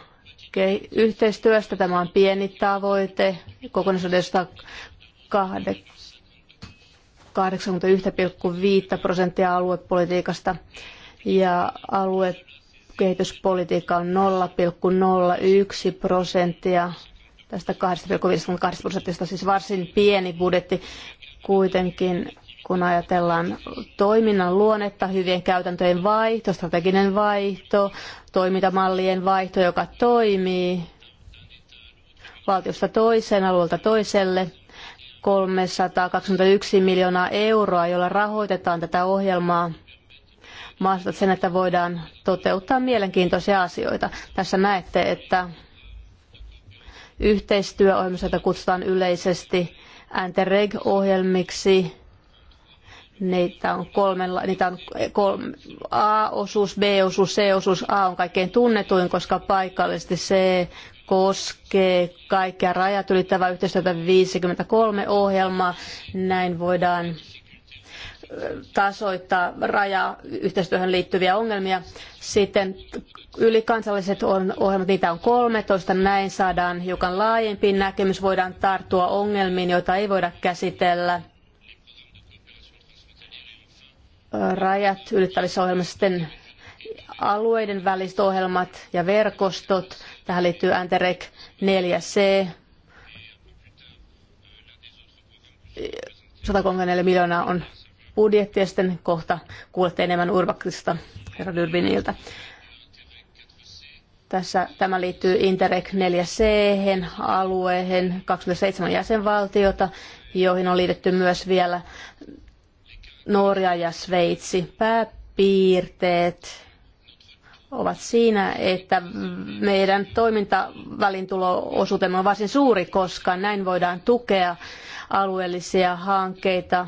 yhteistyöstä. Tämä on pieni tavoite, kokonaisuudesta 81,5 prosenttia aluepolitiikasta ja aluekehityspolitiikka on 0,01 prosenttia tästä 2,5 prosentista, siis varsin pieni budjetti kuitenkin kun ajatellaan toiminnan luonnetta, hyvien käytäntöjen vaihto, strateginen vaihto, toimintamallien vaihto, joka toimii valtiosta toiseen, alueelta toiselle, 321 miljoonaa euroa, jolla rahoitetaan tätä ohjelmaa maastat sen, että voidaan toteuttaa mielenkiintoisia asioita. Tässä näette, että yhteistyöohjelmassa, jota kutsutaan yleisesti äänten reg-ohjelmiksi. Niitä on, kolme, niitä on kolme, A-osuus, B-osuus, C-osuus. A on kaikkein tunnetuin, koska paikallisesti C koskee kaikkia rajat ylittävää yhteistyötä 53 ohjelmaa. Näin voidaan tasoittaa raja yhteistyöhön liittyviä ongelmia. Sitten Ylikansalliset ohjelmat, niitä on 13, näin saadaan hiukan laajempi näkemys, voidaan tarttua ongelmiin, joita ei voida käsitellä rajat ylittävissä ohjelmissa sitten alueiden väliset ohjelmat ja verkostot. Tähän liittyy Anterek 4C, 134 miljoonaa on budjetti ja sitten kohta kuulette enemmän Urbaksista herra Dyrbiniltä. Tässä, tämä liittyy Interreg 4C alueen 27 jäsenvaltiota, joihin on liitetty myös vielä Norja ja Sveitsi. Pääpiirteet ovat siinä, että meidän toimintavälintulo-osuutemme on varsin suuri, koska näin voidaan tukea alueellisia hankkeita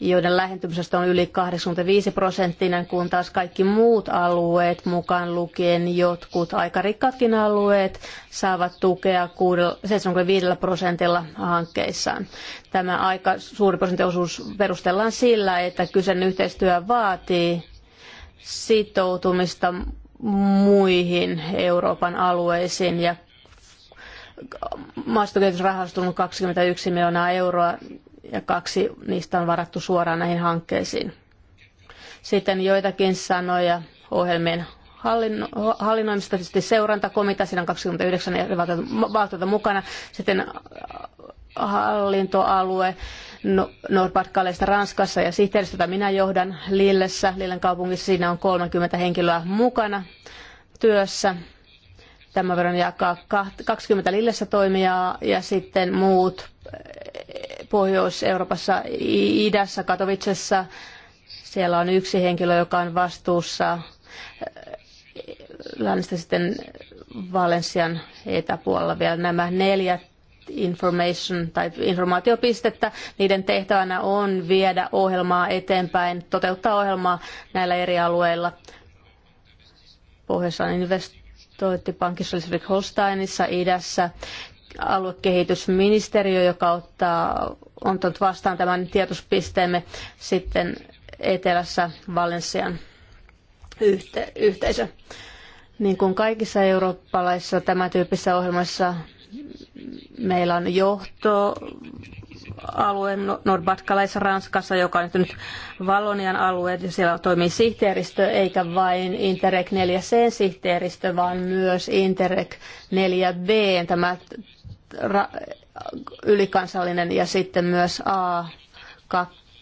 joiden lähentymisestä on yli 85 prosenttinen, kun taas kaikki muut alueet, mukaan lukien jotkut aika rikkaatkin alueet, saavat tukea 75 prosentilla hankkeissaan. Tämä aika suuri prosenttiosuus perustellaan sillä, että kyseinen yhteistyö vaatii sitoutumista muihin Euroopan alueisiin ja maastokehitysrahaston 21 miljoonaa euroa ja kaksi niistä on varattu suoraan näihin hankkeisiin. Sitten joitakin sanoja ohjelmien hallinno, hallinnoimista, tietysti seurantakomitea, siinä on 29 eri valtiota mukana, sitten äh, hallintoalue, no- Nordbadkaleista Ranskassa ja sihteeristö, jota minä johdan Lillessä, Lillen kaupungissa, siinä on 30 henkilöä mukana työssä. Tämän verran jakaa 20 Lillessä toimijaa ja sitten muut Pohjois-Euroopassa, idässä, Katowicessa. Siellä on yksi henkilö, joka on vastuussa äh, lännestä sitten Valensian etäpuolella vielä nämä neljä information tai informaatiopistettä. Niiden tehtävänä on viedä ohjelmaa eteenpäin, toteuttaa ohjelmaa näillä eri alueilla. Pohjois-Irlannin investointipankissa, Holsteinissa, idässä aluekehitysministeriö, joka ottaa, on ottanut vastaan tämän tietospisteemme sitten etelässä Valensian yhte, yhteisö. Niin kuin kaikissa eurooppalaisissa tämän tyyppisissä ohjelmissa meillä on johto alueen no- Nordbatkalaisessa Ranskassa, joka on nyt Valonian alue, ja siellä toimii sihteeristö, eikä vain Interreg 4C sihteeristö, vaan myös Interreg 4B, tämä ra- ylikansallinen ja sitten myös A,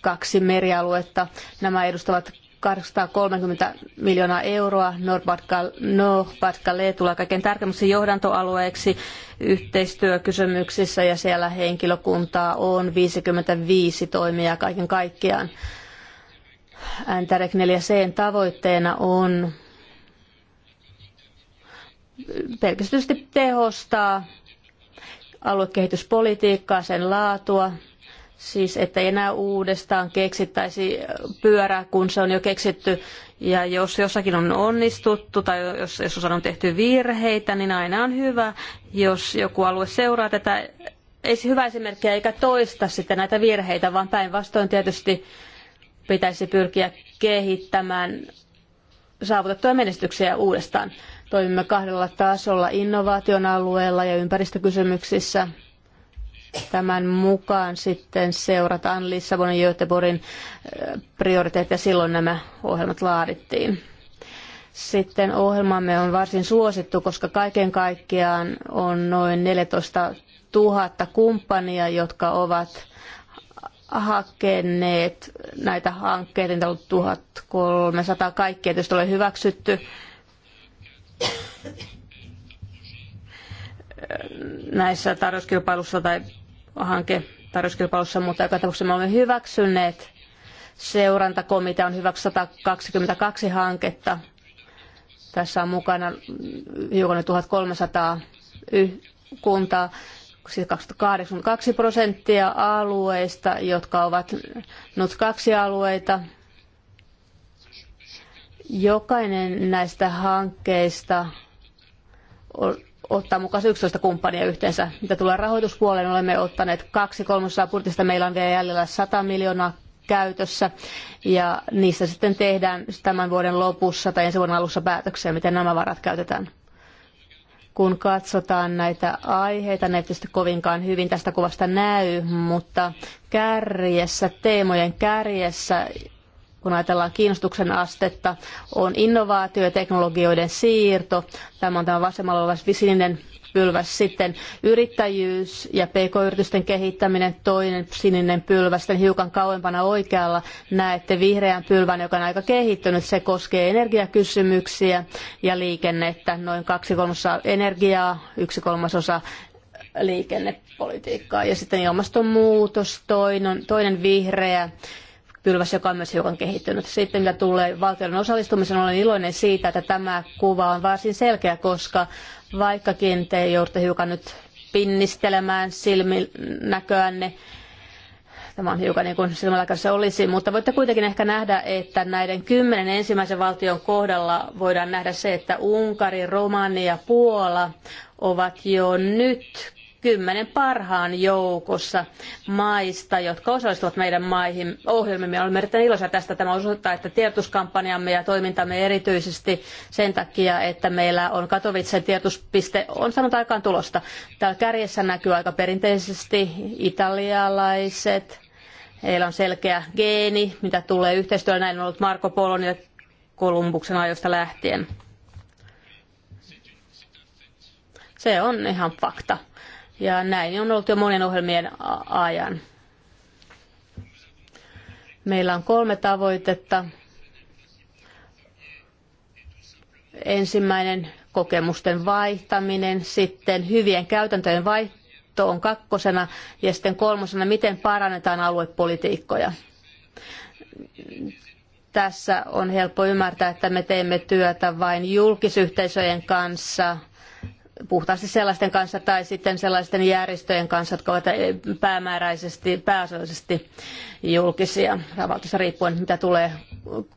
kaksi merialuetta. Nämä edustavat 830 miljoonaa euroa. Nordbatkale tulee kaiken tärkeimmäksi johdantoalueeksi yhteistyökysymyksissä ja siellä henkilökuntaa on 55 toimijaa kaiken kaikkiaan. Antarek 4Cn e tavoitteena on pelkästään tehostaa aluekehityspolitiikkaa, sen laatua, siis että ei enää uudestaan keksittäisi pyörää, kun se on jo keksitty. Ja jos jossakin on onnistuttu tai jos, jos on tehty virheitä, niin aina on hyvä, jos joku alue seuraa tätä ei se hyvä esimerkki eikä toista sitten näitä virheitä, vaan päinvastoin tietysti pitäisi pyrkiä kehittämään saavutettuja menestyksiä uudestaan. Toimimme kahdella tasolla innovaation alueella ja ympäristökysymyksissä. Tämän mukaan sitten seurataan Lissabonin ja Göteborgin prioriteetteja. Silloin nämä ohjelmat laadittiin. Sitten ohjelmamme on varsin suosittu, koska kaiken kaikkiaan on noin 14 000 kumppania, jotka ovat hakeneet näitä hankkeita, niitä on ollut 1300 kaikkea, tietysti ole hyväksytty näissä tarjouskilpailussa tai hanke tarjouskilpailussa, mutta joka tapauksessa me olemme hyväksyneet. Seurantakomitea on hyväksynyt 122 hanketta. Tässä on mukana hiukan 1300 kuntaa, siis 82 prosenttia alueista, jotka ovat NUT kaksi alueita, Jokainen näistä hankkeista ottaa mukaan 11 kumppania yhteensä. Mitä tulee rahoituspuoleen, olemme ottaneet kaksi kolmasosaa budjetista. Meillä on vielä jäljellä 100 miljoonaa käytössä ja niistä sitten tehdään tämän vuoden lopussa tai ensi vuoden alussa päätöksiä, miten nämä varat käytetään. Kun katsotaan näitä aiheita, ne tietysti kovinkaan hyvin tästä kuvasta näy, mutta kärjessä, teemojen kärjessä kun ajatellaan kiinnostuksen astetta, on innovaatio ja teknologioiden siirto. Tämä on tämä vasemmalla oleva sininen pylväs. Sitten yrittäjyys ja pk-yritysten kehittäminen, toinen sininen pylväs. Sitten hiukan kauempana oikealla näette vihreän pylvän, joka on aika kehittynyt. Se koskee energiakysymyksiä ja liikennettä. Noin kaksi kolmasosaa energiaa, yksi kolmasosa liikennepolitiikkaa. Ja sitten ilmastonmuutos, toinen, toinen vihreä pylväs, joka on myös hiukan kehittynyt. Sitten mitä tulee valtioiden osallistumisen, olen iloinen siitä, että tämä kuva on varsin selkeä, koska vaikkakin te joudutte hiukan nyt pinnistelemään silminäköänne, tämä on hiukan niin kuin silmälläkässä olisi, mutta voitte kuitenkin ehkä nähdä, että näiden kymmenen ensimmäisen valtion kohdalla voidaan nähdä se, että Unkari, Romania ja Puola ovat jo nyt kymmenen parhaan joukossa maista, jotka osallistuvat meidän maihin ohjelmiin. Olemme erittäin iloisia tästä. Tämä osoittaa, että tiedotuskampanjamme ja toimintamme erityisesti sen takia, että meillä on Katowicen tiedotuspiste, on saanut aikaan tulosta. Täällä kärjessä näkyy aika perinteisesti italialaiset. Heillä on selkeä geeni, mitä tulee yhteistyöllä. Näin on ollut Marko Polon ja Kolumbuksen ajoista lähtien. Se on ihan fakta ja näin on ollut jo monen ohjelmien ajan. Meillä on kolme tavoitetta. Ensimmäinen kokemusten vaihtaminen, sitten hyvien käytäntöjen vaihto on kakkosena ja sitten kolmosena, miten parannetaan aluepolitiikkoja. Tässä on helppo ymmärtää, että me teemme työtä vain julkisyhteisöjen kanssa – puhtaasti sellaisten kanssa tai sitten sellaisten järjestöjen kanssa, jotka ovat eh, päämääräisesti, pääasiallisesti julkisia, valtiossa riippuen mitä tulee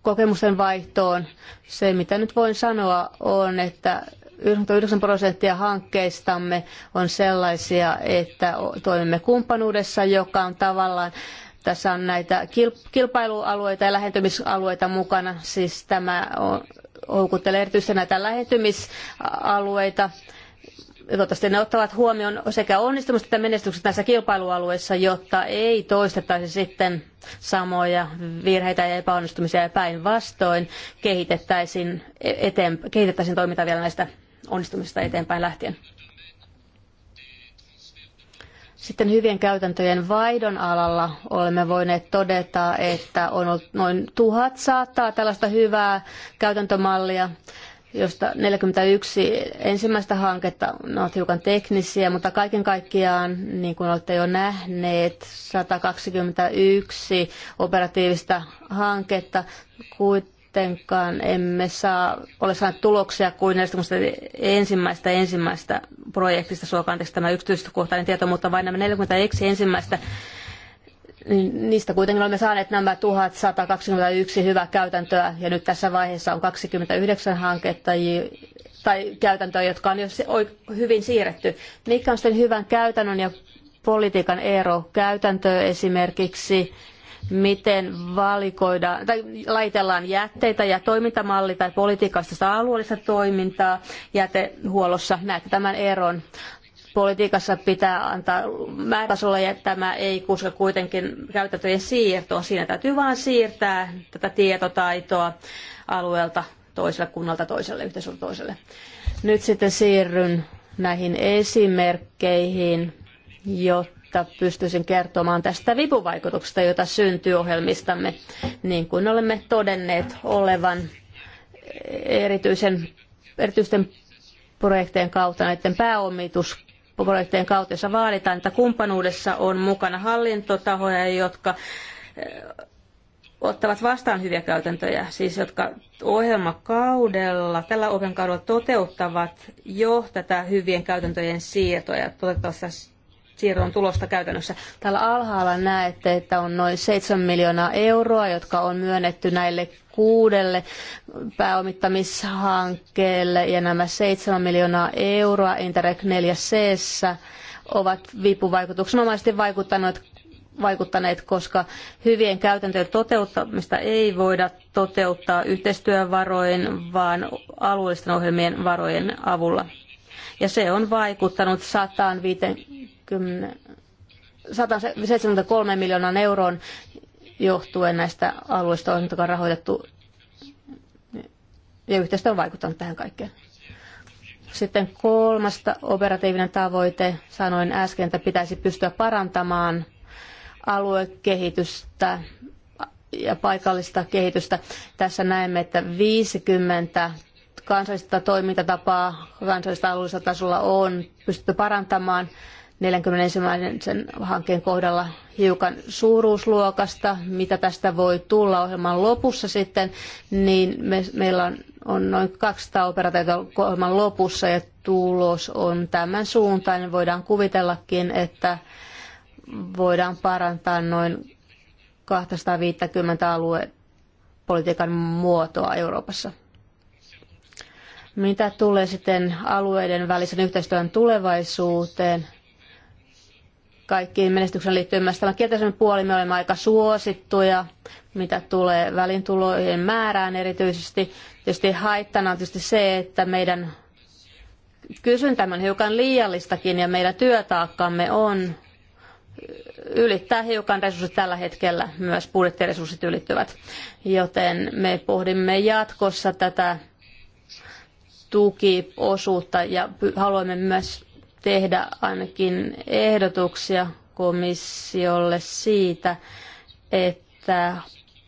kokemusten vaihtoon. Se mitä nyt voin sanoa on, että 99 prosenttia hankkeistamme on sellaisia, että toimimme kumppanuudessa, joka on tavallaan tässä on näitä kilpailualueita ja lähentymisalueita mukana, siis tämä on, houkuttelee erityisesti näitä lähentymisalueita toivottavasti ne ottavat huomioon sekä onnistumista että menestystä tässä kilpailualueessa, jotta ei toistettaisi sitten samoja virheitä ja epäonnistumisia ja päinvastoin kehitettäisiin, eteen, kehitettäisiin toimintaa vielä näistä onnistumisista eteenpäin lähtien. Sitten hyvien käytäntöjen vaihdon alalla olemme voineet todeta, että on ollut noin tuhat saattaa tällaista hyvää käytäntömallia josta 41 ensimmäistä hanketta, ne ovat hiukan teknisiä, mutta kaiken kaikkiaan, niin kuin olette jo nähneet, 121 operatiivista hanketta, kuitenkaan emme saa, ole saaneet tuloksia kuin ensimmäistä ensimmäistä projektista, suokaan tämä yksityiskohtainen tieto, mutta vain nämä 41 ensimmäistä niistä kuitenkin olemme saaneet nämä 1121 hyvää käytäntöä ja nyt tässä vaiheessa on 29 hanketta tai käytäntöä, jotka on jo hyvin siirretty. Mikä on sitten hyvän käytännön ja politiikan ero käytäntöä esimerkiksi? miten valikoidaan tai laitellaan jätteitä ja toimintamalli tai politiikasta alueellista toimintaa jätehuollossa. Näette tämän eron politiikassa pitää antaa määrätasolla ja tämä ei koske kuitenkin käytäntöjen siirtoon. Siinä täytyy vain siirtää tätä tietotaitoa alueelta toiselle kunnalta toiselle, yhteisöltä toiselle. Nyt sitten siirryn näihin esimerkkeihin, jotta pystyisin kertomaan tästä vipuvaikutuksesta, jota syntyy ohjelmistamme, niin kuin olemme todenneet olevan erityisen, erityisten projektien kautta näiden pääomitus puheenjohtajien kautensa vaaditaan, että kumppanuudessa on mukana hallintotahoja, jotka eh, ottavat vastaan hyviä käytäntöjä, siis jotka ohjelmakaudella, tällä ohjelmakaudella toteuttavat jo tätä hyvien käytäntöjen siirtoja, toteuttavat siirron tulosta käytännössä. Täällä alhaalla näette, että on noin 7 miljoonaa euroa, jotka on myönnetty näille kuudelle pääomittamishankkeelle ja nämä 7 miljoonaa euroa Interreg 4 c ovat vipuvaikutuksenomaisesti vaikuttaneet vaikuttaneet, koska hyvien käytäntöjen toteuttamista ei voida toteuttaa yhteistyövaroin, vaan alueellisten ohjelmien varojen avulla. Ja se on vaikuttanut 150 173 miljoonan euroon johtuen näistä alueista on on rahoitettu ja yhteistyö on vaikuttanut tähän kaikkeen. Sitten kolmasta operatiivinen tavoite, sanoin äsken, että pitäisi pystyä parantamaan aluekehitystä ja paikallista kehitystä. Tässä näemme, että 50 kansallista toimintatapaa kansallista alueellisella tasolla on pystytty parantamaan 41. Sen hankkeen kohdalla hiukan suuruusluokasta, mitä tästä voi tulla ohjelman lopussa sitten, niin me, meillä on, on noin 200 operaatiota ohjelman lopussa ja tulos on tämän suuntainen. Voidaan kuvitellakin, että voidaan parantaa noin 250 aluepolitiikan muotoa Euroopassa. Mitä tulee sitten alueiden välisen yhteistyön tulevaisuuteen, kaikkiin menestykseen liittyen myös tämä kielteisen puoli. Me olemme aika suosittuja, mitä tulee välintulojen määrään erityisesti. Tietysti haittana on tietysti se, että meidän kysyntämme on hiukan liiallistakin ja meidän työtaakkamme on ylittää hiukan resurssit tällä hetkellä, myös budjettiresurssit ylittyvät. Joten me pohdimme jatkossa tätä tukiosuutta ja haluamme myös tehdä ainakin ehdotuksia komissiolle siitä, että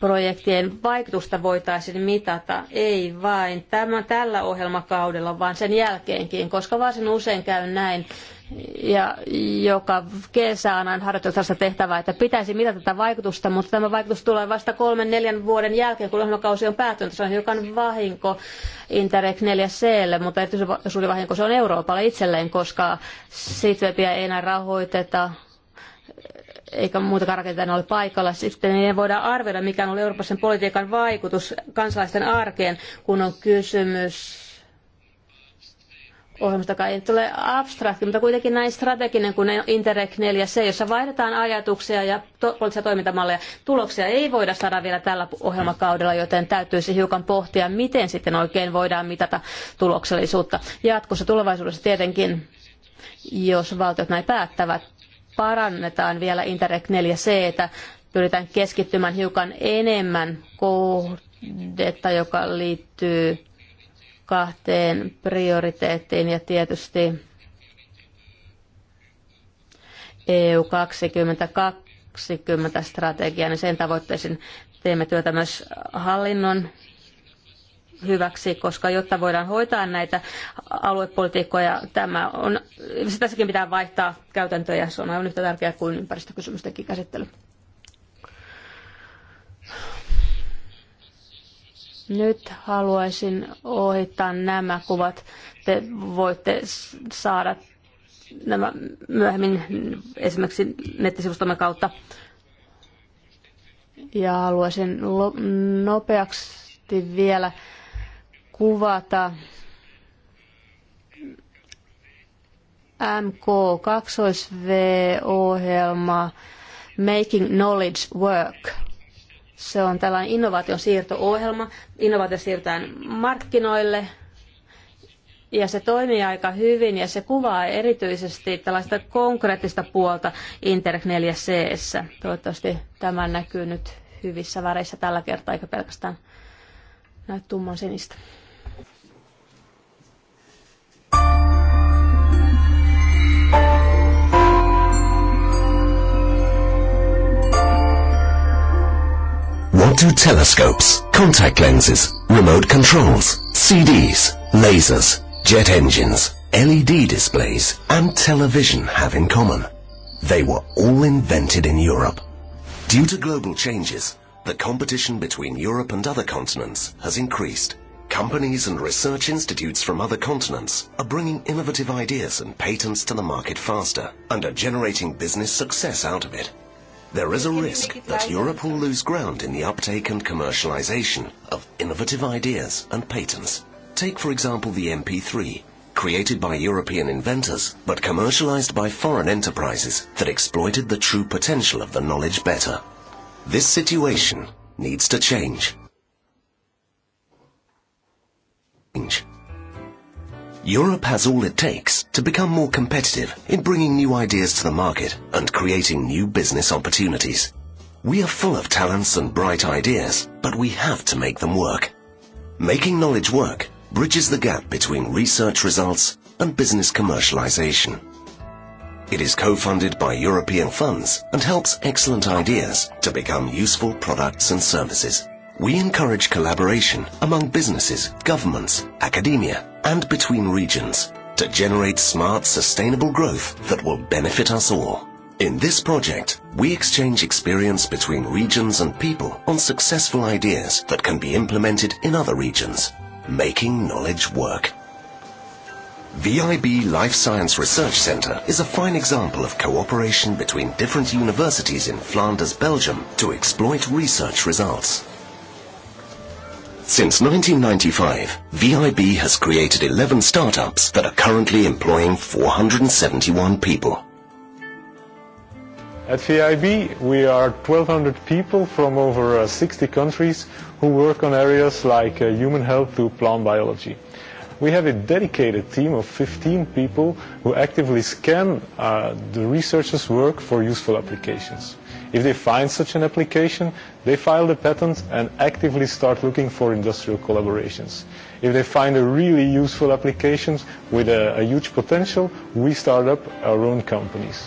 projektien vaikutusta voitaisiin mitata ei vain tämän, tällä ohjelmakaudella, vaan sen jälkeenkin, koska varsin usein käy näin, ja joka kesänä harjoittaa tällaista tehtävää, että pitäisi mitata tätä vaikutusta, mutta tämä vaikutus tulee vasta kolmen, neljän vuoden jälkeen, kun ohjelmakausi on päättynyt. Se on hiukan vahinko Interreg 4Clle, mutta erityisen suuri vahinko se on Euroopalle itselleen, koska Sitwebiä ei enää rahoiteta eikä muutakaan rakenteita ole paikalla. Sitten ei voida arvioida, mikä on ollut Euroopan politiikan vaikutus kansalaisten arkeen, kun on kysymys ohjelmasta, ei tule abstrakti, mutta kuitenkin näin strateginen kuin Interreg 4C, jossa vaihdetaan ajatuksia ja to- poliittisia toimintamalleja. Tuloksia ei voida saada vielä tällä ohjelmakaudella, joten täytyisi hiukan pohtia, miten sitten oikein voidaan mitata tuloksellisuutta. Jatkossa tulevaisuudessa tietenkin, jos valtiot näin päättävät, parannetaan vielä Interreg 4C, pyritään keskittymään hiukan enemmän kohdetta, joka liittyy kahteen prioriteettiin ja tietysti EU 2020 strategian niin sen tavoitteisiin teemme työtä myös hallinnon hyväksi, koska jotta voidaan hoitaa näitä aluepolitiikkoja, tämä on, sitäkin pitää vaihtaa käytäntöjä. Se on aivan yhtä tärkeää kuin ympäristökysymystenkin käsittely. Nyt haluaisin ohittaa nämä kuvat. Te voitte saada nämä myöhemmin esimerkiksi nettisivustomme kautta. Ja haluaisin nopeasti vielä kuvata mk 2 v ohjelma Making Knowledge Work – se on tällainen siirto ohjelma Innovaatio siirtää markkinoille ja se toimii aika hyvin ja se kuvaa erityisesti tällaista konkreettista puolta Interreg 4 c Toivottavasti tämä näkyy nyt hyvissä väreissä tällä kertaa, eikä pelkästään näy tumman sinistä. can do telescopes, contact lenses, remote controls, CDs, lasers, jet engines, LED displays, and television have in common. They were all invented in Europe. Due to global changes, the competition between Europe and other continents has increased. Companies and research institutes from other continents are bringing innovative ideas and patents to the market faster and are generating business success out of it. There is a risk that Europe will lose ground in the uptake and commercialization of innovative ideas and patents. Take, for example, the MP3, created by European inventors but commercialized by foreign enterprises that exploited the true potential of the knowledge better. This situation needs to change. change. Europe has all it takes to become more competitive in bringing new ideas to the market and creating new business opportunities. We are full of talents and bright ideas, but we have to make them work. Making knowledge work bridges the gap between research results and business commercialization. It is co-funded by European funds and helps excellent ideas to become useful products and services. We encourage collaboration among businesses, governments, academia, and between regions to generate smart, sustainable growth that will benefit us all. In this project, we exchange experience between regions and people on successful ideas that can be implemented in other regions, making knowledge work. VIB Life Science Research Centre is a fine example of cooperation between different universities in Flanders, Belgium to exploit research results. Since 1995, VIB has created 11 startups that are currently employing 471 people. At VIB, we are 1,200 people from over 60 uh, countries who work on areas like uh, human health to plant biology. We have a dedicated team of 15 people who actively scan uh, the researchers' work for useful applications. If they find such an application, they file the patent and actively start looking for industrial collaborations. If they find a really useful application with a, a huge potential, we start up our own companies.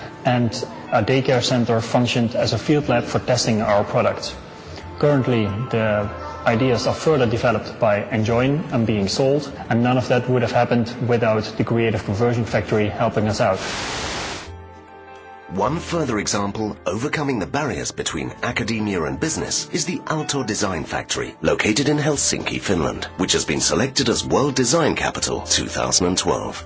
and our daycare center functioned as a field lab for testing our products. Currently, the ideas are further developed by Enjoin and being sold, and none of that would have happened without the Creative Conversion Factory helping us out. One further example overcoming the barriers between academia and business is the Aalto Design Factory, located in Helsinki, Finland, which has been selected as World Design Capital 2012.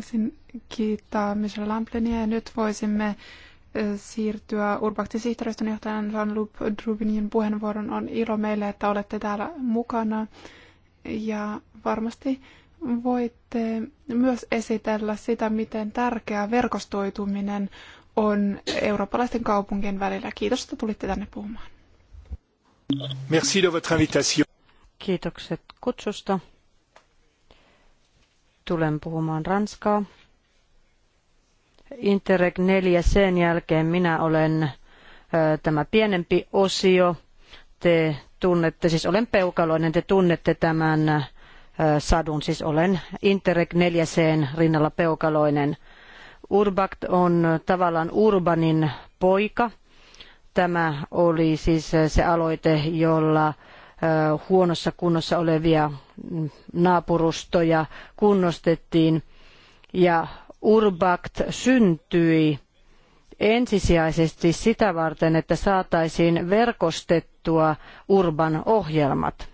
haluaisin kiittää Michelle Lamplenia ja nyt voisimme siirtyä Urbakti-sihteeristön johtajan Jean-Luc Drubinin puheenvuoron. On ilo meille, että olette täällä mukana ja varmasti voitte myös esitellä sitä, miten tärkeää verkostoituminen on eurooppalaisten kaupunkien välillä. Kiitos, että tulitte tänne puhumaan. Merci de votre invitation. Kiitokset kutsusta tulen puhumaan ranskaa. Interreg 4 sen jälkeen minä olen tämä pienempi osio. Te tunnette, siis olen peukaloinen, te tunnette tämän sadun, siis olen Interreg 4 rinnalla peukaloinen. Urbact on tavallaan urbanin poika. Tämä oli siis se aloite, jolla huonossa kunnossa olevia naapurustoja kunnostettiin ja Urbact syntyi ensisijaisesti sitä varten, että saataisiin verkostettua Urban ohjelmat.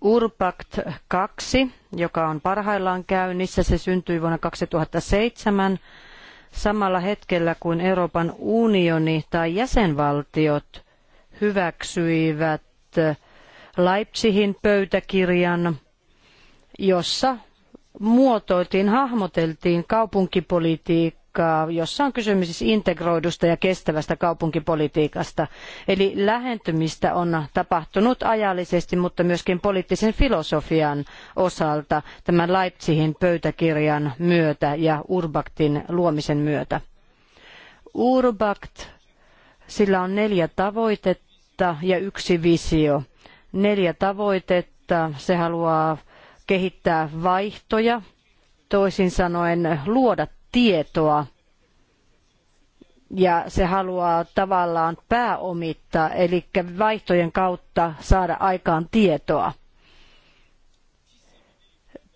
Urbact 2, joka on parhaillaan käynnissä, se syntyi vuonna 2007 samalla hetkellä kuin Euroopan unioni tai jäsenvaltiot hyväksyivät Äh, Leipzigin pöytäkirjan, jossa muotoiltiin, hahmoteltiin kaupunkipolitiikkaa, jossa on kysymys siis integroidusta ja kestävästä kaupunkipolitiikasta. Eli lähentymistä on tapahtunut ajallisesti, mutta myöskin poliittisen filosofian osalta tämän Leipzigin pöytäkirjan myötä ja Urbaktin luomisen myötä. Urbakt, sillä on neljä tavoitetta tavoitetta ja yksi visio. Neljä tavoitetta. Se haluaa kehittää vaihtoja, toisin sanoen luoda tietoa ja se haluaa tavallaan pääomittaa, eli vaihtojen kautta saada aikaan tietoa.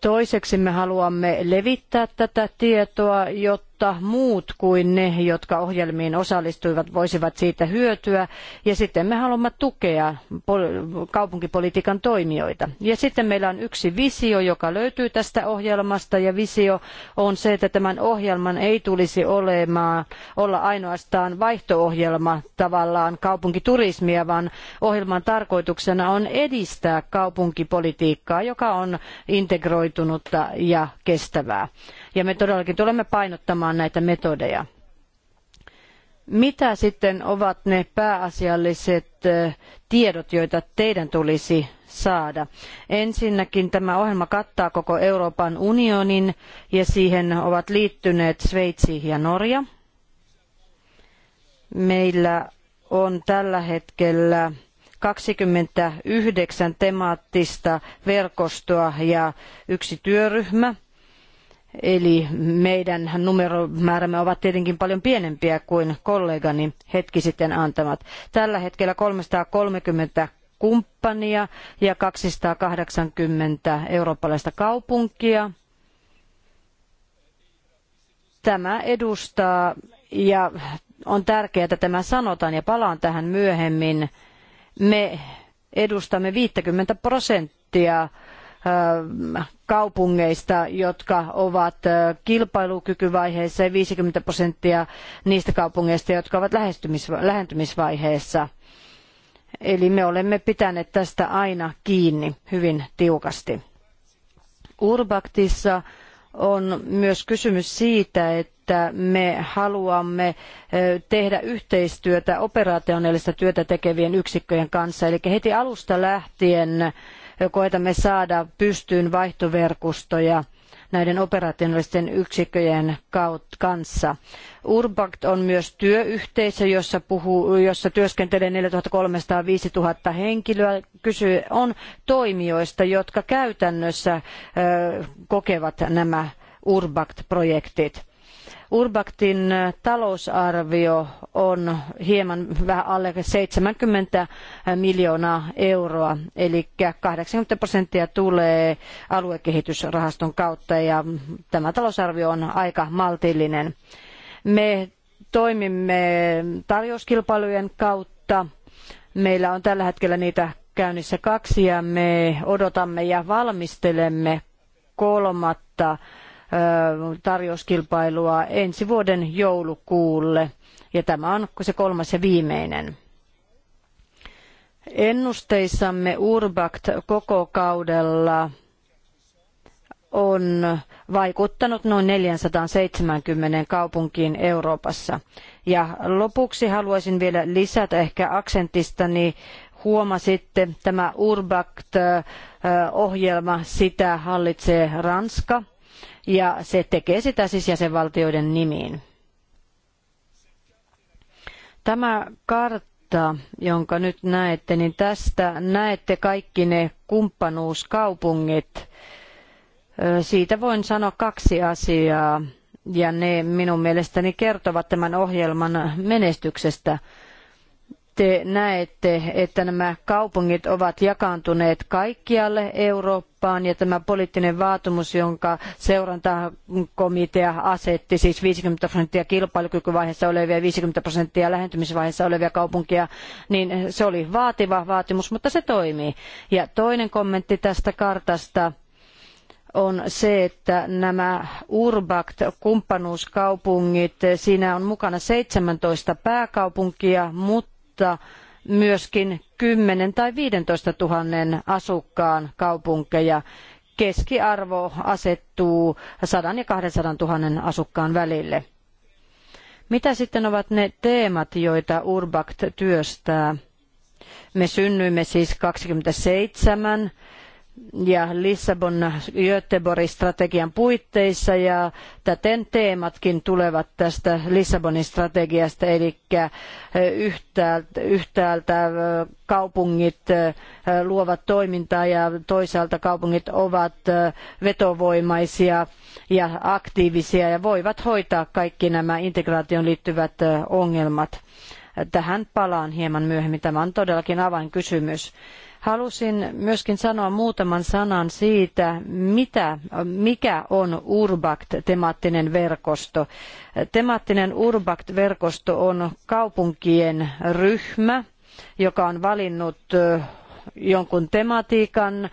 Toiseksi me haluamme levittää tätä tietoa, jotta jotta muut kuin ne, jotka ohjelmiin osallistuivat, voisivat siitä hyötyä. Ja sitten me haluamme tukea kaupunkipolitiikan toimijoita. Ja sitten meillä on yksi visio, joka löytyy tästä ohjelmasta. Ja visio on se, että tämän ohjelman ei tulisi olemaan, olla ainoastaan vaihtoohjelma tavallaan kaupunkiturismia, vaan ohjelman tarkoituksena on edistää kaupunkipolitiikkaa, joka on integroitunutta ja kestävää ja me todellakin tulemme painottamaan näitä metodeja. Mitä sitten ovat ne pääasialliset tiedot, joita teidän tulisi saada? Ensinnäkin tämä ohjelma kattaa koko Euroopan unionin ja siihen ovat liittyneet Sveitsi ja Norja. Meillä on tällä hetkellä 29 temaattista verkostoa ja yksi työryhmä – Eli meidän numeromäärämme ovat tietenkin paljon pienempiä kuin kollegani hetki sitten antamat. Tällä hetkellä 330 kumppania ja 280 eurooppalaista kaupunkia. Tämä edustaa ja on tärkeää, että tämä sanotaan ja palaan tähän myöhemmin. Me edustamme 50 prosenttia kaupungeista, jotka ovat kilpailukykyvaiheessa ja 50 prosenttia niistä kaupungeista, jotka ovat lähentymisvaiheessa. Eli me olemme pitäneet tästä aina kiinni hyvin tiukasti. Urbaktissa on myös kysymys siitä, että me haluamme tehdä yhteistyötä operationaalista työtä tekevien yksikköjen kanssa. Eli heti alusta lähtien koetamme saada pystyyn vaihtoverkostoja näiden operationaalisten yksikköjen kanssa. Urbact on myös työyhteisö, jossa, puhuu, jossa työskentelee 4300-5000 henkilöä. Kysy on toimijoista, jotka käytännössä kokevat nämä Urbact-projektit Urbaktin talousarvio on hieman vähän alle 70 miljoonaa euroa, eli 80 prosenttia tulee aluekehitysrahaston kautta ja tämä talousarvio on aika maltillinen. Me toimimme tarjouskilpailujen kautta. Meillä on tällä hetkellä niitä käynnissä kaksi ja me odotamme ja valmistelemme kolmatta tarjouskilpailua ensi vuoden joulukuulle. Ja tämä on se kolmas ja viimeinen. Ennusteissamme Urbact koko kaudella on vaikuttanut noin 470 kaupunkiin Euroopassa. Ja lopuksi haluaisin vielä lisätä ehkä aksentistani huomasitte tämä Urbact ohjelma sitä hallitsee Ranska ja se tekee sitä siis jäsenvaltioiden nimiin. Tämä kartta, jonka nyt näette, niin tästä näette kaikki ne kumppanuuskaupungit. Siitä voin sanoa kaksi asiaa ja ne minun mielestäni kertovat tämän ohjelman menestyksestä te näette, että nämä kaupungit ovat jakaantuneet kaikkialle Eurooppaan ja tämä poliittinen vaatimus, jonka seurantakomitea asetti, siis 50 prosenttia kilpailukykyvaiheessa olevia ja 50 prosenttia lähentymisvaiheessa olevia kaupunkia, niin se oli vaativa vaatimus, mutta se toimii. Ja toinen kommentti tästä kartasta on se, että nämä Urbact-kumppanuuskaupungit, siinä on mukana 17 pääkaupunkia, mutta mutta myöskin 10 tai 15 000 asukkaan kaupunkeja. Keskiarvo asettuu 100 ja 200 000 asukkaan välille. Mitä sitten ovat ne teemat, joita Urbakt työstää? Me synnyimme siis 27 ja Lissabon Göteborgin strategian puitteissa ja täten teematkin tulevat tästä Lissabonin strategiasta eli eh, yhtäältä, yhtäältä eh, kaupungit eh, luovat toimintaa ja toisaalta kaupungit ovat vetovoimaisia ja aktiivisia ja voivat hoitaa kaikki nämä integraatioon liittyvät ongelmat. Tähän palaan hieman myöhemmin. Tämä on todellakin avainkysymys. kysymys. Halusin myöskin sanoa muutaman sanan siitä, mitä, mikä on Urbact-temaattinen verkosto. Temaattinen Urbact-verkosto on kaupunkien ryhmä, joka on valinnut jonkun tematiikan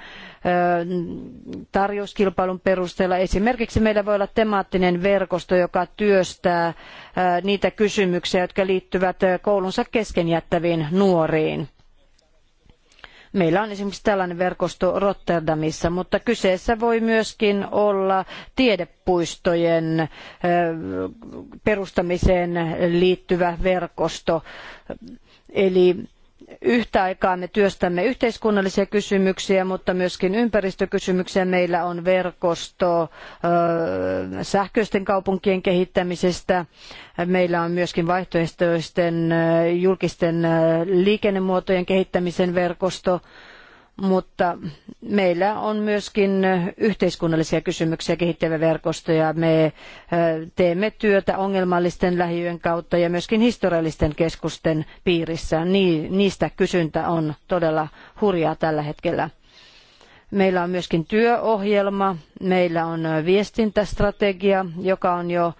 tarjouskilpailun perusteella. Esimerkiksi meillä voi olla temaattinen verkosto, joka työstää niitä kysymyksiä, jotka liittyvät koulunsa kesken jättäviin nuoriin. Meillä on esimerkiksi tällainen verkosto Rotterdamissa, mutta kyseessä voi myöskin olla tiedepuistojen perustamiseen liittyvä verkosto. Eli yhtä aikaa me työstämme yhteiskunnallisia kysymyksiä, mutta myöskin ympäristökysymyksiä. Meillä on verkosto sähköisten kaupunkien kehittämisestä. Meillä on myöskin vaihtoehtoisten julkisten liikennemuotojen kehittämisen verkosto mutta meillä on myöskin yhteiskunnallisia kysymyksiä kehittävä verkosto ja me teemme työtä ongelmallisten lähiöjen kautta ja myöskin historiallisten keskusten piirissä. Niistä kysyntä on todella hurjaa tällä hetkellä. Meillä on myöskin työohjelma, meillä on viestintästrategia, joka on jo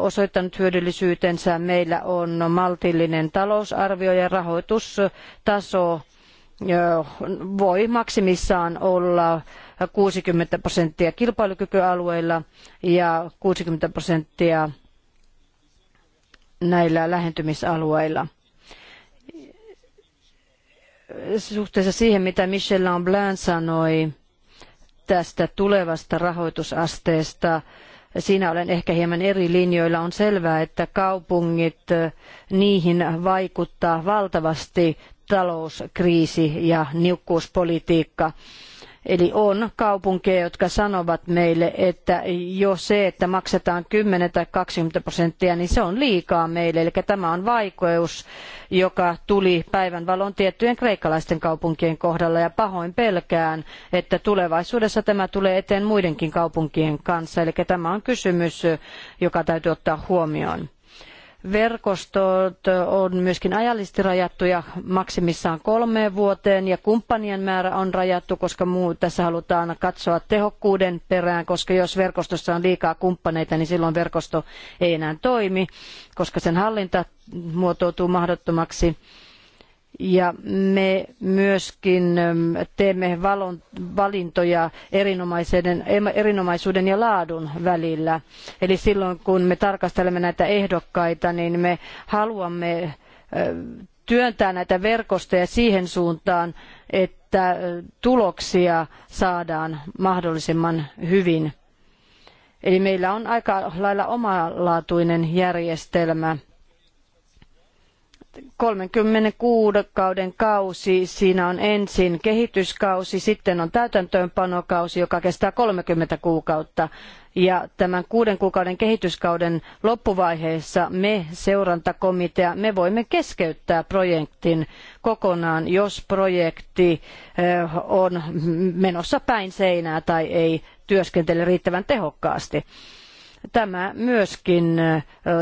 osoittanut hyödyllisyytensä. Meillä on maltillinen talousarvio ja rahoitustaso voi maksimissaan olla 60 prosenttia kilpailukykyalueilla ja 60 prosenttia näillä lähentymisalueilla. Suhteessa siihen, mitä Michel Lamblin sanoi tästä tulevasta rahoitusasteesta, siinä olen ehkä hieman eri linjoilla. On selvää, että kaupungit, niihin vaikuttaa valtavasti talouskriisi ja niukkuuspolitiikka. Eli on kaupunkeja, jotka sanovat meille, että jo se, että maksetaan 10 tai 20 prosenttia, niin se on liikaa meille. Eli tämä on vaikeus, joka tuli päivänvalon tiettyjen kreikkalaisten kaupunkien kohdalla ja pahoin pelkään, että tulevaisuudessa tämä tulee eteen muidenkin kaupunkien kanssa. Eli tämä on kysymys, joka täytyy ottaa huomioon. Verkostot on myöskin ajallisesti ja maksimissaan kolmeen vuoteen ja kumppanien määrä on rajattu, koska muu, tässä halutaan katsoa tehokkuuden perään, koska jos verkostossa on liikaa kumppaneita, niin silloin verkosto ei enää toimi, koska sen hallinta muotoutuu mahdottomaksi ja me myöskin ähm, teemme valintoja erinomaisuuden ja laadun välillä. Eli silloin kun me tarkastelemme näitä ehdokkaita, niin me haluamme äh, työntää näitä verkostoja siihen suuntaan, että äh, tuloksia saadaan mahdollisimman hyvin. Eli meillä on aika lailla omalaatuinen järjestelmä – 36 kauden kausi, siinä on ensin kehityskausi, sitten on täytäntöönpanokausi, joka kestää 30 kuukautta. Ja tämän kuuden kuukauden kehityskauden loppuvaiheessa me, seurantakomitea, me voimme keskeyttää projektin kokonaan, jos projekti on menossa päin seinää tai ei työskentele riittävän tehokkaasti. Tämä myöskin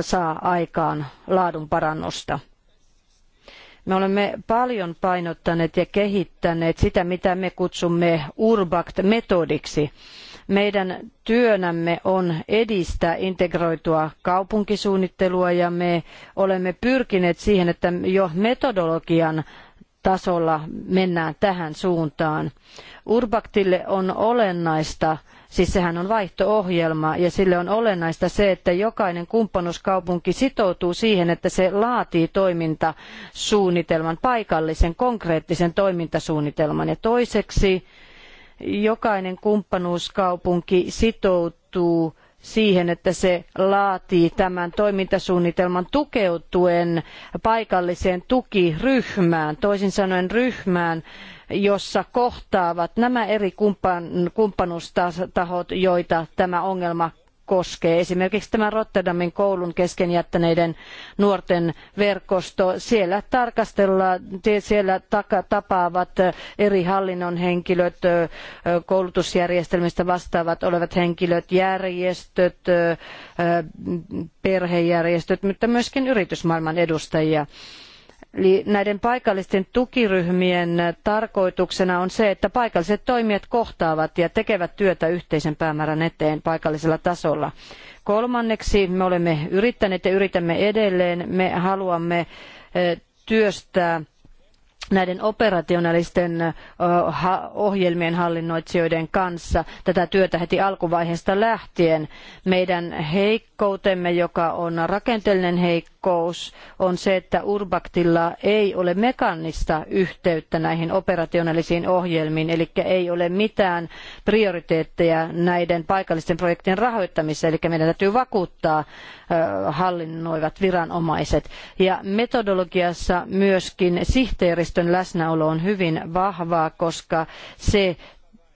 saa aikaan laadun parannusta me olemme paljon painottaneet ja kehittäneet sitä, mitä me kutsumme Urbact-metodiksi. Meidän työnämme on edistää integroitua kaupunkisuunnittelua ja me olemme pyrkineet siihen, että jo metodologian tasolla mennään tähän suuntaan. Urbaktille on olennaista Siis sehän on vaihto-ohjelma ja sille on olennaista se, että jokainen kumppanuuskaupunki sitoutuu siihen, että se laatii toimintasuunnitelman, paikallisen konkreettisen toimintasuunnitelman. Ja toiseksi jokainen kumppanuuskaupunki sitoutuu siihen, että se laatii tämän toimintasuunnitelman tukeutuen paikalliseen tukiryhmään, toisin sanoen ryhmään, jossa kohtaavat nämä eri kumppan, kumppanuustahot, joita tämä ongelma koskee. Esimerkiksi tämä Rotterdamin koulun kesken jättäneiden nuorten verkosto. Siellä tarkastellaan, siellä tapaavat eri hallinnon henkilöt, koulutusjärjestelmistä vastaavat olevat henkilöt, järjestöt, perhejärjestöt, mutta myöskin yritysmaailman edustajia. Eli näiden paikallisten tukiryhmien tarkoituksena on se, että paikalliset toimijat kohtaavat ja tekevät työtä yhteisen päämäärän eteen paikallisella tasolla. Kolmanneksi me olemme yrittäneet ja yritämme edelleen, me haluamme eh, työstää näiden operationaalisten ohjelmien hallinnoitsijoiden kanssa tätä työtä heti alkuvaiheesta lähtien. Meidän heikkoutemme, joka on rakenteellinen heikkous, on se, että Urbaktilla ei ole mekanista yhteyttä näihin operationaalisiin ohjelmiin, eli ei ole mitään prioriteetteja näiden paikallisten projektien rahoittamisessa, eli meidän täytyy vakuuttaa hallinnoivat viranomaiset. Ja metodologiassa myöskin sihteeristön läsnäolo on hyvin vahvaa, koska se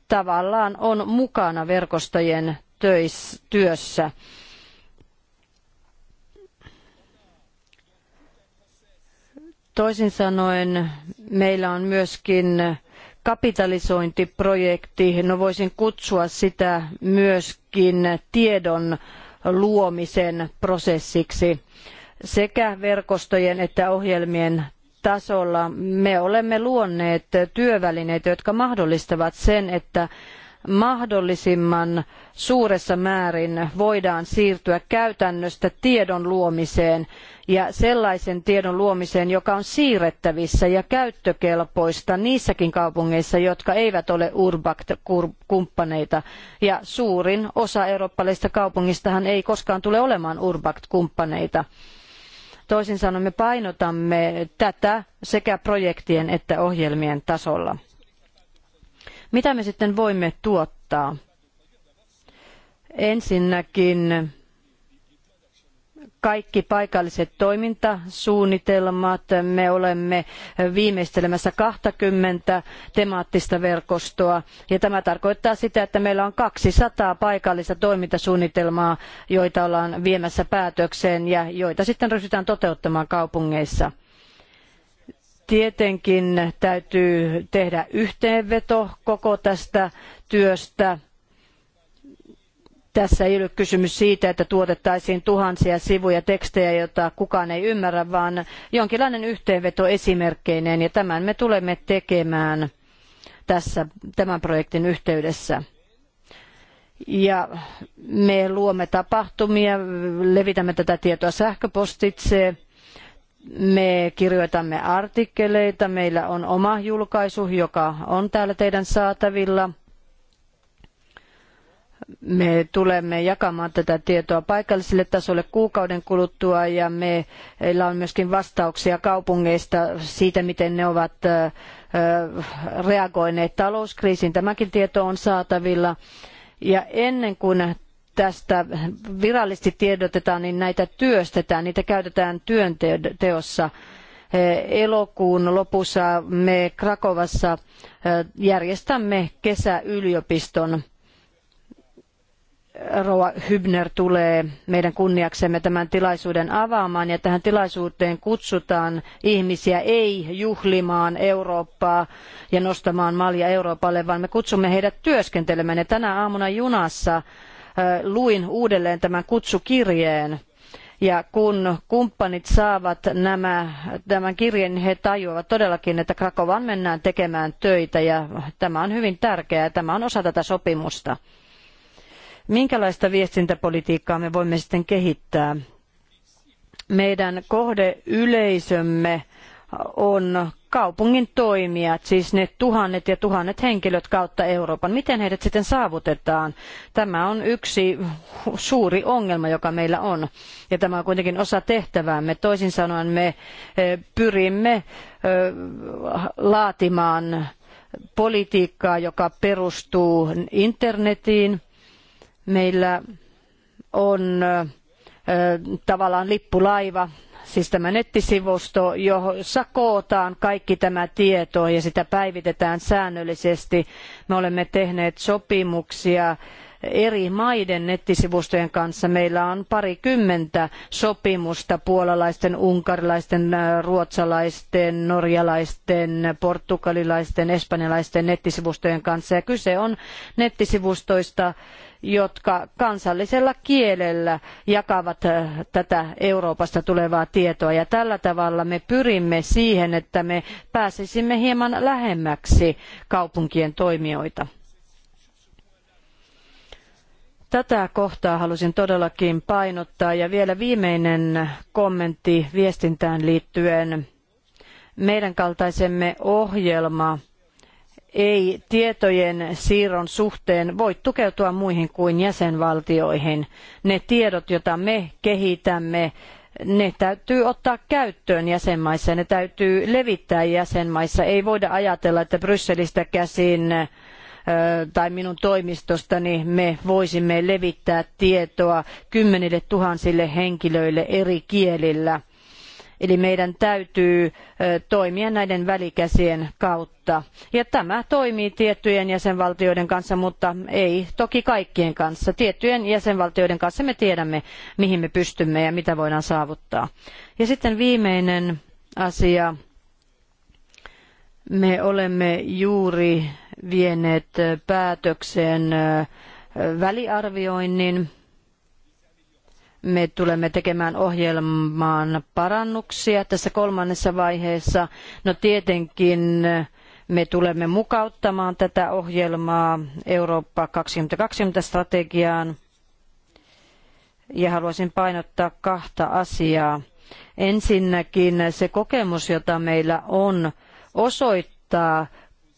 tavallaan on mukana verkostojen töis, työssä. Toisin sanoen meillä on myöskin kapitalisointiprojekti, no voisin kutsua sitä myöskin tiedon luomisen prosessiksi sekä verkostojen että ohjelmien tasolla. Me olemme luonneet työvälineitä, jotka mahdollistavat sen, että mahdollisimman suuressa määrin voidaan siirtyä käytännöstä tiedon luomiseen ja sellaisen tiedon luomiseen, joka on siirrettävissä ja käyttökelpoista niissäkin kaupungeissa, jotka eivät ole Urbact-kumppaneita. Ja suurin osa eurooppalaisista kaupungistahan ei koskaan tule olemaan Urbact-kumppaneita. Toisin sanoen me painotamme tätä sekä projektien että ohjelmien tasolla. Mitä me sitten voimme tuottaa? Ensinnäkin kaikki paikalliset toimintasuunnitelmat. Me olemme viimeistelemässä 20 temaattista verkostoa ja tämä tarkoittaa sitä, että meillä on 200 paikallista toimintasuunnitelmaa, joita ollaan viemässä päätökseen ja joita sitten ryhdytään toteuttamaan kaupungeissa. Tietenkin täytyy tehdä yhteenveto koko tästä työstä. Tässä ei ole kysymys siitä, että tuotettaisiin tuhansia sivuja tekstejä, joita kukaan ei ymmärrä, vaan jonkinlainen yhteenveto esimerkkeineen, ja tämän me tulemme tekemään tässä tämän projektin yhteydessä ja me luomme tapahtumia, levitämme tätä tietoa sähköpostitse me kirjoitamme artikkeleita, meillä on oma julkaisu, joka on täällä teidän saatavilla. Me tulemme jakamaan tätä tietoa paikallisille tasolle kuukauden kuluttua ja meillä on myöskin vastauksia kaupungeista siitä, miten ne ovat reagoineet talouskriisiin. Tämäkin tieto on saatavilla. Ja ennen kuin tästä virallisesti tiedotetaan, niin näitä työstetään, niitä käytetään työnteossa. Elokuun lopussa me Krakovassa e, järjestämme kesäyliopiston. Roa Hybner tulee meidän kunniaksemme tämän tilaisuuden avaamaan ja tähän tilaisuuteen kutsutaan ihmisiä ei juhlimaan Eurooppaa ja nostamaan malja Euroopalle, vaan me kutsumme heidät työskentelemään. Ja tänä aamuna junassa luin uudelleen tämän kutsukirjeen ja kun kumppanit saavat nämä, tämän kirjeen, niin he tajuavat todellakin, että Krakovaan mennään tekemään töitä ja tämä on hyvin tärkeää ja tämä on osa tätä sopimusta. Minkälaista viestintäpolitiikkaa me voimme sitten kehittää? Meidän kohdeyleisömme on kaupungin toimijat, siis ne tuhannet ja tuhannet henkilöt kautta Euroopan. Miten heidät sitten saavutetaan? Tämä on yksi suuri ongelma, joka meillä on. Ja tämä on kuitenkin osa tehtäväämme. Toisin sanoen me eh, pyrimme eh, laatimaan politiikkaa, joka perustuu internetiin. Meillä on eh, tavallaan lippulaiva, siis tämä nettisivusto, jossa kootaan kaikki tämä tieto ja sitä päivitetään säännöllisesti. Me olemme tehneet sopimuksia eri maiden nettisivustojen kanssa. Meillä on parikymmentä sopimusta puolalaisten, unkarilaisten, äh, ruotsalaisten, norjalaisten, portugalilaisten, espanjalaisten nettisivustojen kanssa. Ja kyse on nettisivustoista, jotka kansallisella kielellä jakavat äh, tätä Euroopasta tulevaa tietoa. Ja tällä tavalla me pyrimme siihen, että me pääsisimme hieman lähemmäksi kaupunkien toimijoita. Tätä kohtaa halusin todellakin painottaa ja vielä viimeinen kommentti viestintään liittyen. Meidän kaltaisemme ohjelma ei tietojen siirron suhteen voi tukeutua muihin kuin jäsenvaltioihin. Ne tiedot, joita me kehitämme, ne täytyy ottaa käyttöön jäsenmaissa, ne täytyy levittää jäsenmaissa. Ei voida ajatella, että Brysselistä käsin tai minun toimistostani me voisimme levittää tietoa kymmenille tuhansille henkilöille eri kielillä. Eli meidän täytyy toimia näiden välikäsien kautta. Ja tämä toimii tiettyjen jäsenvaltioiden kanssa, mutta ei toki kaikkien kanssa. Tiettyjen jäsenvaltioiden kanssa me tiedämme, mihin me pystymme ja mitä voidaan saavuttaa. Ja sitten viimeinen asia. Me olemme juuri vieneet päätökseen väliarvioinnin. Me tulemme tekemään ohjelmaan parannuksia tässä kolmannessa vaiheessa. No tietenkin me tulemme mukauttamaan tätä ohjelmaa Eurooppa 2020 strategiaan. Ja haluaisin painottaa kahta asiaa. Ensinnäkin se kokemus, jota meillä on, osoittaa,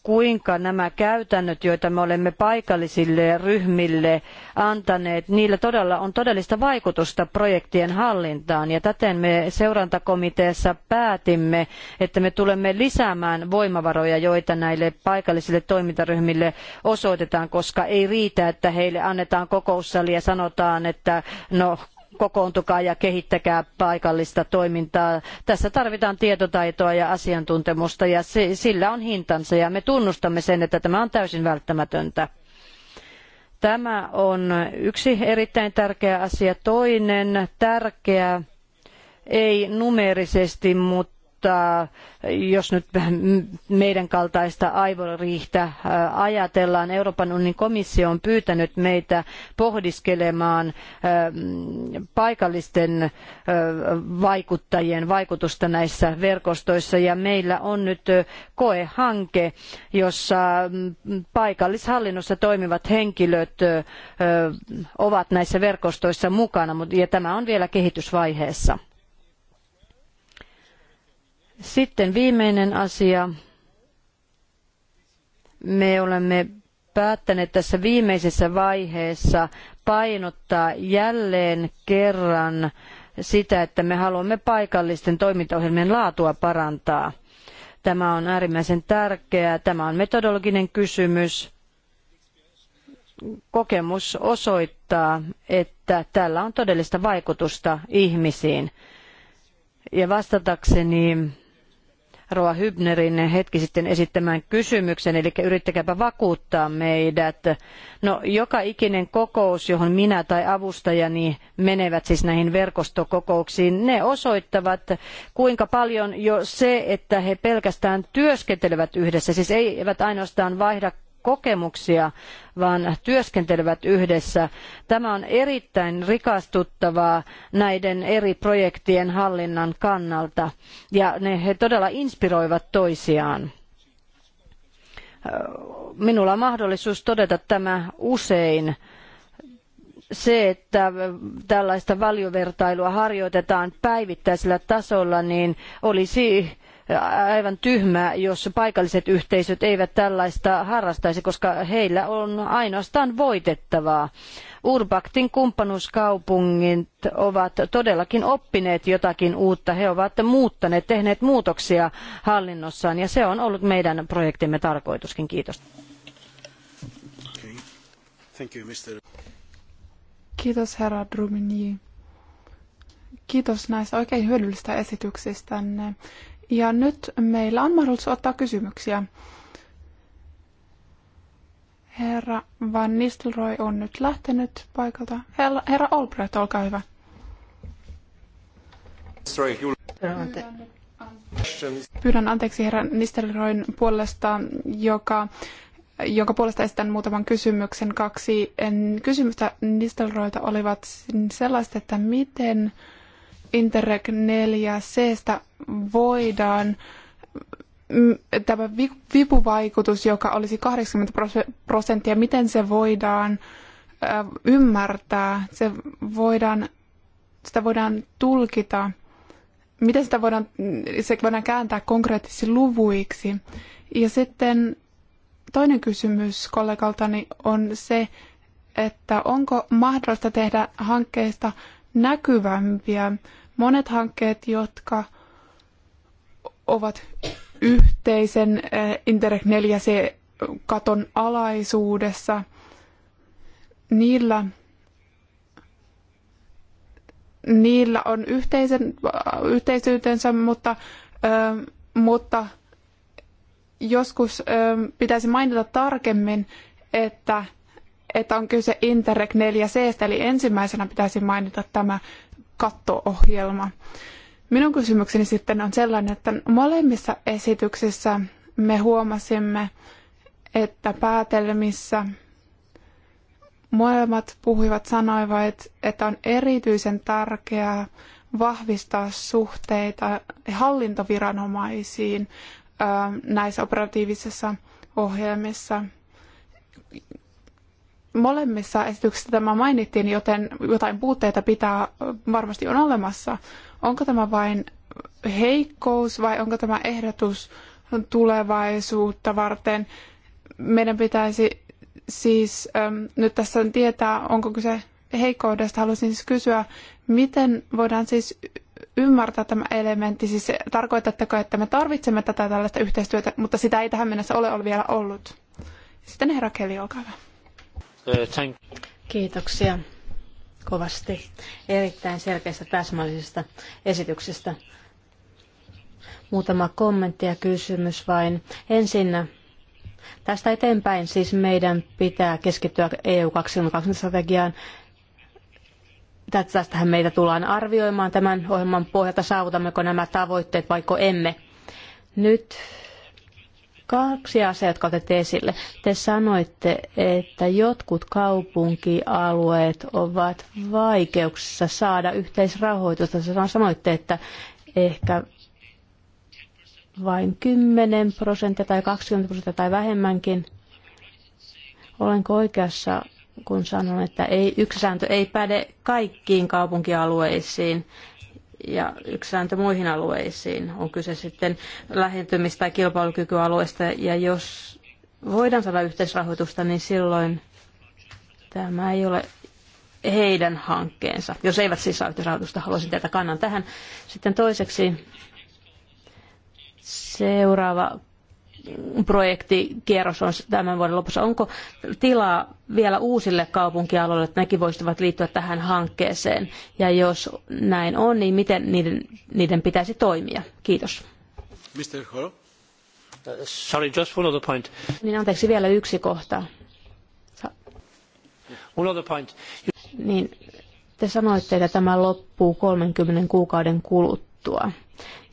kuinka nämä käytännöt, joita me olemme paikallisille ryhmille antaneet, niillä todella on todellista vaikutusta projektien hallintaan. Ja täten me seurantakomiteassa päätimme, että me tulemme lisäämään voimavaroja, joita näille paikallisille toimintaryhmille osoitetaan, koska ei riitä, että heille annetaan kokoussali ja sanotaan, että no kokoontukaa ja kehittäkää paikallista toimintaa. Tässä tarvitaan tietotaitoa ja asiantuntemusta ja se, sillä on hintansa ja me tunnustamme sen, että tämä on täysin välttämätöntä. Tämä on yksi erittäin tärkeä asia. Toinen tärkeä, ei numeerisesti, mutta mutta jos nyt meidän kaltaista aivoriihtä äh, ajatellaan, Euroopan unionin komissio on pyytänyt meitä pohdiskelemaan ähm, paikallisten äh, vaikuttajien vaikutusta näissä verkostoissa ja meillä on nyt äh, koehanke, jossa mm, paikallishallinnossa toimivat henkilöt ovat näissä verkostoissa mukana ja tämä on vielä kehitysvaiheessa. Sitten viimeinen asia. Me olemme päättäneet tässä viimeisessä vaiheessa painottaa jälleen kerran sitä, että me haluamme paikallisten toimintaohjelmien laatua parantaa. Tämä on äärimmäisen tärkeää. Tämä on metodologinen kysymys. Kokemus osoittaa, että tällä on todellista vaikutusta ihmisiin. Ja vastatakseni Roa Hybnerin hetki sitten esittämään kysymyksen, eli yrittäkääpä vakuuttaa meidät. No, joka ikinen kokous, johon minä tai avustajani menevät siis näihin verkostokokouksiin, ne osoittavat, kuinka paljon jo se, että he pelkästään työskentelevät yhdessä, siis eivät ainoastaan vaihda kokemuksia, vaan työskentelevät yhdessä. Tämä on erittäin rikastuttavaa näiden eri projektien hallinnan kannalta ja ne, he todella inspiroivat toisiaan. Minulla on mahdollisuus todeta tämä usein se, että tällaista valiovertailua harjoitetaan päivittäisellä tasolla, niin olisi aivan tyhmää, jos paikalliset yhteisöt eivät tällaista harrastaisi, koska heillä on ainoastaan voitettavaa. Urbaktin kumppanuuskaupungit ovat todellakin oppineet jotakin uutta. He ovat muuttaneet, tehneet muutoksia hallinnossaan ja se on ollut meidän projektimme tarkoituskin. Kiitos. Okay. Kiitos herra Drumini. Kiitos näistä oikein hyödyllistä esityksistänne. Ja nyt meillä on mahdollisuus ottaa kysymyksiä. Herra Van Nistelrooy on nyt lähtenyt paikalta. Herra, herra Olbrecht, olkaa hyvä. Pyydän anteeksi herra Nistelrooyn puolesta, joka, joka puolesta esitän muutaman kysymyksen. Kaksi en, kysymystä Nistelrooylta olivat sellaista, että miten Interreg 4Cstä voidaan mm, tämä vipuvaikutus, joka olisi 80 prosenttia, miten se voidaan ymmärtää, se voidaan, sitä voidaan tulkita, miten sitä voidaan, se voidaan kääntää konkreettisesti luvuiksi. Ja sitten toinen kysymys kollegaltani on se, että onko mahdollista tehdä hankkeista näkyvämpiä. Monet hankkeet, jotka ovat yhteisen eh, Interreg 4C-katon alaisuudessa, niillä niillä on yhteisen, yhteisyytensä, mutta, ö, eh, mutta joskus ö, eh, pitäisi mainita tarkemmin, että että on kyse Interreg 4Cstä, eli ensimmäisenä pitäisi mainita tämä katto-ohjelma. Minun kysymykseni sitten on sellainen, että molemmissa esityksissä me huomasimme, että päätelmissä molemmat puhuivat sanoivat, että on erityisen tärkeää vahvistaa suhteita hallintoviranomaisiin näissä operatiivisissa ohjelmissa Molemmissa esityksissä tämä mainittiin, joten jotain puutteita pitää varmasti on olemassa. Onko tämä vain heikkous vai onko tämä ehdotus tulevaisuutta varten? Meidän pitäisi siis ähm, nyt tässä tietää, onko kyse heikkoudesta. Haluaisin siis kysyä, miten voidaan siis ymmärtää tämä elementti? Siis tarkoitatteko, että me tarvitsemme tätä tällaista yhteistyötä, mutta sitä ei tähän mennessä ole vielä ollut? Sitten herra Keli, olkaa hyvä. Uh, thank... Kiitoksia kovasti erittäin selkeästä täsmällisestä esityksestä. Muutama kommentti ja kysymys vain. Ensinnä tästä eteenpäin siis meidän pitää keskittyä EU 2020 strategiaan tästähän meitä tullaan arvioimaan tämän ohjelman pohjalta, saavutammeko nämä tavoitteet vaiko emme. Nyt Kaksi asiaa, jotka otette esille. Te sanoitte, että jotkut kaupunkialueet ovat vaikeuksissa saada yhteisrahoitusta. Sanoitte, että ehkä vain 10 prosenttia tai 20 prosenttia tai vähemmänkin. Olenko oikeassa, kun sanon, että ei, yksi sääntö ei päde kaikkiin kaupunkialueisiin, ja yksi sääntö muihin alueisiin. On kyse sitten lähentymis- tai kilpailukykyalueista ja jos voidaan saada yhteisrahoitusta, niin silloin tämä ei ole heidän hankkeensa. Jos eivät siis saa yhteisrahoitusta, haluaisin tätä kannan tähän. Sitten toiseksi seuraava projektikierros on tämän vuoden lopussa. Onko tilaa vielä uusille kaupunkialueille että nekin voisivat liittyä tähän hankkeeseen? Ja jos näin on, niin miten niiden, niiden pitäisi toimia? Kiitos. Mr. Horo? Sorry, just one other point. Niin anteeksi, vielä yksi kohta. One other point. Niin, te sanoitte, että tämä loppuu 30 kuukauden kuluttua.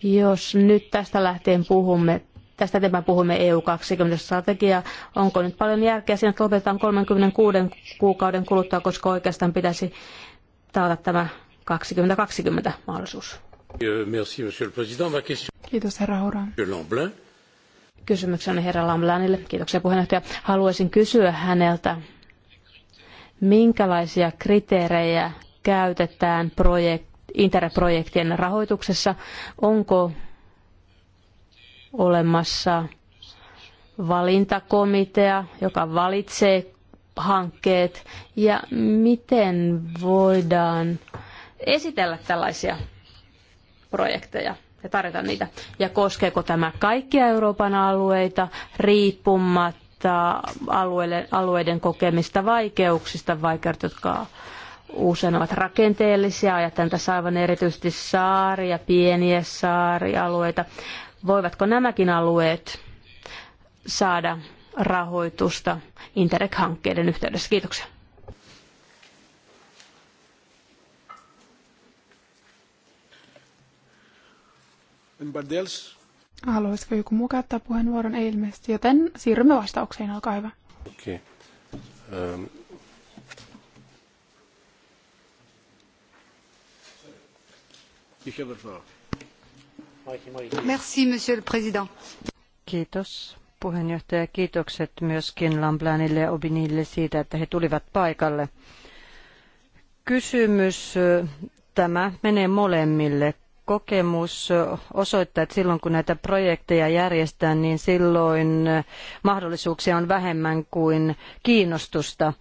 Jos nyt tästä lähtien puhumme tästä eteenpäin puhumme EU-20-strategiaa. Onko nyt paljon järkeä siinä, että lopetetaan 36 kuukauden kuluttua, koska oikeastaan pitäisi taata tämä 2020 mahdollisuus? Kiitos, herra Hora. Kysymykseni herra Lamblanille. Kiitoksia puheenjohtaja. Haluaisin kysyä häneltä, minkälaisia kriteerejä käytetään projekt, Interprojektien rahoituksessa? Onko olemassa valintakomitea, joka valitsee hankkeet ja miten voidaan esitellä tällaisia projekteja ja tarjota niitä. Ja koskeeko tämä kaikkia Euroopan alueita riippumatta alueiden, alueiden kokemista vaikeuksista, vaikeudet, jotka usein ovat rakenteellisia, ajattelen tässä aivan erityisesti saaria, pieniä saarialueita, voivatko nämäkin alueet saada rahoitusta Interreg-hankkeiden yhteydessä. Kiitoksia. Haluaisiko joku muu käyttää puheenvuoron? Ei ilmeisesti, joten siirrymme vastaukseen. Olkaa hyvä. Okay. Um. Ähm. You have the floor. Merci, monsieur le président. Kiitos puheenjohtaja. Kiitokset myöskin Lamblanille ja Obinille siitä, että he tulivat paikalle. Kysymys tämä menee molemmille. Kokemus osoittaa, että silloin kun näitä projekteja järjestetään, niin silloin mahdollisuuksia on vähemmän kuin kiinnostusta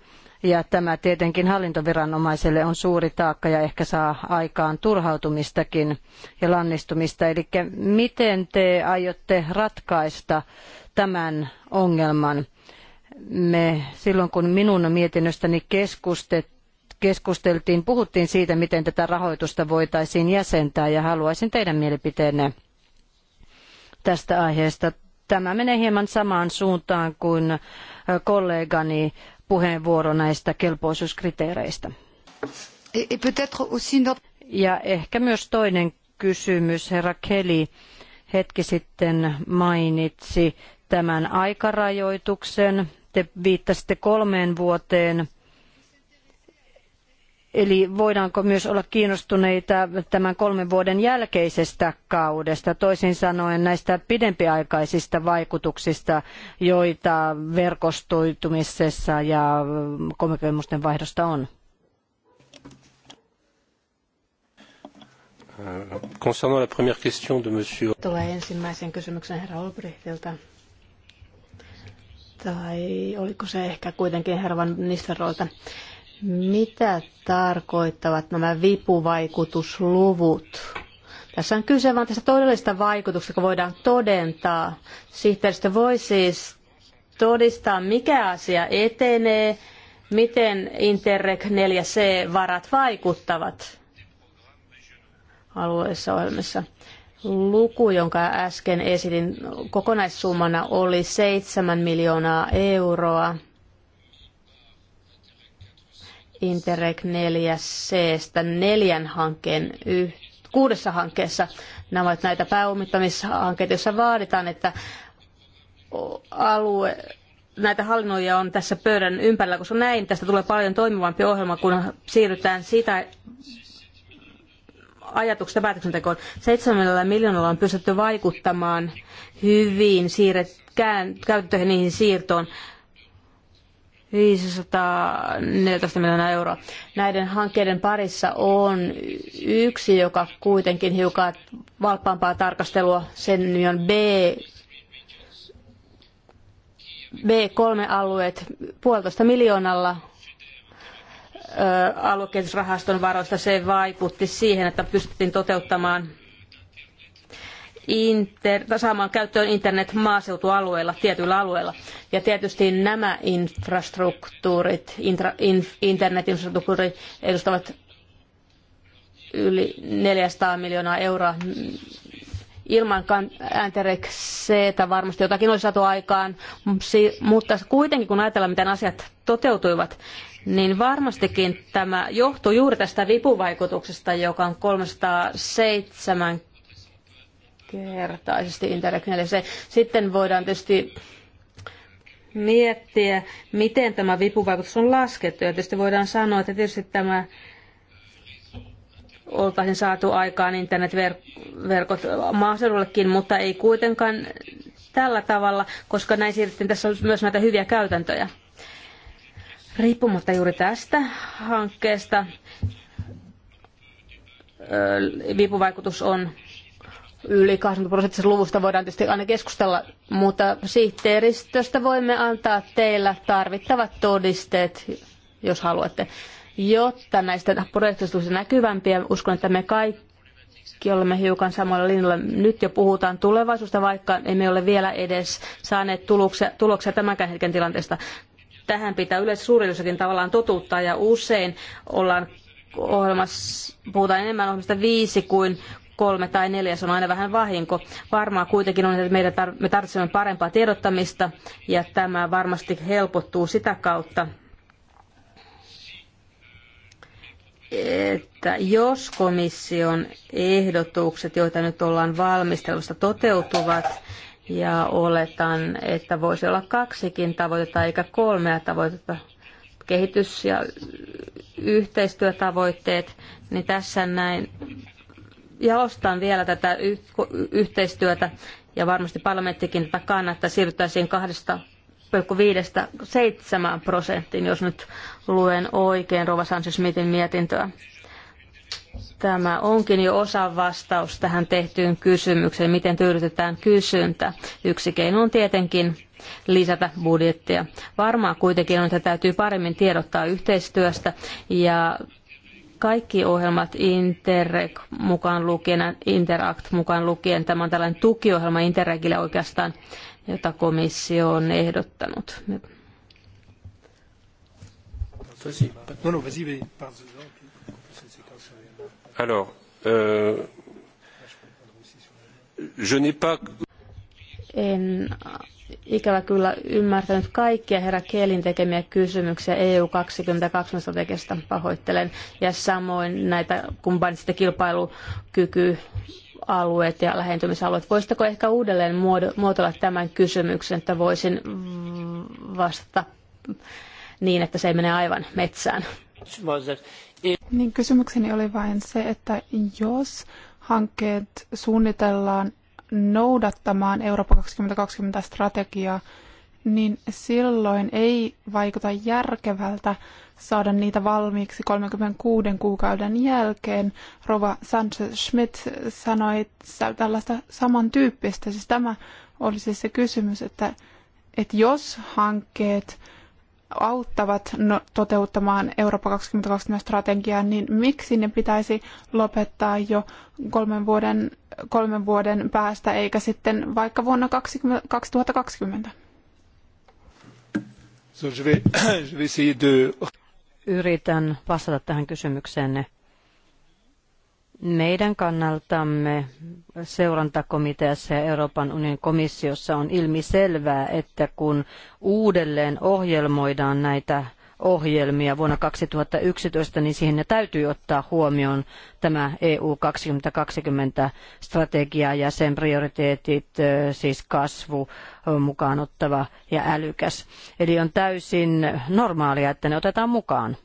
ja tämä tietenkin hallintoviranomaiselle on suuri taakka ja ehkä saa aikaan turhautumistakin ja lannistumista. Eli miten te aiotte ratkaista tämän ongelman? Me silloin kun minun mietinnöstäni keskustettiin, keskusteltiin, puhuttiin siitä, miten tätä rahoitusta voitaisiin jäsentää ja haluaisin teidän mielipiteenne tästä aiheesta. Tämä menee hieman samaan suuntaan kuin kollegani puheenvuoro näistä kelpoisuuskriteereistä. Ja ehkä myös toinen kysymys. Herra Kelly hetki sitten mainitsi tämän aikarajoituksen. Te viittasitte kolmeen vuoteen Eli voidaanko myös olla kiinnostuneita tämän kolmen vuoden jälkeisestä kaudesta, toisin sanoen näistä pidempiaikaisista vaikutuksista, joita verkostoitumisessa ja kokemusten vaihdosta on? Concernant la première question de monsieur... Tulee ensimmäisen kysymyksen herra Olbrichtilta. Tai oliko se ehkä kuitenkin herra Van Nistelrooilta? Mitä tarkoittavat nämä vipuvaikutusluvut? Tässä on kyse vain tästä todellisesta vaikutuksesta, joka voidaan todentaa. Sihteeristö voi siis todistaa, mikä asia etenee, miten Interreg 4C-varat vaikuttavat alueessa ohjelmissa. Luku, jonka äsken esitin kokonaissummana, oli 7 miljoonaa euroa. Interreg 4C neljän hankkeen yh, kuudessa hankkeessa. Nämä ovat näitä pääomittamishankkeita, joissa vaaditaan, että alue, näitä hallinnoja on tässä pöydän ympärillä, koska näin tästä tulee paljon toimivampi ohjelma, kun siirrytään siitä ajatuksesta päätöksentekoon. 7 miljoonalla on pystytty vaikuttamaan hyvin siirret, käyttöihin niihin siirtoon 514 miljoonaa euroa. Näiden hankkeiden parissa on yksi, joka kuitenkin hiukan valppaampaa tarkastelua. Sen nimi on B, B3-alueet puolitoista miljoonalla aluekehitysrahaston varoista se vaikutti siihen, että pystyttiin toteuttamaan inter, saamaan käyttöön internet maaseutualueilla, tietyillä alueilla. Ja tietysti nämä infrastruktuurit, intra, in, internetinfrastruktuurit edustavat yli 400 miljoonaa euroa ilman äänterek että varmasti jotakin olisi saatu aikaan, mutta kuitenkin kun ajatellaan, miten asiat toteutuivat, niin varmastikin tämä johtuu juuri tästä vipuvaikutuksesta, joka on 370 kertaisesti Interreg Sitten voidaan tietysti miettiä, miten tämä vipuvaikutus on laskettu. Ja tietysti voidaan sanoa, että tietysti tämä oltaisiin saatu aikaan internetverkot maaseudullekin, mutta ei kuitenkaan tällä tavalla, koska näin siirrettiin tässä on myös näitä hyviä käytäntöjä. Riippumatta juuri tästä hankkeesta, vipuvaikutus on yli 80 prosenttisesta luvusta voidaan tietysti aina keskustella, mutta sihteeristöstä voimme antaa teillä tarvittavat todisteet, jos haluatte. Jotta näistä projekteista tulisi näkyvämpiä, uskon, että me kaikki olemme hiukan samalla linjalla. Nyt jo puhutaan tulevaisuudesta, vaikka emme ole vielä edes saaneet tuloksia, tuloksia tämänkään hetken tilanteesta. Tähän pitää yleensä suurin tavallaan totuuttaa ja usein ollaan ohjelmassa, puhutaan enemmän ohjelmasta viisi kuin kolme tai neljä, se on aina vähän vahinko. Varmaa kuitenkin on, että meidän tar- me tarvitsemme parempaa tiedottamista ja tämä varmasti helpottuu sitä kautta, että jos komission ehdotukset, joita nyt ollaan valmistelusta, toteutuvat, ja oletan, että voisi olla kaksikin tavoitetta eikä kolmea tavoitetta, kehitys- ja yhteistyötavoitteet, niin tässä näin jaostan vielä tätä yhteistyötä ja varmasti parlamenttikin tätä kannattaa siirryttäisiin kahdesta 0,5-7 prosenttiin, jos nyt luen oikein Rova Sanchez-Smithin mietintöä. Tämä onkin jo osa vastaus tähän tehtyyn kysymykseen, miten tyydytetään kysyntä. Yksi keino on tietenkin lisätä budjettia. Varmaa kuitenkin on, että täytyy paremmin tiedottaa yhteistyöstä ja kaikki ohjelmat Interreg mukaan lukien, Interact mukaan lukien. Tämä on tällainen tukiohjelma Interregille oikeastaan, jota komissio on ehdottanut. Alors, euh, je n'ai pas... En ikävä kyllä ymmärtänyt kaikkia herra Kielin tekemiä kysymyksiä EU 22 strategiasta pahoittelen. Ja samoin näitä kumpaan sitten kilpailukyky ja lähentymisalueet. Voisitteko ehkä uudelleen muotoilla tämän kysymyksen, että voisin vastata niin, että se ei mene aivan metsään? Niin kysymykseni oli vain se, että jos hankkeet suunnitellaan noudattamaan Eurooppa 2020 strategiaa, niin silloin ei vaikuta järkevältä saada niitä valmiiksi 36 kuukauden jälkeen. Rova Sanchez-Schmidt sanoi tällaista samantyyppistä. Siis tämä oli siis se kysymys, että, että jos hankkeet auttavat no, toteuttamaan Eurooppa 2020 strategiaa, niin miksi ne pitäisi lopettaa jo kolmen vuoden, kolmen vuoden päästä, eikä sitten vaikka vuonna 20, 2020? Yritän vastata tähän kysymykseenne. Meidän kannaltamme seurantakomiteassa ja Euroopan unionin komissiossa on ilmiselvää, että kun uudelleen ohjelmoidaan näitä ohjelmia vuonna 2011, niin siihen ne täytyy ottaa huomioon tämä EU 2020 strategia ja sen prioriteetit, siis kasvu mukaan ottava ja älykäs. Eli on täysin normaalia, että ne otetaan mukaan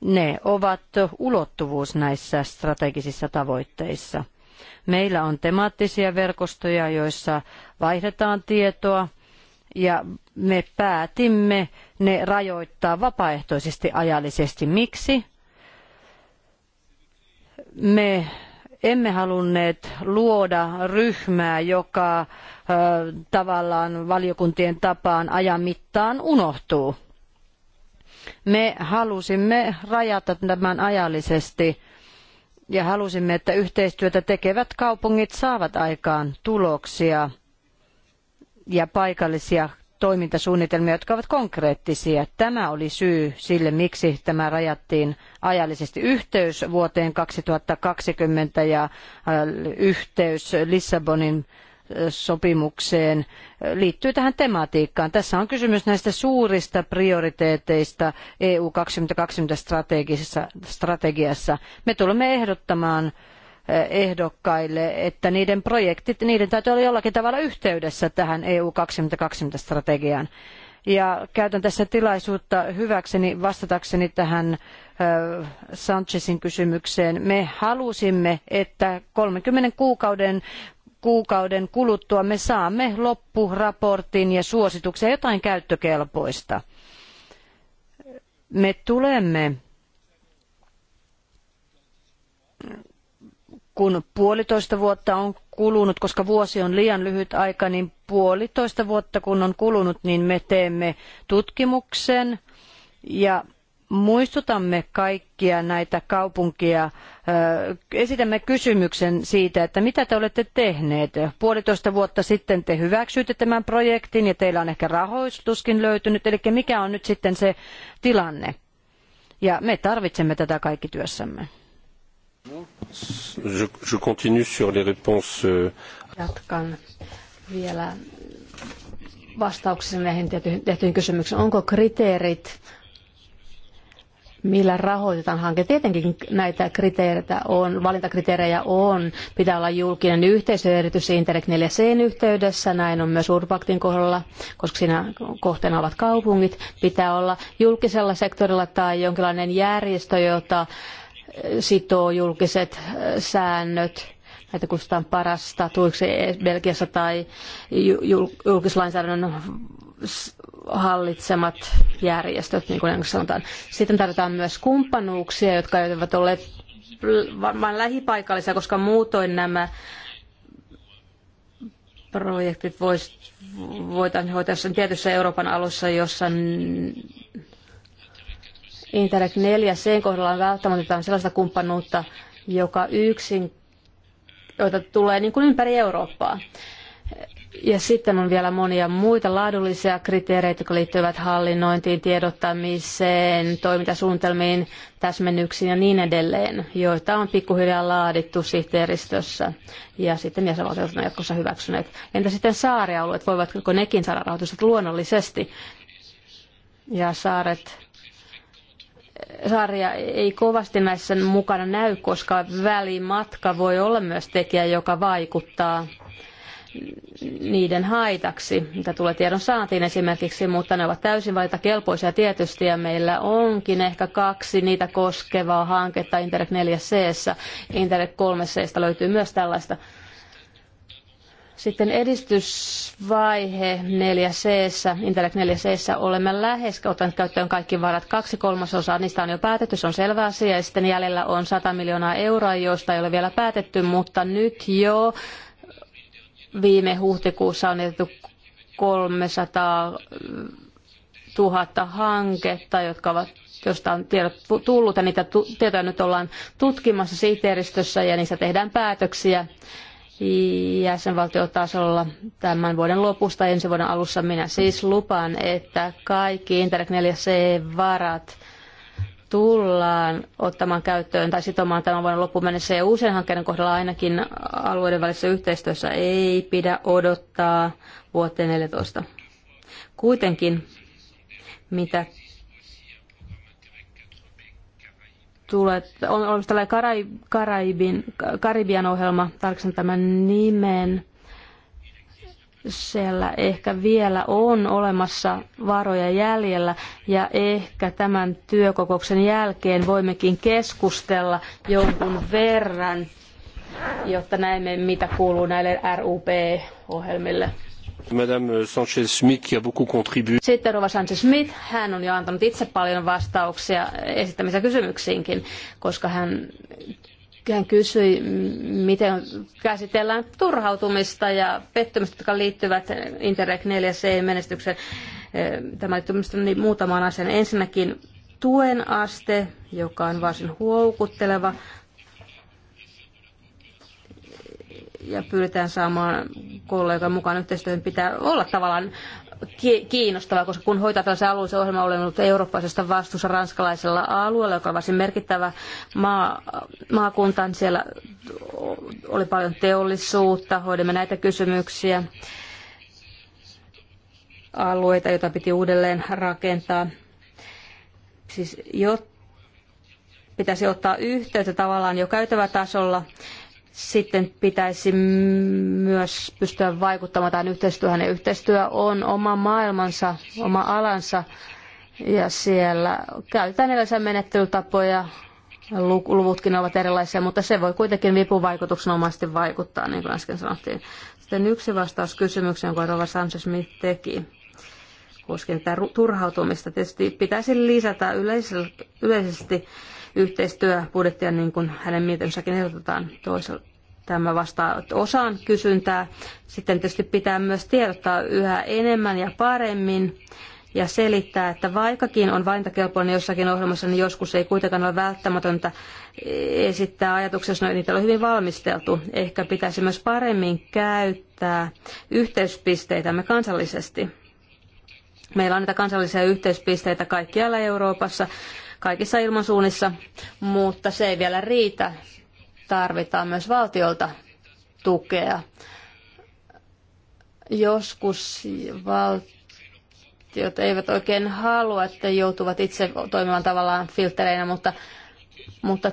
ne ovat ulottuvuus näissä strategisissa tavoitteissa. Meillä on temaattisia verkostoja, joissa vaihdetaan tietoa ja me päätimme ne rajoittaa vapaaehtoisesti ajallisesti. Miksi? Me emme halunneet luoda ryhmää, joka tavallaan valiokuntien tapaan ajan mittaan unohtuu me halusimme rajata tämän ajallisesti ja halusimme, että yhteistyötä tekevät kaupungit saavat aikaan tuloksia ja paikallisia toimintasuunnitelmia, jotka ovat konkreettisia. Tämä oli syy sille, miksi tämä rajattiin ajallisesti. Yhteys vuoteen 2020 ja äh, yhteys Lissabonin sopimukseen liittyy tähän tematiikkaan. Tässä on kysymys näistä suurista prioriteeteista EU 2020 strategiassa. Me tulemme ehdottamaan eh, ehdokkaille, että niiden projektit, niiden täytyy olla jollakin tavalla yhteydessä tähän EU 2020 strategiaan. Ja käytän tässä tilaisuutta hyväkseni vastatakseni tähän eh, Sanchezin kysymykseen. Me halusimme, että 30 kuukauden kuukauden kuluttua me saamme loppuraportin ja suosituksia jotain käyttökelpoista. Me tulemme kun puolitoista vuotta on kulunut, koska vuosi on liian lyhyt aika, niin puolitoista vuotta kun on kulunut, niin me teemme tutkimuksen ja muistutamme kaikkia näitä kaupunkia, esitämme kysymyksen siitä, että mitä te olette tehneet. Puolitoista vuotta sitten te hyväksyitte tämän projektin ja teillä on ehkä rahoituskin löytynyt, eli mikä on nyt sitten se tilanne? Ja me tarvitsemme tätä kaikki työssämme. Euh, Jatkan vielä vastauksessa näihin tehtyihin kysymyksiin. Onko kriteerit millä rahoitetaan hanke. Tietenkin näitä kriteereitä on, valintakriteerejä on. Pitää olla julkinen yhteisö, erityisesti Interreg 4 c yhteydessä, näin on myös Urbaktin kohdalla, koska siinä kohteena ovat kaupungit. Pitää olla julkisella sektorilla tai jonkinlainen järjestö, jota eh, sitoo julkiset eh, säännöt näitä kutsutaan parasta tuiksi Belgiassa tai julkislainsäädännön hallitsemat järjestöt, niin kuin sanotaan. Sitten tarvitaan myös kumppanuuksia, jotka eivät ole vain lähipaikallisia, koska muutoin nämä projektit voitaisiin hoitaa jossain tietyssä Euroopan alussa, jossa Interreg 4 sen kohdalla on välttämättä sellaista kumppanuutta, joka yksin, joita tulee niin kuin ympäri Eurooppaa. Ja sitten on vielä monia muita laadullisia kriteereitä, jotka liittyvät hallinnointiin, tiedottamiseen, toimintasuunnitelmiin, täsmennyksiin ja niin edelleen, joita on pikkuhiljaa laadittu sihteeristössä ja sitten jäsenvaltiot on jatkossa hyväksyneet. Entä sitten saarialueet, voivatko nekin saada rahoitusta luonnollisesti? Ja saaret saaria ei kovasti näissä mukana näy, koska välimatka voi olla myös tekijä, joka vaikuttaa niiden haitaksi, mitä tulee tiedon saantiin esimerkiksi, mutta ne ovat täysin valita kelpoisia tietysti ja meillä onkin ehkä kaksi niitä koskevaa hanketta Internet 4 c Internet 3 c löytyy myös tällaista. Sitten edistysvaihe 4 c Internet 4 c olemme lähes ottaneet käyttöön kaikki varat. Kaksi kolmasosaa niistä on jo päätetty, se on selvä asia. Ja sitten jäljellä on 100 miljoonaa euroa, josta ei ole vielä päätetty, mutta nyt jo Viime huhtikuussa on jätetty 300 000 hanketta, jotka ovat josta on tiedot tullut ja niitä tietoja nyt ollaan tutkimassa sihteeristössä ja niistä tehdään päätöksiä jäsenvaltiotasolla tämän vuoden lopusta ensi vuoden alussa minä siis lupaan, että kaikki Internet 4C-varat tullaan ottamaan käyttöön tai sitomaan tämän vuoden loppuun mennessä ja uusien hankkeiden kohdalla ainakin alueiden välisessä yhteistyössä ei pidä odottaa vuoteen 14. Kuitenkin, mitä tulee, on olemassa tällainen Karaibin, Karibian ohjelma, tarkistan tämän nimen, siellä ehkä vielä on olemassa varoja jäljellä ja ehkä tämän työkokouksen jälkeen voimmekin keskustella jonkun verran, jotta näemme mitä kuuluu näille RUP-ohjelmille. Madame Sanchez-Smith, qui a beaucoup contribué. Sitten Rova Sanchez-Smith, hän on jo antanut itse paljon vastauksia esittämisen kysymyksiinkin, koska hän hän kysyi, miten käsitellään turhautumista ja pettymystä, jotka liittyvät Interreg 4C-menestykseen. E, tämä liittyy niin muutamaan asiaan. Ensinnäkin tuen aste, joka on varsin huokutteleva ja pyritään saamaan kollegan mukaan yhteistyöhön, pitää olla tavallaan kiinnostavaa, koska kun hoitaa tällaisen alueellisen ohjelman, olen ollut eurooppaisesta vastuussa ranskalaisella alueella, joka on varsin merkittävä maa, maakunta. Niin siellä oli paljon teollisuutta, hoidimme näitä kysymyksiä, alueita, joita piti uudelleen rakentaa. Siis jo, pitäisi ottaa yhteyttä tavallaan jo käytävätasolla tasolla sitten pitäisi myös pystyä vaikuttamaan tähän yhteistyöhön. Ja yhteistyö on oma maailmansa, oma alansa ja siellä käytetään erilaisia menettelytapoja. Luvutkin ovat erilaisia, mutta se voi kuitenkin vipuvaikutuksenomaisesti vaikuttaa, niin kuin äsken sanottiin. Sitten yksi vastaus kysymykseen, jonka Rova Sanchez-Smith teki koskien tätä turhautumista. Tietysti pitäisi lisätä yleisesti yhteistyöbudjettia, niin kuin hänen mietintössäkin ehdotetaan toisella. Tämä vastaa osaan kysyntää. Sitten tietysti pitää myös tiedottaa yhä enemmän ja paremmin ja selittää, että vaikkakin on valintakelpoinen jossakin ohjelmassa, niin joskus ei kuitenkaan ole välttämätöntä esittää ajatuksia, jos niitä on hyvin valmisteltu. Ehkä pitäisi myös paremmin käyttää yhteyspisteitämme kansallisesti. Meillä on niitä kansallisia yhteyspisteitä kaikkialla Euroopassa, kaikissa ilmansuunnissa, mutta se ei vielä riitä. Tarvitaan myös valtiolta tukea. Joskus valtiot eivät oikein halua, että joutuvat itse toimimaan tavallaan filtereinä, mutta, mutta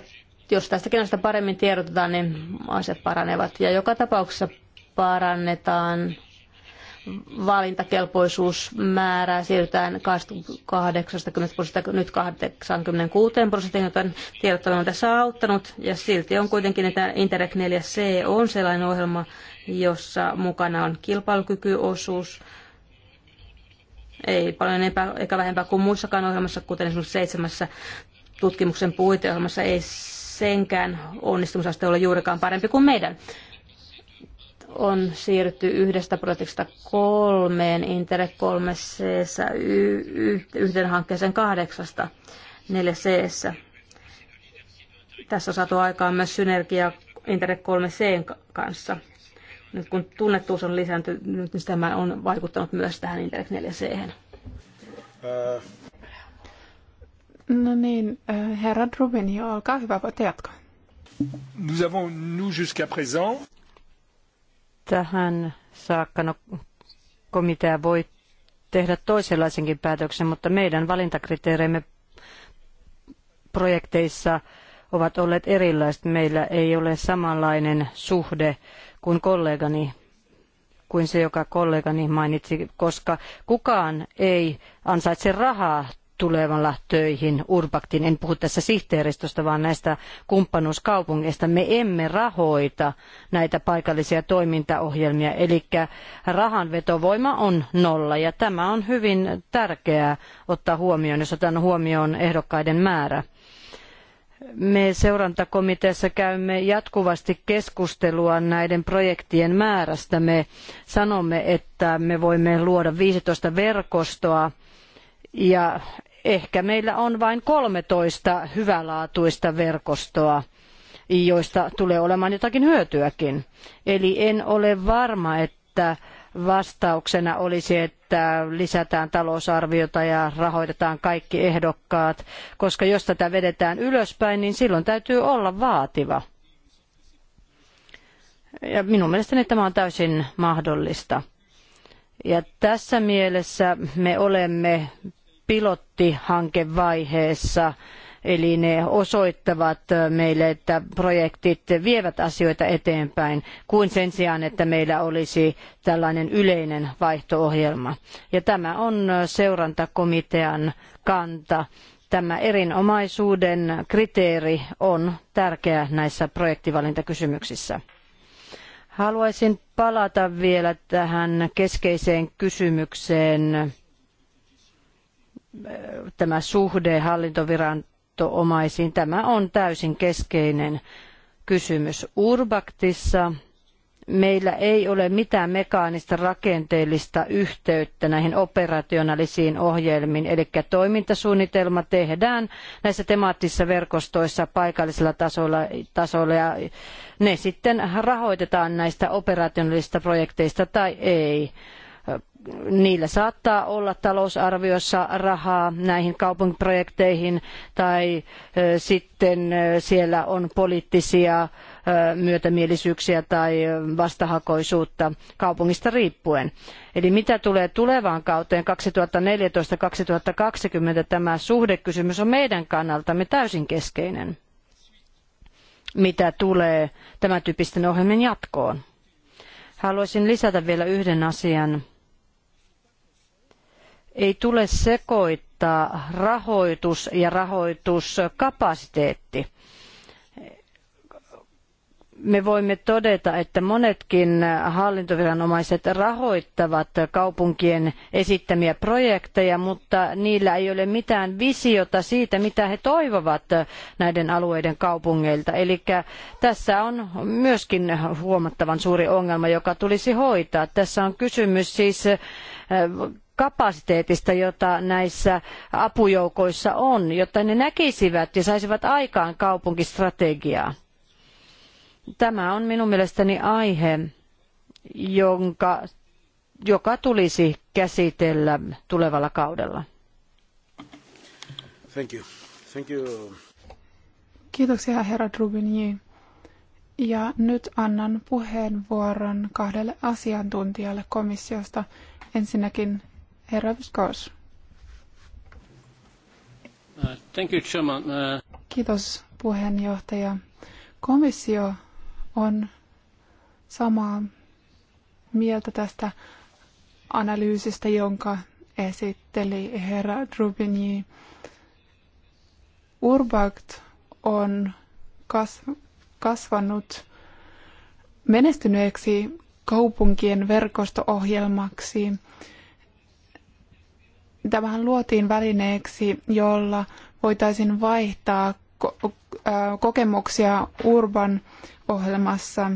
jos tästäkin näistä paremmin tiedotetaan, niin asiat paranevat. Ja joka tapauksessa parannetaan valintakelpoisuusmäärää siirrytään 80 prosenttia nyt 86 prosenttiin, joten tiedottaminen on tässä auttanut. Ja silti on kuitenkin, että Interreg 4C on sellainen ohjelma, jossa mukana on kilpailukykyosuus, ei paljon enempää eikä vähempää kuin muissakaan ohjelmassa, kuten esimerkiksi seitsemässä tutkimuksen puiteohjelmassa ei senkään onnistumisaste ole juurikaan parempi kuin meidän on siirrytty yhdestä projektista kolmeen, Interreg 3 c yhden hankkeeseen kahdeksasta 4 c Tässä on saatu aikaan myös synergia Interreg 3 c kanssa. Nyt kun tunnettuus on lisääntynyt, niin tämä on vaikuttanut myös tähän Interreg 4 c äh. No niin, äh, herra Drubin, olkaa hyvä, voitte jatkaa. Nous avons, nous jusqu'à présent, tähän saakka no, komitea voi tehdä toisenlaisenkin päätöksen, mutta meidän valintakriteereimme projekteissa ovat olleet erilaiset. Meillä ei ole samanlainen suhde kuin kollegani kuin se, joka kollegani mainitsi, koska kukaan ei ansaitse rahaa tulevalla töihin Urbaktiin. En puhu tässä sihteeristöstä, vaan näistä kumppanuuskaupungeista. Me emme rahoita näitä paikallisia toimintaohjelmia, eli rahan vetovoima on nolla ja tämä on hyvin tärkeää ottaa huomioon, jos otetaan huomioon ehdokkaiden määrä. Me seurantakomiteassa käymme jatkuvasti keskustelua näiden projektien määrästä. Me sanomme, että me voimme luoda 15 verkostoa ja ehkä meillä on vain 13 hyvälaatuista verkostoa joista tulee olemaan jotakin hyötyäkin. Eli en ole varma, että vastauksena olisi, että lisätään talousarviota ja rahoitetaan kaikki ehdokkaat, koska jos tätä vedetään ylöspäin, niin silloin täytyy olla vaativa. Ja minun mielestäni tämä on täysin mahdollista. Ja tässä mielessä me olemme pilottihankevaiheessa. Eli ne osoittavat meille, että projektit vievät asioita eteenpäin, kuin sen sijaan, että meillä olisi tällainen yleinen vaihto-ohjelma. Ja tämä on seurantakomitean kanta. Tämä erinomaisuuden kriteeri on tärkeä näissä projektivalintakysymyksissä. Haluaisin palata vielä tähän keskeiseen kysymykseen tämä suhde hallintoviranomaisiin, tämä on täysin keskeinen kysymys. Urbaktissa meillä ei ole mitään mekaanista rakenteellista yhteyttä näihin operationaalisiin ohjelmiin, eli toimintasuunnitelma tehdään näissä temaattisissa verkostoissa paikallisella tasolla, tasolla ja ne sitten rahoitetaan näistä operationaalisista projekteista tai ei niillä saattaa olla talousarviossa rahaa näihin kaupunkiprojekteihin tai sitten siellä on poliittisia myötämielisyyksiä tai vastahakoisuutta kaupungista riippuen. Eli mitä tulee tulevaan kauteen 2014-2020, tämä suhdekysymys on meidän kannaltamme täysin keskeinen, mitä tulee tämän tyyppisten ohjelmien jatkoon. Haluaisin lisätä vielä yhden asian ei tule sekoittaa rahoitus ja rahoituskapasiteetti. Me voimme todeta, että monetkin hallintoviranomaiset rahoittavat kaupunkien esittämiä projekteja, mutta niillä ei ole mitään visiota siitä, mitä he toivovat näiden alueiden kaupungeilta. Eli tässä on myöskin huomattavan suuri ongelma, joka tulisi hoitaa. Tässä on kysymys siis kapasiteetista, jota näissä apujoukoissa on, jotta ne näkisivät ja saisivat aikaan kaupunkistrategiaa. Tämä on minun mielestäni aihe, jonka, joka tulisi käsitellä tulevalla kaudella. Thank you. Thank you. Kiitoksia herra Drubinji. Ja nyt annan puheenvuoron kahdelle asiantuntijalle komissiosta. Ensinnäkin Herra Vyskos. Uh, thank you, Chairman. Uh, Kiitos puheenjohtaja. Komissio on samaa mieltä tästä analyysistä, jonka esitteli herra Drubini. Urbakt on kasvanut menestyneeksi kaupunkien verkosto-ohjelmaksi tämähän luotiin välineeksi, jolla voitaisiin vaihtaa kokemuksia Urban ohjelmassa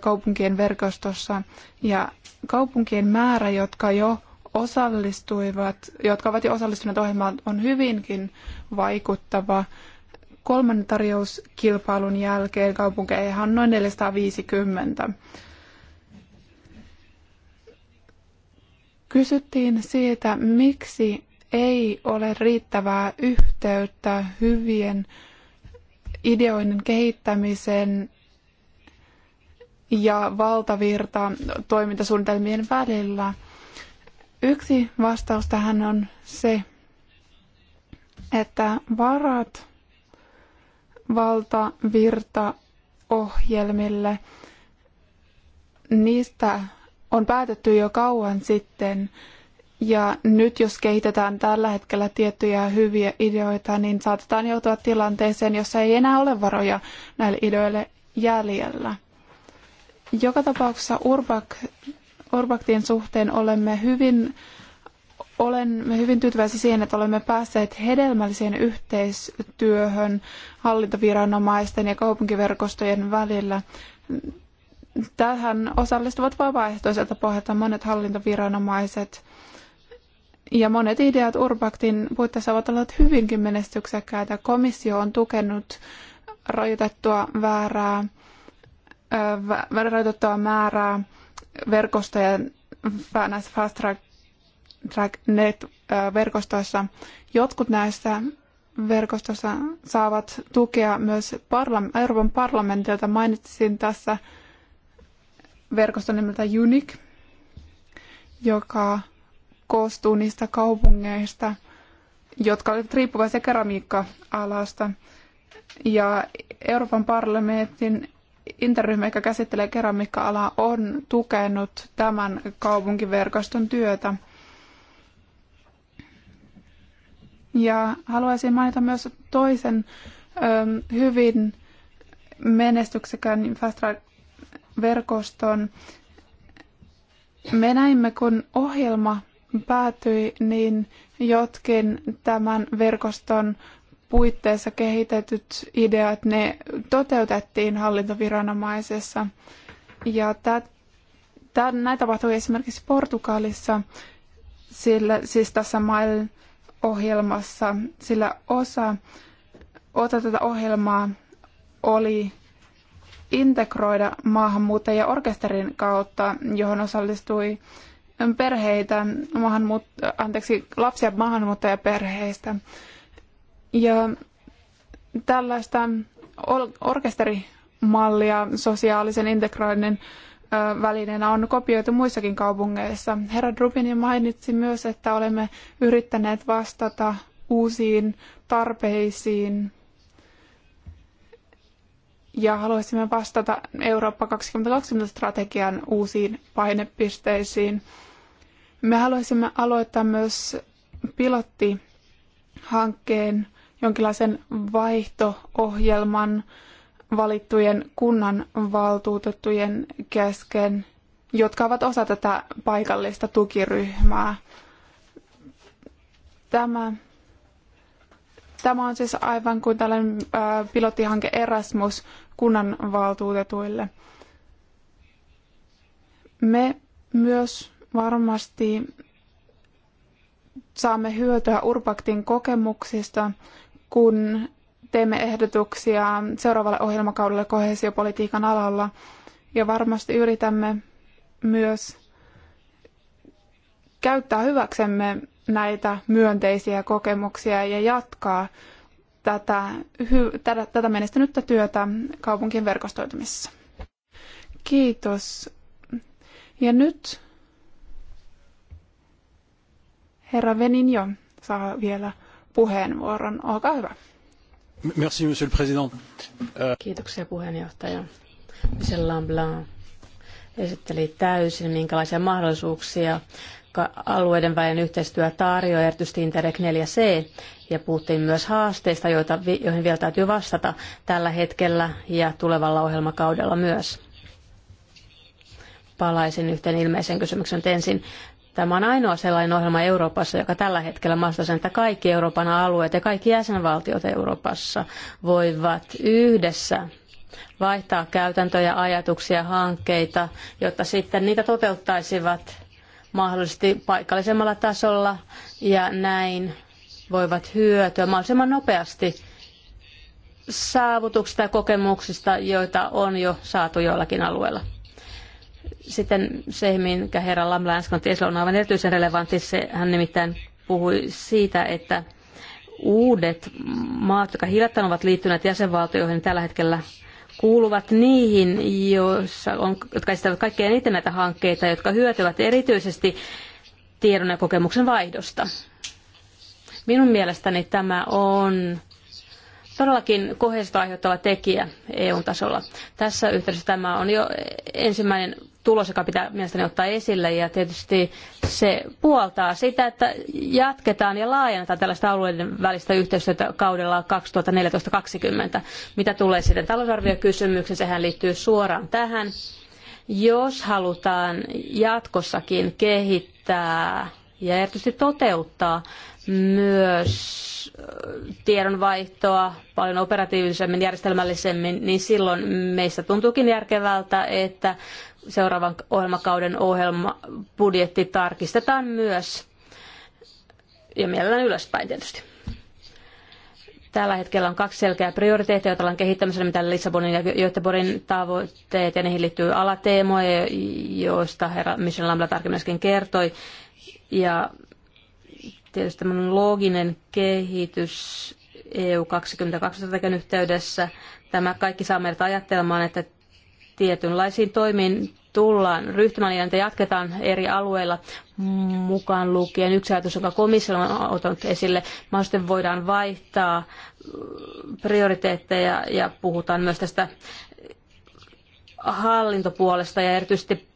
kaupunkien verkostossa ja kaupunkien määrä, jotka jo osallistuivat, jotka ovat jo osallistuneet ohjelmaan, on hyvinkin vaikuttava. Kolmannen tarjouskilpailun jälkeen kaupunkeja on noin 450. Kysyttiin siitä, miksi ei ole riittävää yhteyttä hyvien ideoiden kehittämisen ja valtavirta toimintasuunnitelmien välillä. Yksi vastaus tähän on se, että varat valtavirtaohjelmille, niistä on päätetty jo kauan sitten. Ja nyt jos kehitetään tällä hetkellä tiettyjä hyviä ideoita, niin saatetaan joutua tilanteeseen, jossa ei enää ole varoja näille ideoille jäljellä. Joka tapauksessa Urbak, Urbaktin suhteen olemme hyvin, olemme hyvin tyytyväisiä siihen, että olemme päässeet hedelmälliseen yhteistyöhön hallintoviranomaisten ja kaupunkiverkostojen välillä Tähän osallistuvat vapaaehtoiselta pohjalta monet hallintoviranomaiset. Ja monet ideat Urbaktin puitteissa ovat olleet hyvinkin menestyksekkäitä. Komissio on tukenut rajoitettua, väärää, rajoitettua määrää verkostoja näissä fast track, track net verkostoissa. Jotkut näistä verkostossa saavat tukea myös Euroopan parlamentilta. Mainitsin tässä verkosto nimeltä UNIC, joka koostuu niistä kaupungeista, jotka olivat riippuvaisia keramiikka-alasta. Ja Euroopan parlamentin interryhmä, joka käsittelee keramiikka-alaa, on tukenut tämän kaupunkiverkoston työtä. Ja haluaisin mainita myös toisen hyvin menestyksekään Fast Track verkoston. Me näimme, kun ohjelma päätyi, niin jotkin tämän verkoston puitteissa kehitetyt ideat, ne toteutettiin hallintoviranomaisessa. Ja tät, tät, näitä tapahtui esimerkiksi Portugalissa, sillä, siis tässä MAIL-ohjelmassa, sillä osa, osa tätä ohjelmaa oli integroida maahanmuuttajia orkesterin kautta, johon osallistui perheitä, maahanmuut- anteeksi, lapsia maahanmuuttajaperheistä. Ja tällaista orkesterimallia sosiaalisen integroinnin välineenä on kopioitu muissakin kaupungeissa. Herra Drubini mainitsi myös, että olemme yrittäneet vastata uusiin tarpeisiin ja haluaisimme vastata Eurooppa 2020 strategian uusiin painepisteisiin. Me haluaisimme aloittaa myös pilottihankkeen, jonkinlaisen vaihto-ohjelman valittujen kunnan valtuutettujen kesken, jotka ovat osa tätä paikallista tukiryhmää. Tämä Tämä on siis aivan kuin tällainen pilottihanke Erasmus kunnanvaltuutetuille. Me myös varmasti saamme hyötyä Urbaktin kokemuksista, kun teemme ehdotuksia seuraavalle ohjelmakaudelle koheesiopolitiikan alalla. Ja varmasti yritämme myös käyttää hyväksemme näitä myönteisiä kokemuksia ja jatkaa tätä, hy, tätä, tätä menestynyttä työtä kaupunkien verkostoitumisessa. Kiitos. Ja nyt herra jo saa vielä puheenvuoron. Olkaa hyvä. Merci, monsieur le président. Euh, Kiitoksia puheenjohtaja. Michel Lamblin esitteli täysin, minkälaisia mahdollisuuksia jotka alueiden välinen yhteistyö tarjoaa, erityisesti Interreg 4C, ja puhuttiin myös haasteista, joita, joihin vielä täytyy vastata tällä hetkellä ja tulevalla ohjelmakaudella myös. Palaisin yhteen ilmeiseen kysymykseen ensin. Tämä on ainoa sellainen ohjelma Euroopassa, joka tällä hetkellä mahdollistaa sen, että kaikki Euroopan alueet ja kaikki jäsenvaltiot Euroopassa voivat yhdessä vaihtaa käytäntöjä, ajatuksia, hankkeita, jotta sitten niitä toteuttaisivat mahdollisesti paikallisemmalla tasolla ja näin voivat hyötyä mahdollisimman nopeasti saavutuksista ja kokemuksista, joita on jo saatu joillakin alueilla. Sitten se, minkä herra Lamla äsken otti on aivan erityisen relevantti. Se, hän nimittäin puhui siitä, että uudet maat, jotka hiljattain ovat liittyneet jäsenvaltioihin, tällä hetkellä kuuluvat niihin, joissa on, jotka esittävät kaikkein eniten näitä hankkeita, jotka hyötyvät erityisesti tiedon ja kokemuksen vaihdosta. Minun mielestäni tämä on todellakin kohesiota aiheuttava tekijä eu tasolla. Tässä yhteydessä tämä on jo ensimmäinen tulos, joka pitää mielestäni ottaa esille. Ja tietysti se puoltaa sitä, että jatketaan ja laajennetaan tällaista alueiden välistä yhteistyötä kaudella 2014-2020. Mitä tulee sitten talousarviokysymykseen, sehän liittyy suoraan tähän. Jos halutaan jatkossakin kehittää ja erityisesti toteuttaa myös tiedonvaihtoa paljon operatiivisemmin, järjestelmällisemmin, niin silloin meistä tuntuukin järkevältä, että seuraavan ohjelmakauden ohjelma, budjetti tarkistetaan myös ja mielellään ylöspäin tietysti. Tällä hetkellä on kaksi selkeää prioriteettia, joita ollaan kehittämässä, mitä Lissabonin ja Göteborgin tavoitteet, ja niihin liittyy alateemoja, joista herra Michel Lambla tarkemmin kertoi. Ja tietysti tämmöinen looginen kehitys EU 2020 yhteydessä. Tämä kaikki saa meidät ajattelemaan, että tietynlaisiin toimiin tullaan ryhtymään ja niitä jatketaan eri alueilla mukaan lukien. Yksi ajatus, jonka komissio on ottanut esille, mahdollisesti voidaan vaihtaa prioriteetteja ja puhutaan myös tästä hallintopuolesta ja erityisesti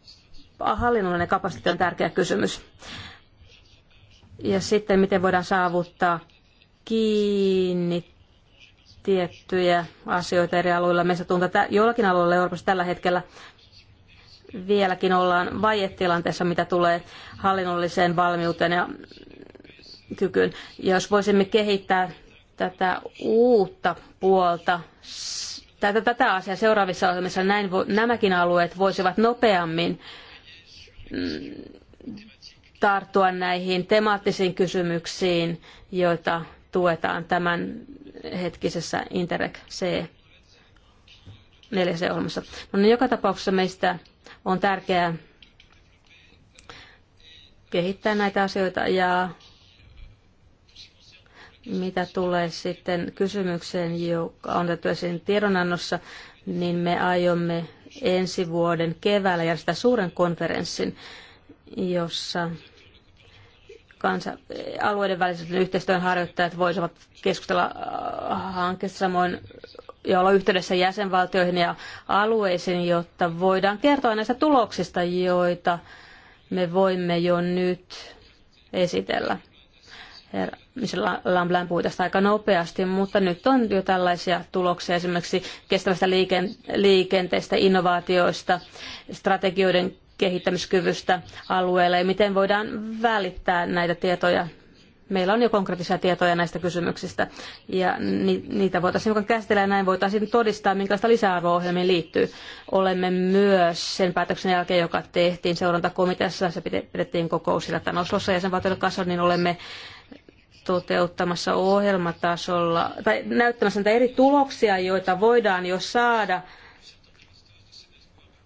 hallinnollinen kapasiteetti on tärkeä kysymys. Ja sitten miten voidaan saavuttaa kiinni tiettyjä asioita eri alueilla. Meistä tuntuu, että joillakin alueilla Euroopassa tällä hetkellä vieläkin ollaan vajetilanteessa, mitä tulee hallinnolliseen valmiuteen ja kykyyn. Jos voisimme kehittää tätä uutta puolta, tätä, tätä asiaa seuraavissa ohjelmissa, näin vo, nämäkin alueet voisivat nopeammin tarttua näihin temaattisiin kysymyksiin, joita tuetaan tämän hetkisessä Interreg C4 ohjelmassa. No niin, joka tapauksessa meistä on tärkeää kehittää näitä asioita ja mitä tulee sitten kysymykseen, joka on otettu esiin tiedonannossa, niin me aiomme ensi vuoden keväällä järjestää suuren konferenssin, jossa kansa, alueiden välisen yhteistyön harjoittajat voisivat keskustella äh, hankkeesta samoin ja olla yhteydessä jäsenvaltioihin ja alueisiin, jotta voidaan kertoa näistä tuloksista, joita me voimme jo nyt esitellä. Herra Lamblän puhui tästä aika nopeasti, mutta nyt on jo tällaisia tuloksia esimerkiksi kestävästä liikenteestä, innovaatioista, strategioiden kehittämiskyvystä alueella ja miten voidaan välittää näitä tietoja Meillä on jo konkreettisia tietoja näistä kysymyksistä ja niitä voitaisiin käsitellä ja näin voitaisiin todistaa, minkälaista lisäarvoa ohjelmiin liittyy. Olemme myös sen päätöksen jälkeen, joka tehtiin seurantakomiteassa, se pidettiin kokous sillä tämän Oslossa jäsenvaltioiden kanssa, niin olemme toteuttamassa ohjelmatasolla tai näyttämässä näitä eri tuloksia, joita voidaan jo saada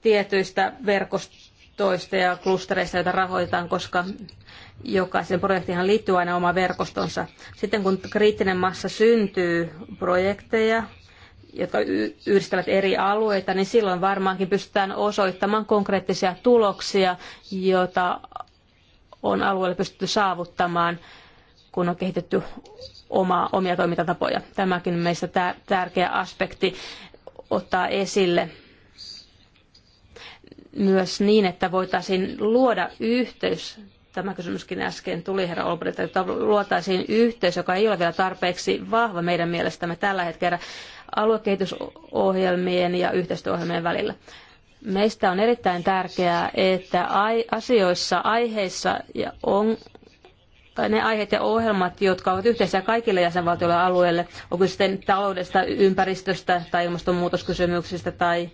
tietyistä verkostoista ja klustereista, joita rahoitetaan, koska Jokaisen projektihan liittyy aina oma verkostonsa. Sitten kun kriittinen massa syntyy projekteja, jotka yhdistävät eri alueita, niin silloin varmaankin pystytään osoittamaan konkreettisia tuloksia, joita on alueelle pystytty saavuttamaan, kun on kehitetty omaa, omia toimintatapoja. Tämäkin meistä tärkeä aspekti ottaa esille myös niin, että voitaisiin luoda yhteys Tämä kysymyskin äsken tuli herra Olbrilta, että luotaisiin yhteys, joka ei ole vielä tarpeeksi vahva meidän mielestämme tällä hetkellä aluekehitysohjelmien ja yhteistyöohjelmien välillä. Meistä on erittäin tärkeää, että asioissa, aiheissa ja on, tai ne aiheet ja ohjelmat, jotka ovat yhteisiä kaikille jäsenvaltioille ja alueille, onko sitten taloudesta, ympäristöstä tai ilmastonmuutoskysymyksistä tai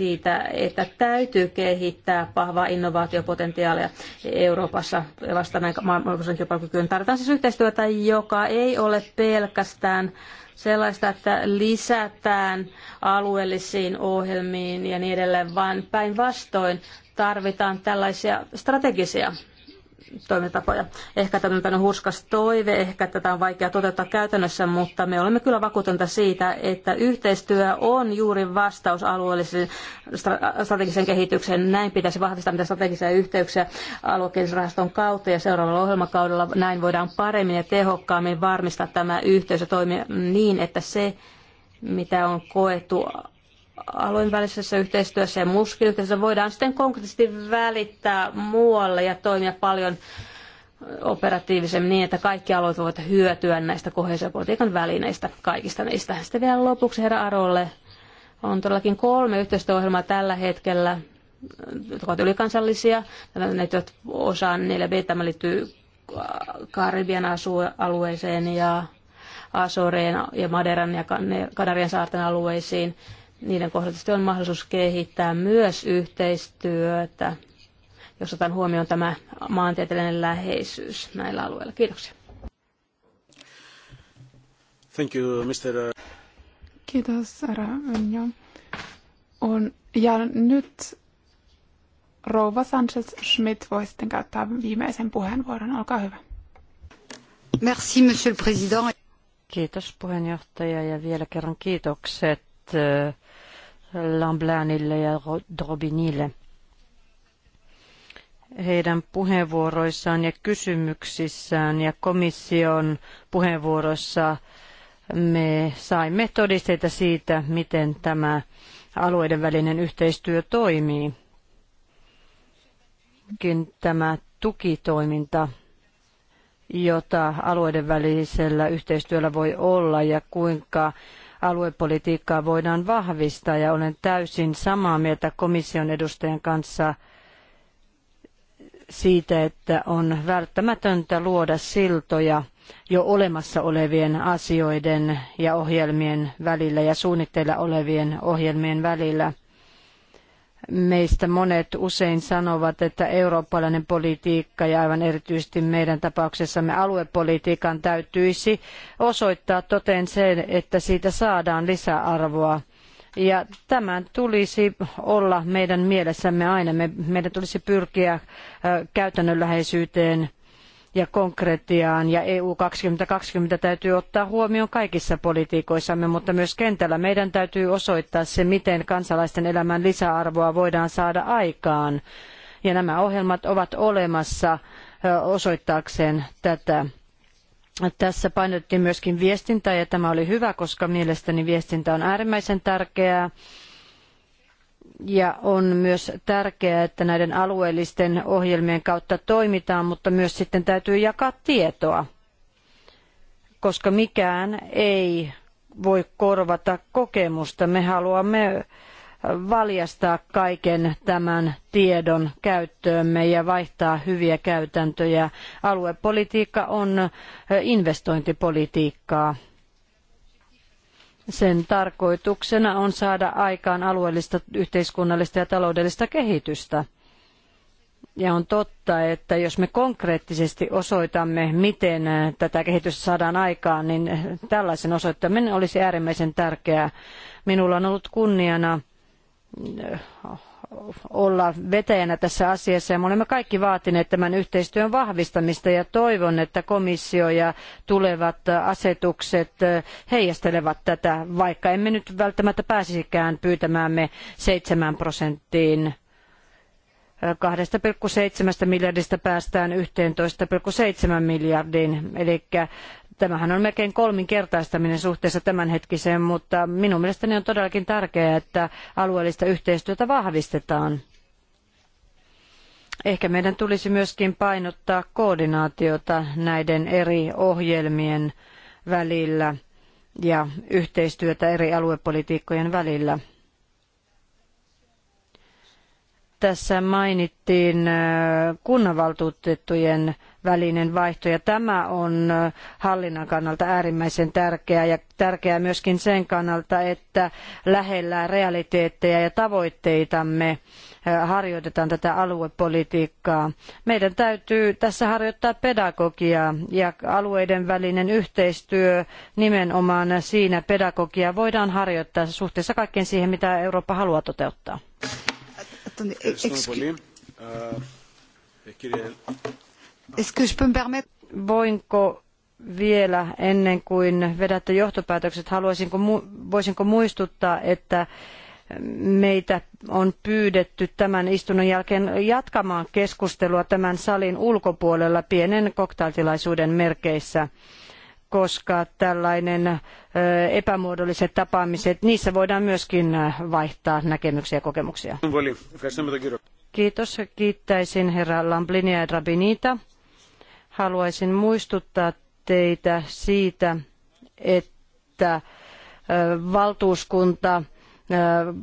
siitä, että täytyy kehittää vahvaa innovaatiopotentiaalia Euroopassa vasta näin maailmanlaajuisen kilpailukykyyn. Tarvitaan siis yhteistyötä, joka ei ole pelkästään sellaista, että lisätään alueellisiin ohjelmiin ja niin edelleen, vaan päinvastoin tarvitaan tällaisia strategisia toimintatapoja. Ehkä tämä on hurskas toive, ehkä tätä on vaikea toteuttaa käytännössä, mutta me olemme kyllä vakuutonta siitä, että yhteistyö on juuri vastaus alueellisen strategisen kehitykseen. Näin pitäisi vahvistaa mitä strategisia yhteyksiä aluekehitysrahaston kautta ja seuraavalla ohjelmakaudella näin voidaan paremmin ja tehokkaammin varmistaa tämä yhteys ja toimia niin, että se, mitä on koettu alueen välisessä yhteistyössä ja muussakin yhteistyössä voidaan sitten konkreettisesti välittää muualle ja toimia paljon operatiivisemmin niin, että kaikki alueet voivat hyötyä näistä kohesiopolitiikan välineistä, kaikista niistä. Sitten vielä lopuksi herra Arolle. On todellakin kolme yhteistyöohjelmaa tällä hetkellä, jotka ovat ylikansallisia. Ne, jotka osaan 4B, tämä liittyy Karibian alueeseen ja Asoreen ja Maderan ja Kanarian saarten alueisiin niiden kohdallisesti on mahdollisuus kehittää myös yhteistyötä, jos otan huomioon tämä maantieteellinen läheisyys näillä alueilla. Kiitoksia. Thank you, Mr. Uh, Kiitos, Sara Önjo. On, ja nyt rouva Sanchez-Schmidt voi sitten käyttää viimeisen puheenvuoron. Olkaa hyvä. Merci, monsieur le président. Kiitos puheenjohtaja ja vielä kerran kiitokset uh, Lamblanille ja Drobinille heidän puheenvuoroissaan ja kysymyksissään ja komission puheenvuoroissa me saimme todisteita siitä, miten tämä alueiden välinen yhteistyö toimii. Tämä tukitoiminta, jota alueiden välisellä yhteistyöllä voi olla ja kuinka aluepolitiikkaa voidaan vahvistaa ja olen täysin samaa mieltä komission edustajan kanssa siitä, että on välttämätöntä luoda siltoja jo olemassa olevien asioiden ja ohjelmien välillä ja suunnitteilla olevien ohjelmien välillä. Meistä monet usein sanovat, että eurooppalainen politiikka ja aivan erityisesti meidän tapauksessamme aluepolitiikan täytyisi osoittaa toteen sen, että siitä saadaan lisäarvoa. Ja tämän tulisi olla meidän mielessämme aina. meidän tulisi pyrkiä käytännönläheisyyteen ja konkretiaan ja EU 2020 täytyy ottaa huomioon kaikissa politiikoissamme, mutta myös kentällä meidän täytyy osoittaa se, miten kansalaisten elämän lisäarvoa voidaan saada aikaan. Ja nämä ohjelmat ovat olemassa osoittaakseen tätä. Tässä painotettiin myöskin viestintää ja tämä oli hyvä, koska mielestäni viestintä on äärimmäisen tärkeää ja on myös tärkeää, että näiden alueellisten ohjelmien kautta toimitaan, mutta myös sitten täytyy jakaa tietoa, koska mikään ei voi korvata kokemusta. Me haluamme valjastaa kaiken tämän tiedon käyttöömme ja vaihtaa hyviä käytäntöjä. Aluepolitiikka on investointipolitiikkaa sen tarkoituksena on saada aikaan alueellista, yhteiskunnallista ja taloudellista kehitystä. Ja on totta, että jos me konkreettisesti osoitamme, miten äh, tätä kehitystä saadaan aikaan, niin äh, tällaisen osoittaminen olisi äärimmäisen tärkeää. Minulla on ollut kunniana äh, olla vetäjänä tässä asiassa ja me olemme kaikki vaatineet tämän yhteistyön vahvistamista ja toivon, että komissio ja tulevat asetukset heijastelevat tätä, vaikka emme nyt välttämättä pääsisikään pyytämäämme 7 prosenttiin 2,7 miljardista päästään seitsemän miljardiin. Eli tämähän on melkein kolminkertaistaminen suhteessa tämänhetkiseen, mutta minun mielestäni on todellakin tärkeää, että alueellista yhteistyötä vahvistetaan. Ehkä meidän tulisi myöskin painottaa koordinaatiota näiden eri ohjelmien välillä ja yhteistyötä eri aluepolitiikkojen välillä. Tässä mainittiin äh, kunnanvaltuutettujen välinen vaihto ja tämä on äh, hallinnan kannalta äärimmäisen tärkeää ja tärkeää myöskin sen kannalta, että lähellä realiteetteja ja tavoitteitamme äh, harjoitetaan tätä aluepolitiikkaa. Meidän täytyy tässä harjoittaa pedagogiaa ja alueiden välinen yhteistyö nimenomaan siinä pedagogiaa voidaan harjoittaa suhteessa kaikkeen siihen, mitä Eurooppa haluaa toteuttaa. Voinko vielä ennen kuin vedätte johtopäätökset, haluaisinko, voisinko muistuttaa, että meitä on pyydetty tämän istunnon jälkeen jatkamaan keskustelua tämän salin ulkopuolella pienen koktailtilaisuuden merkeissä koska tällainen epämuodolliset tapaamiset, niissä voidaan myöskin vaihtaa näkemyksiä ja kokemuksia. Kiitos. Kiittäisin herra Lamblinia ja Rabinita. Haluaisin muistuttaa teitä siitä, että valtuuskunta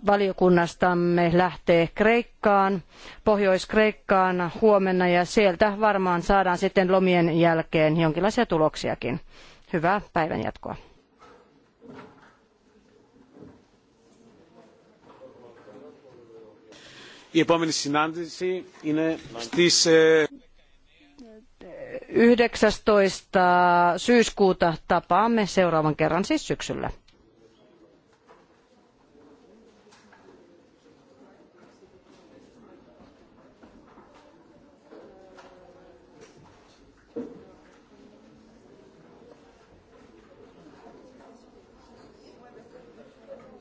valiokunnastamme lähtee Kreikkaan, Pohjois-Kreikkaan huomenna ja sieltä varmaan saadaan sitten lomien jälkeen jonkinlaisia tuloksiakin. Hyvää päivänjatkoa. Η επόμενη syyskuuta tapaamme seuraavan kerran siis syksyllä.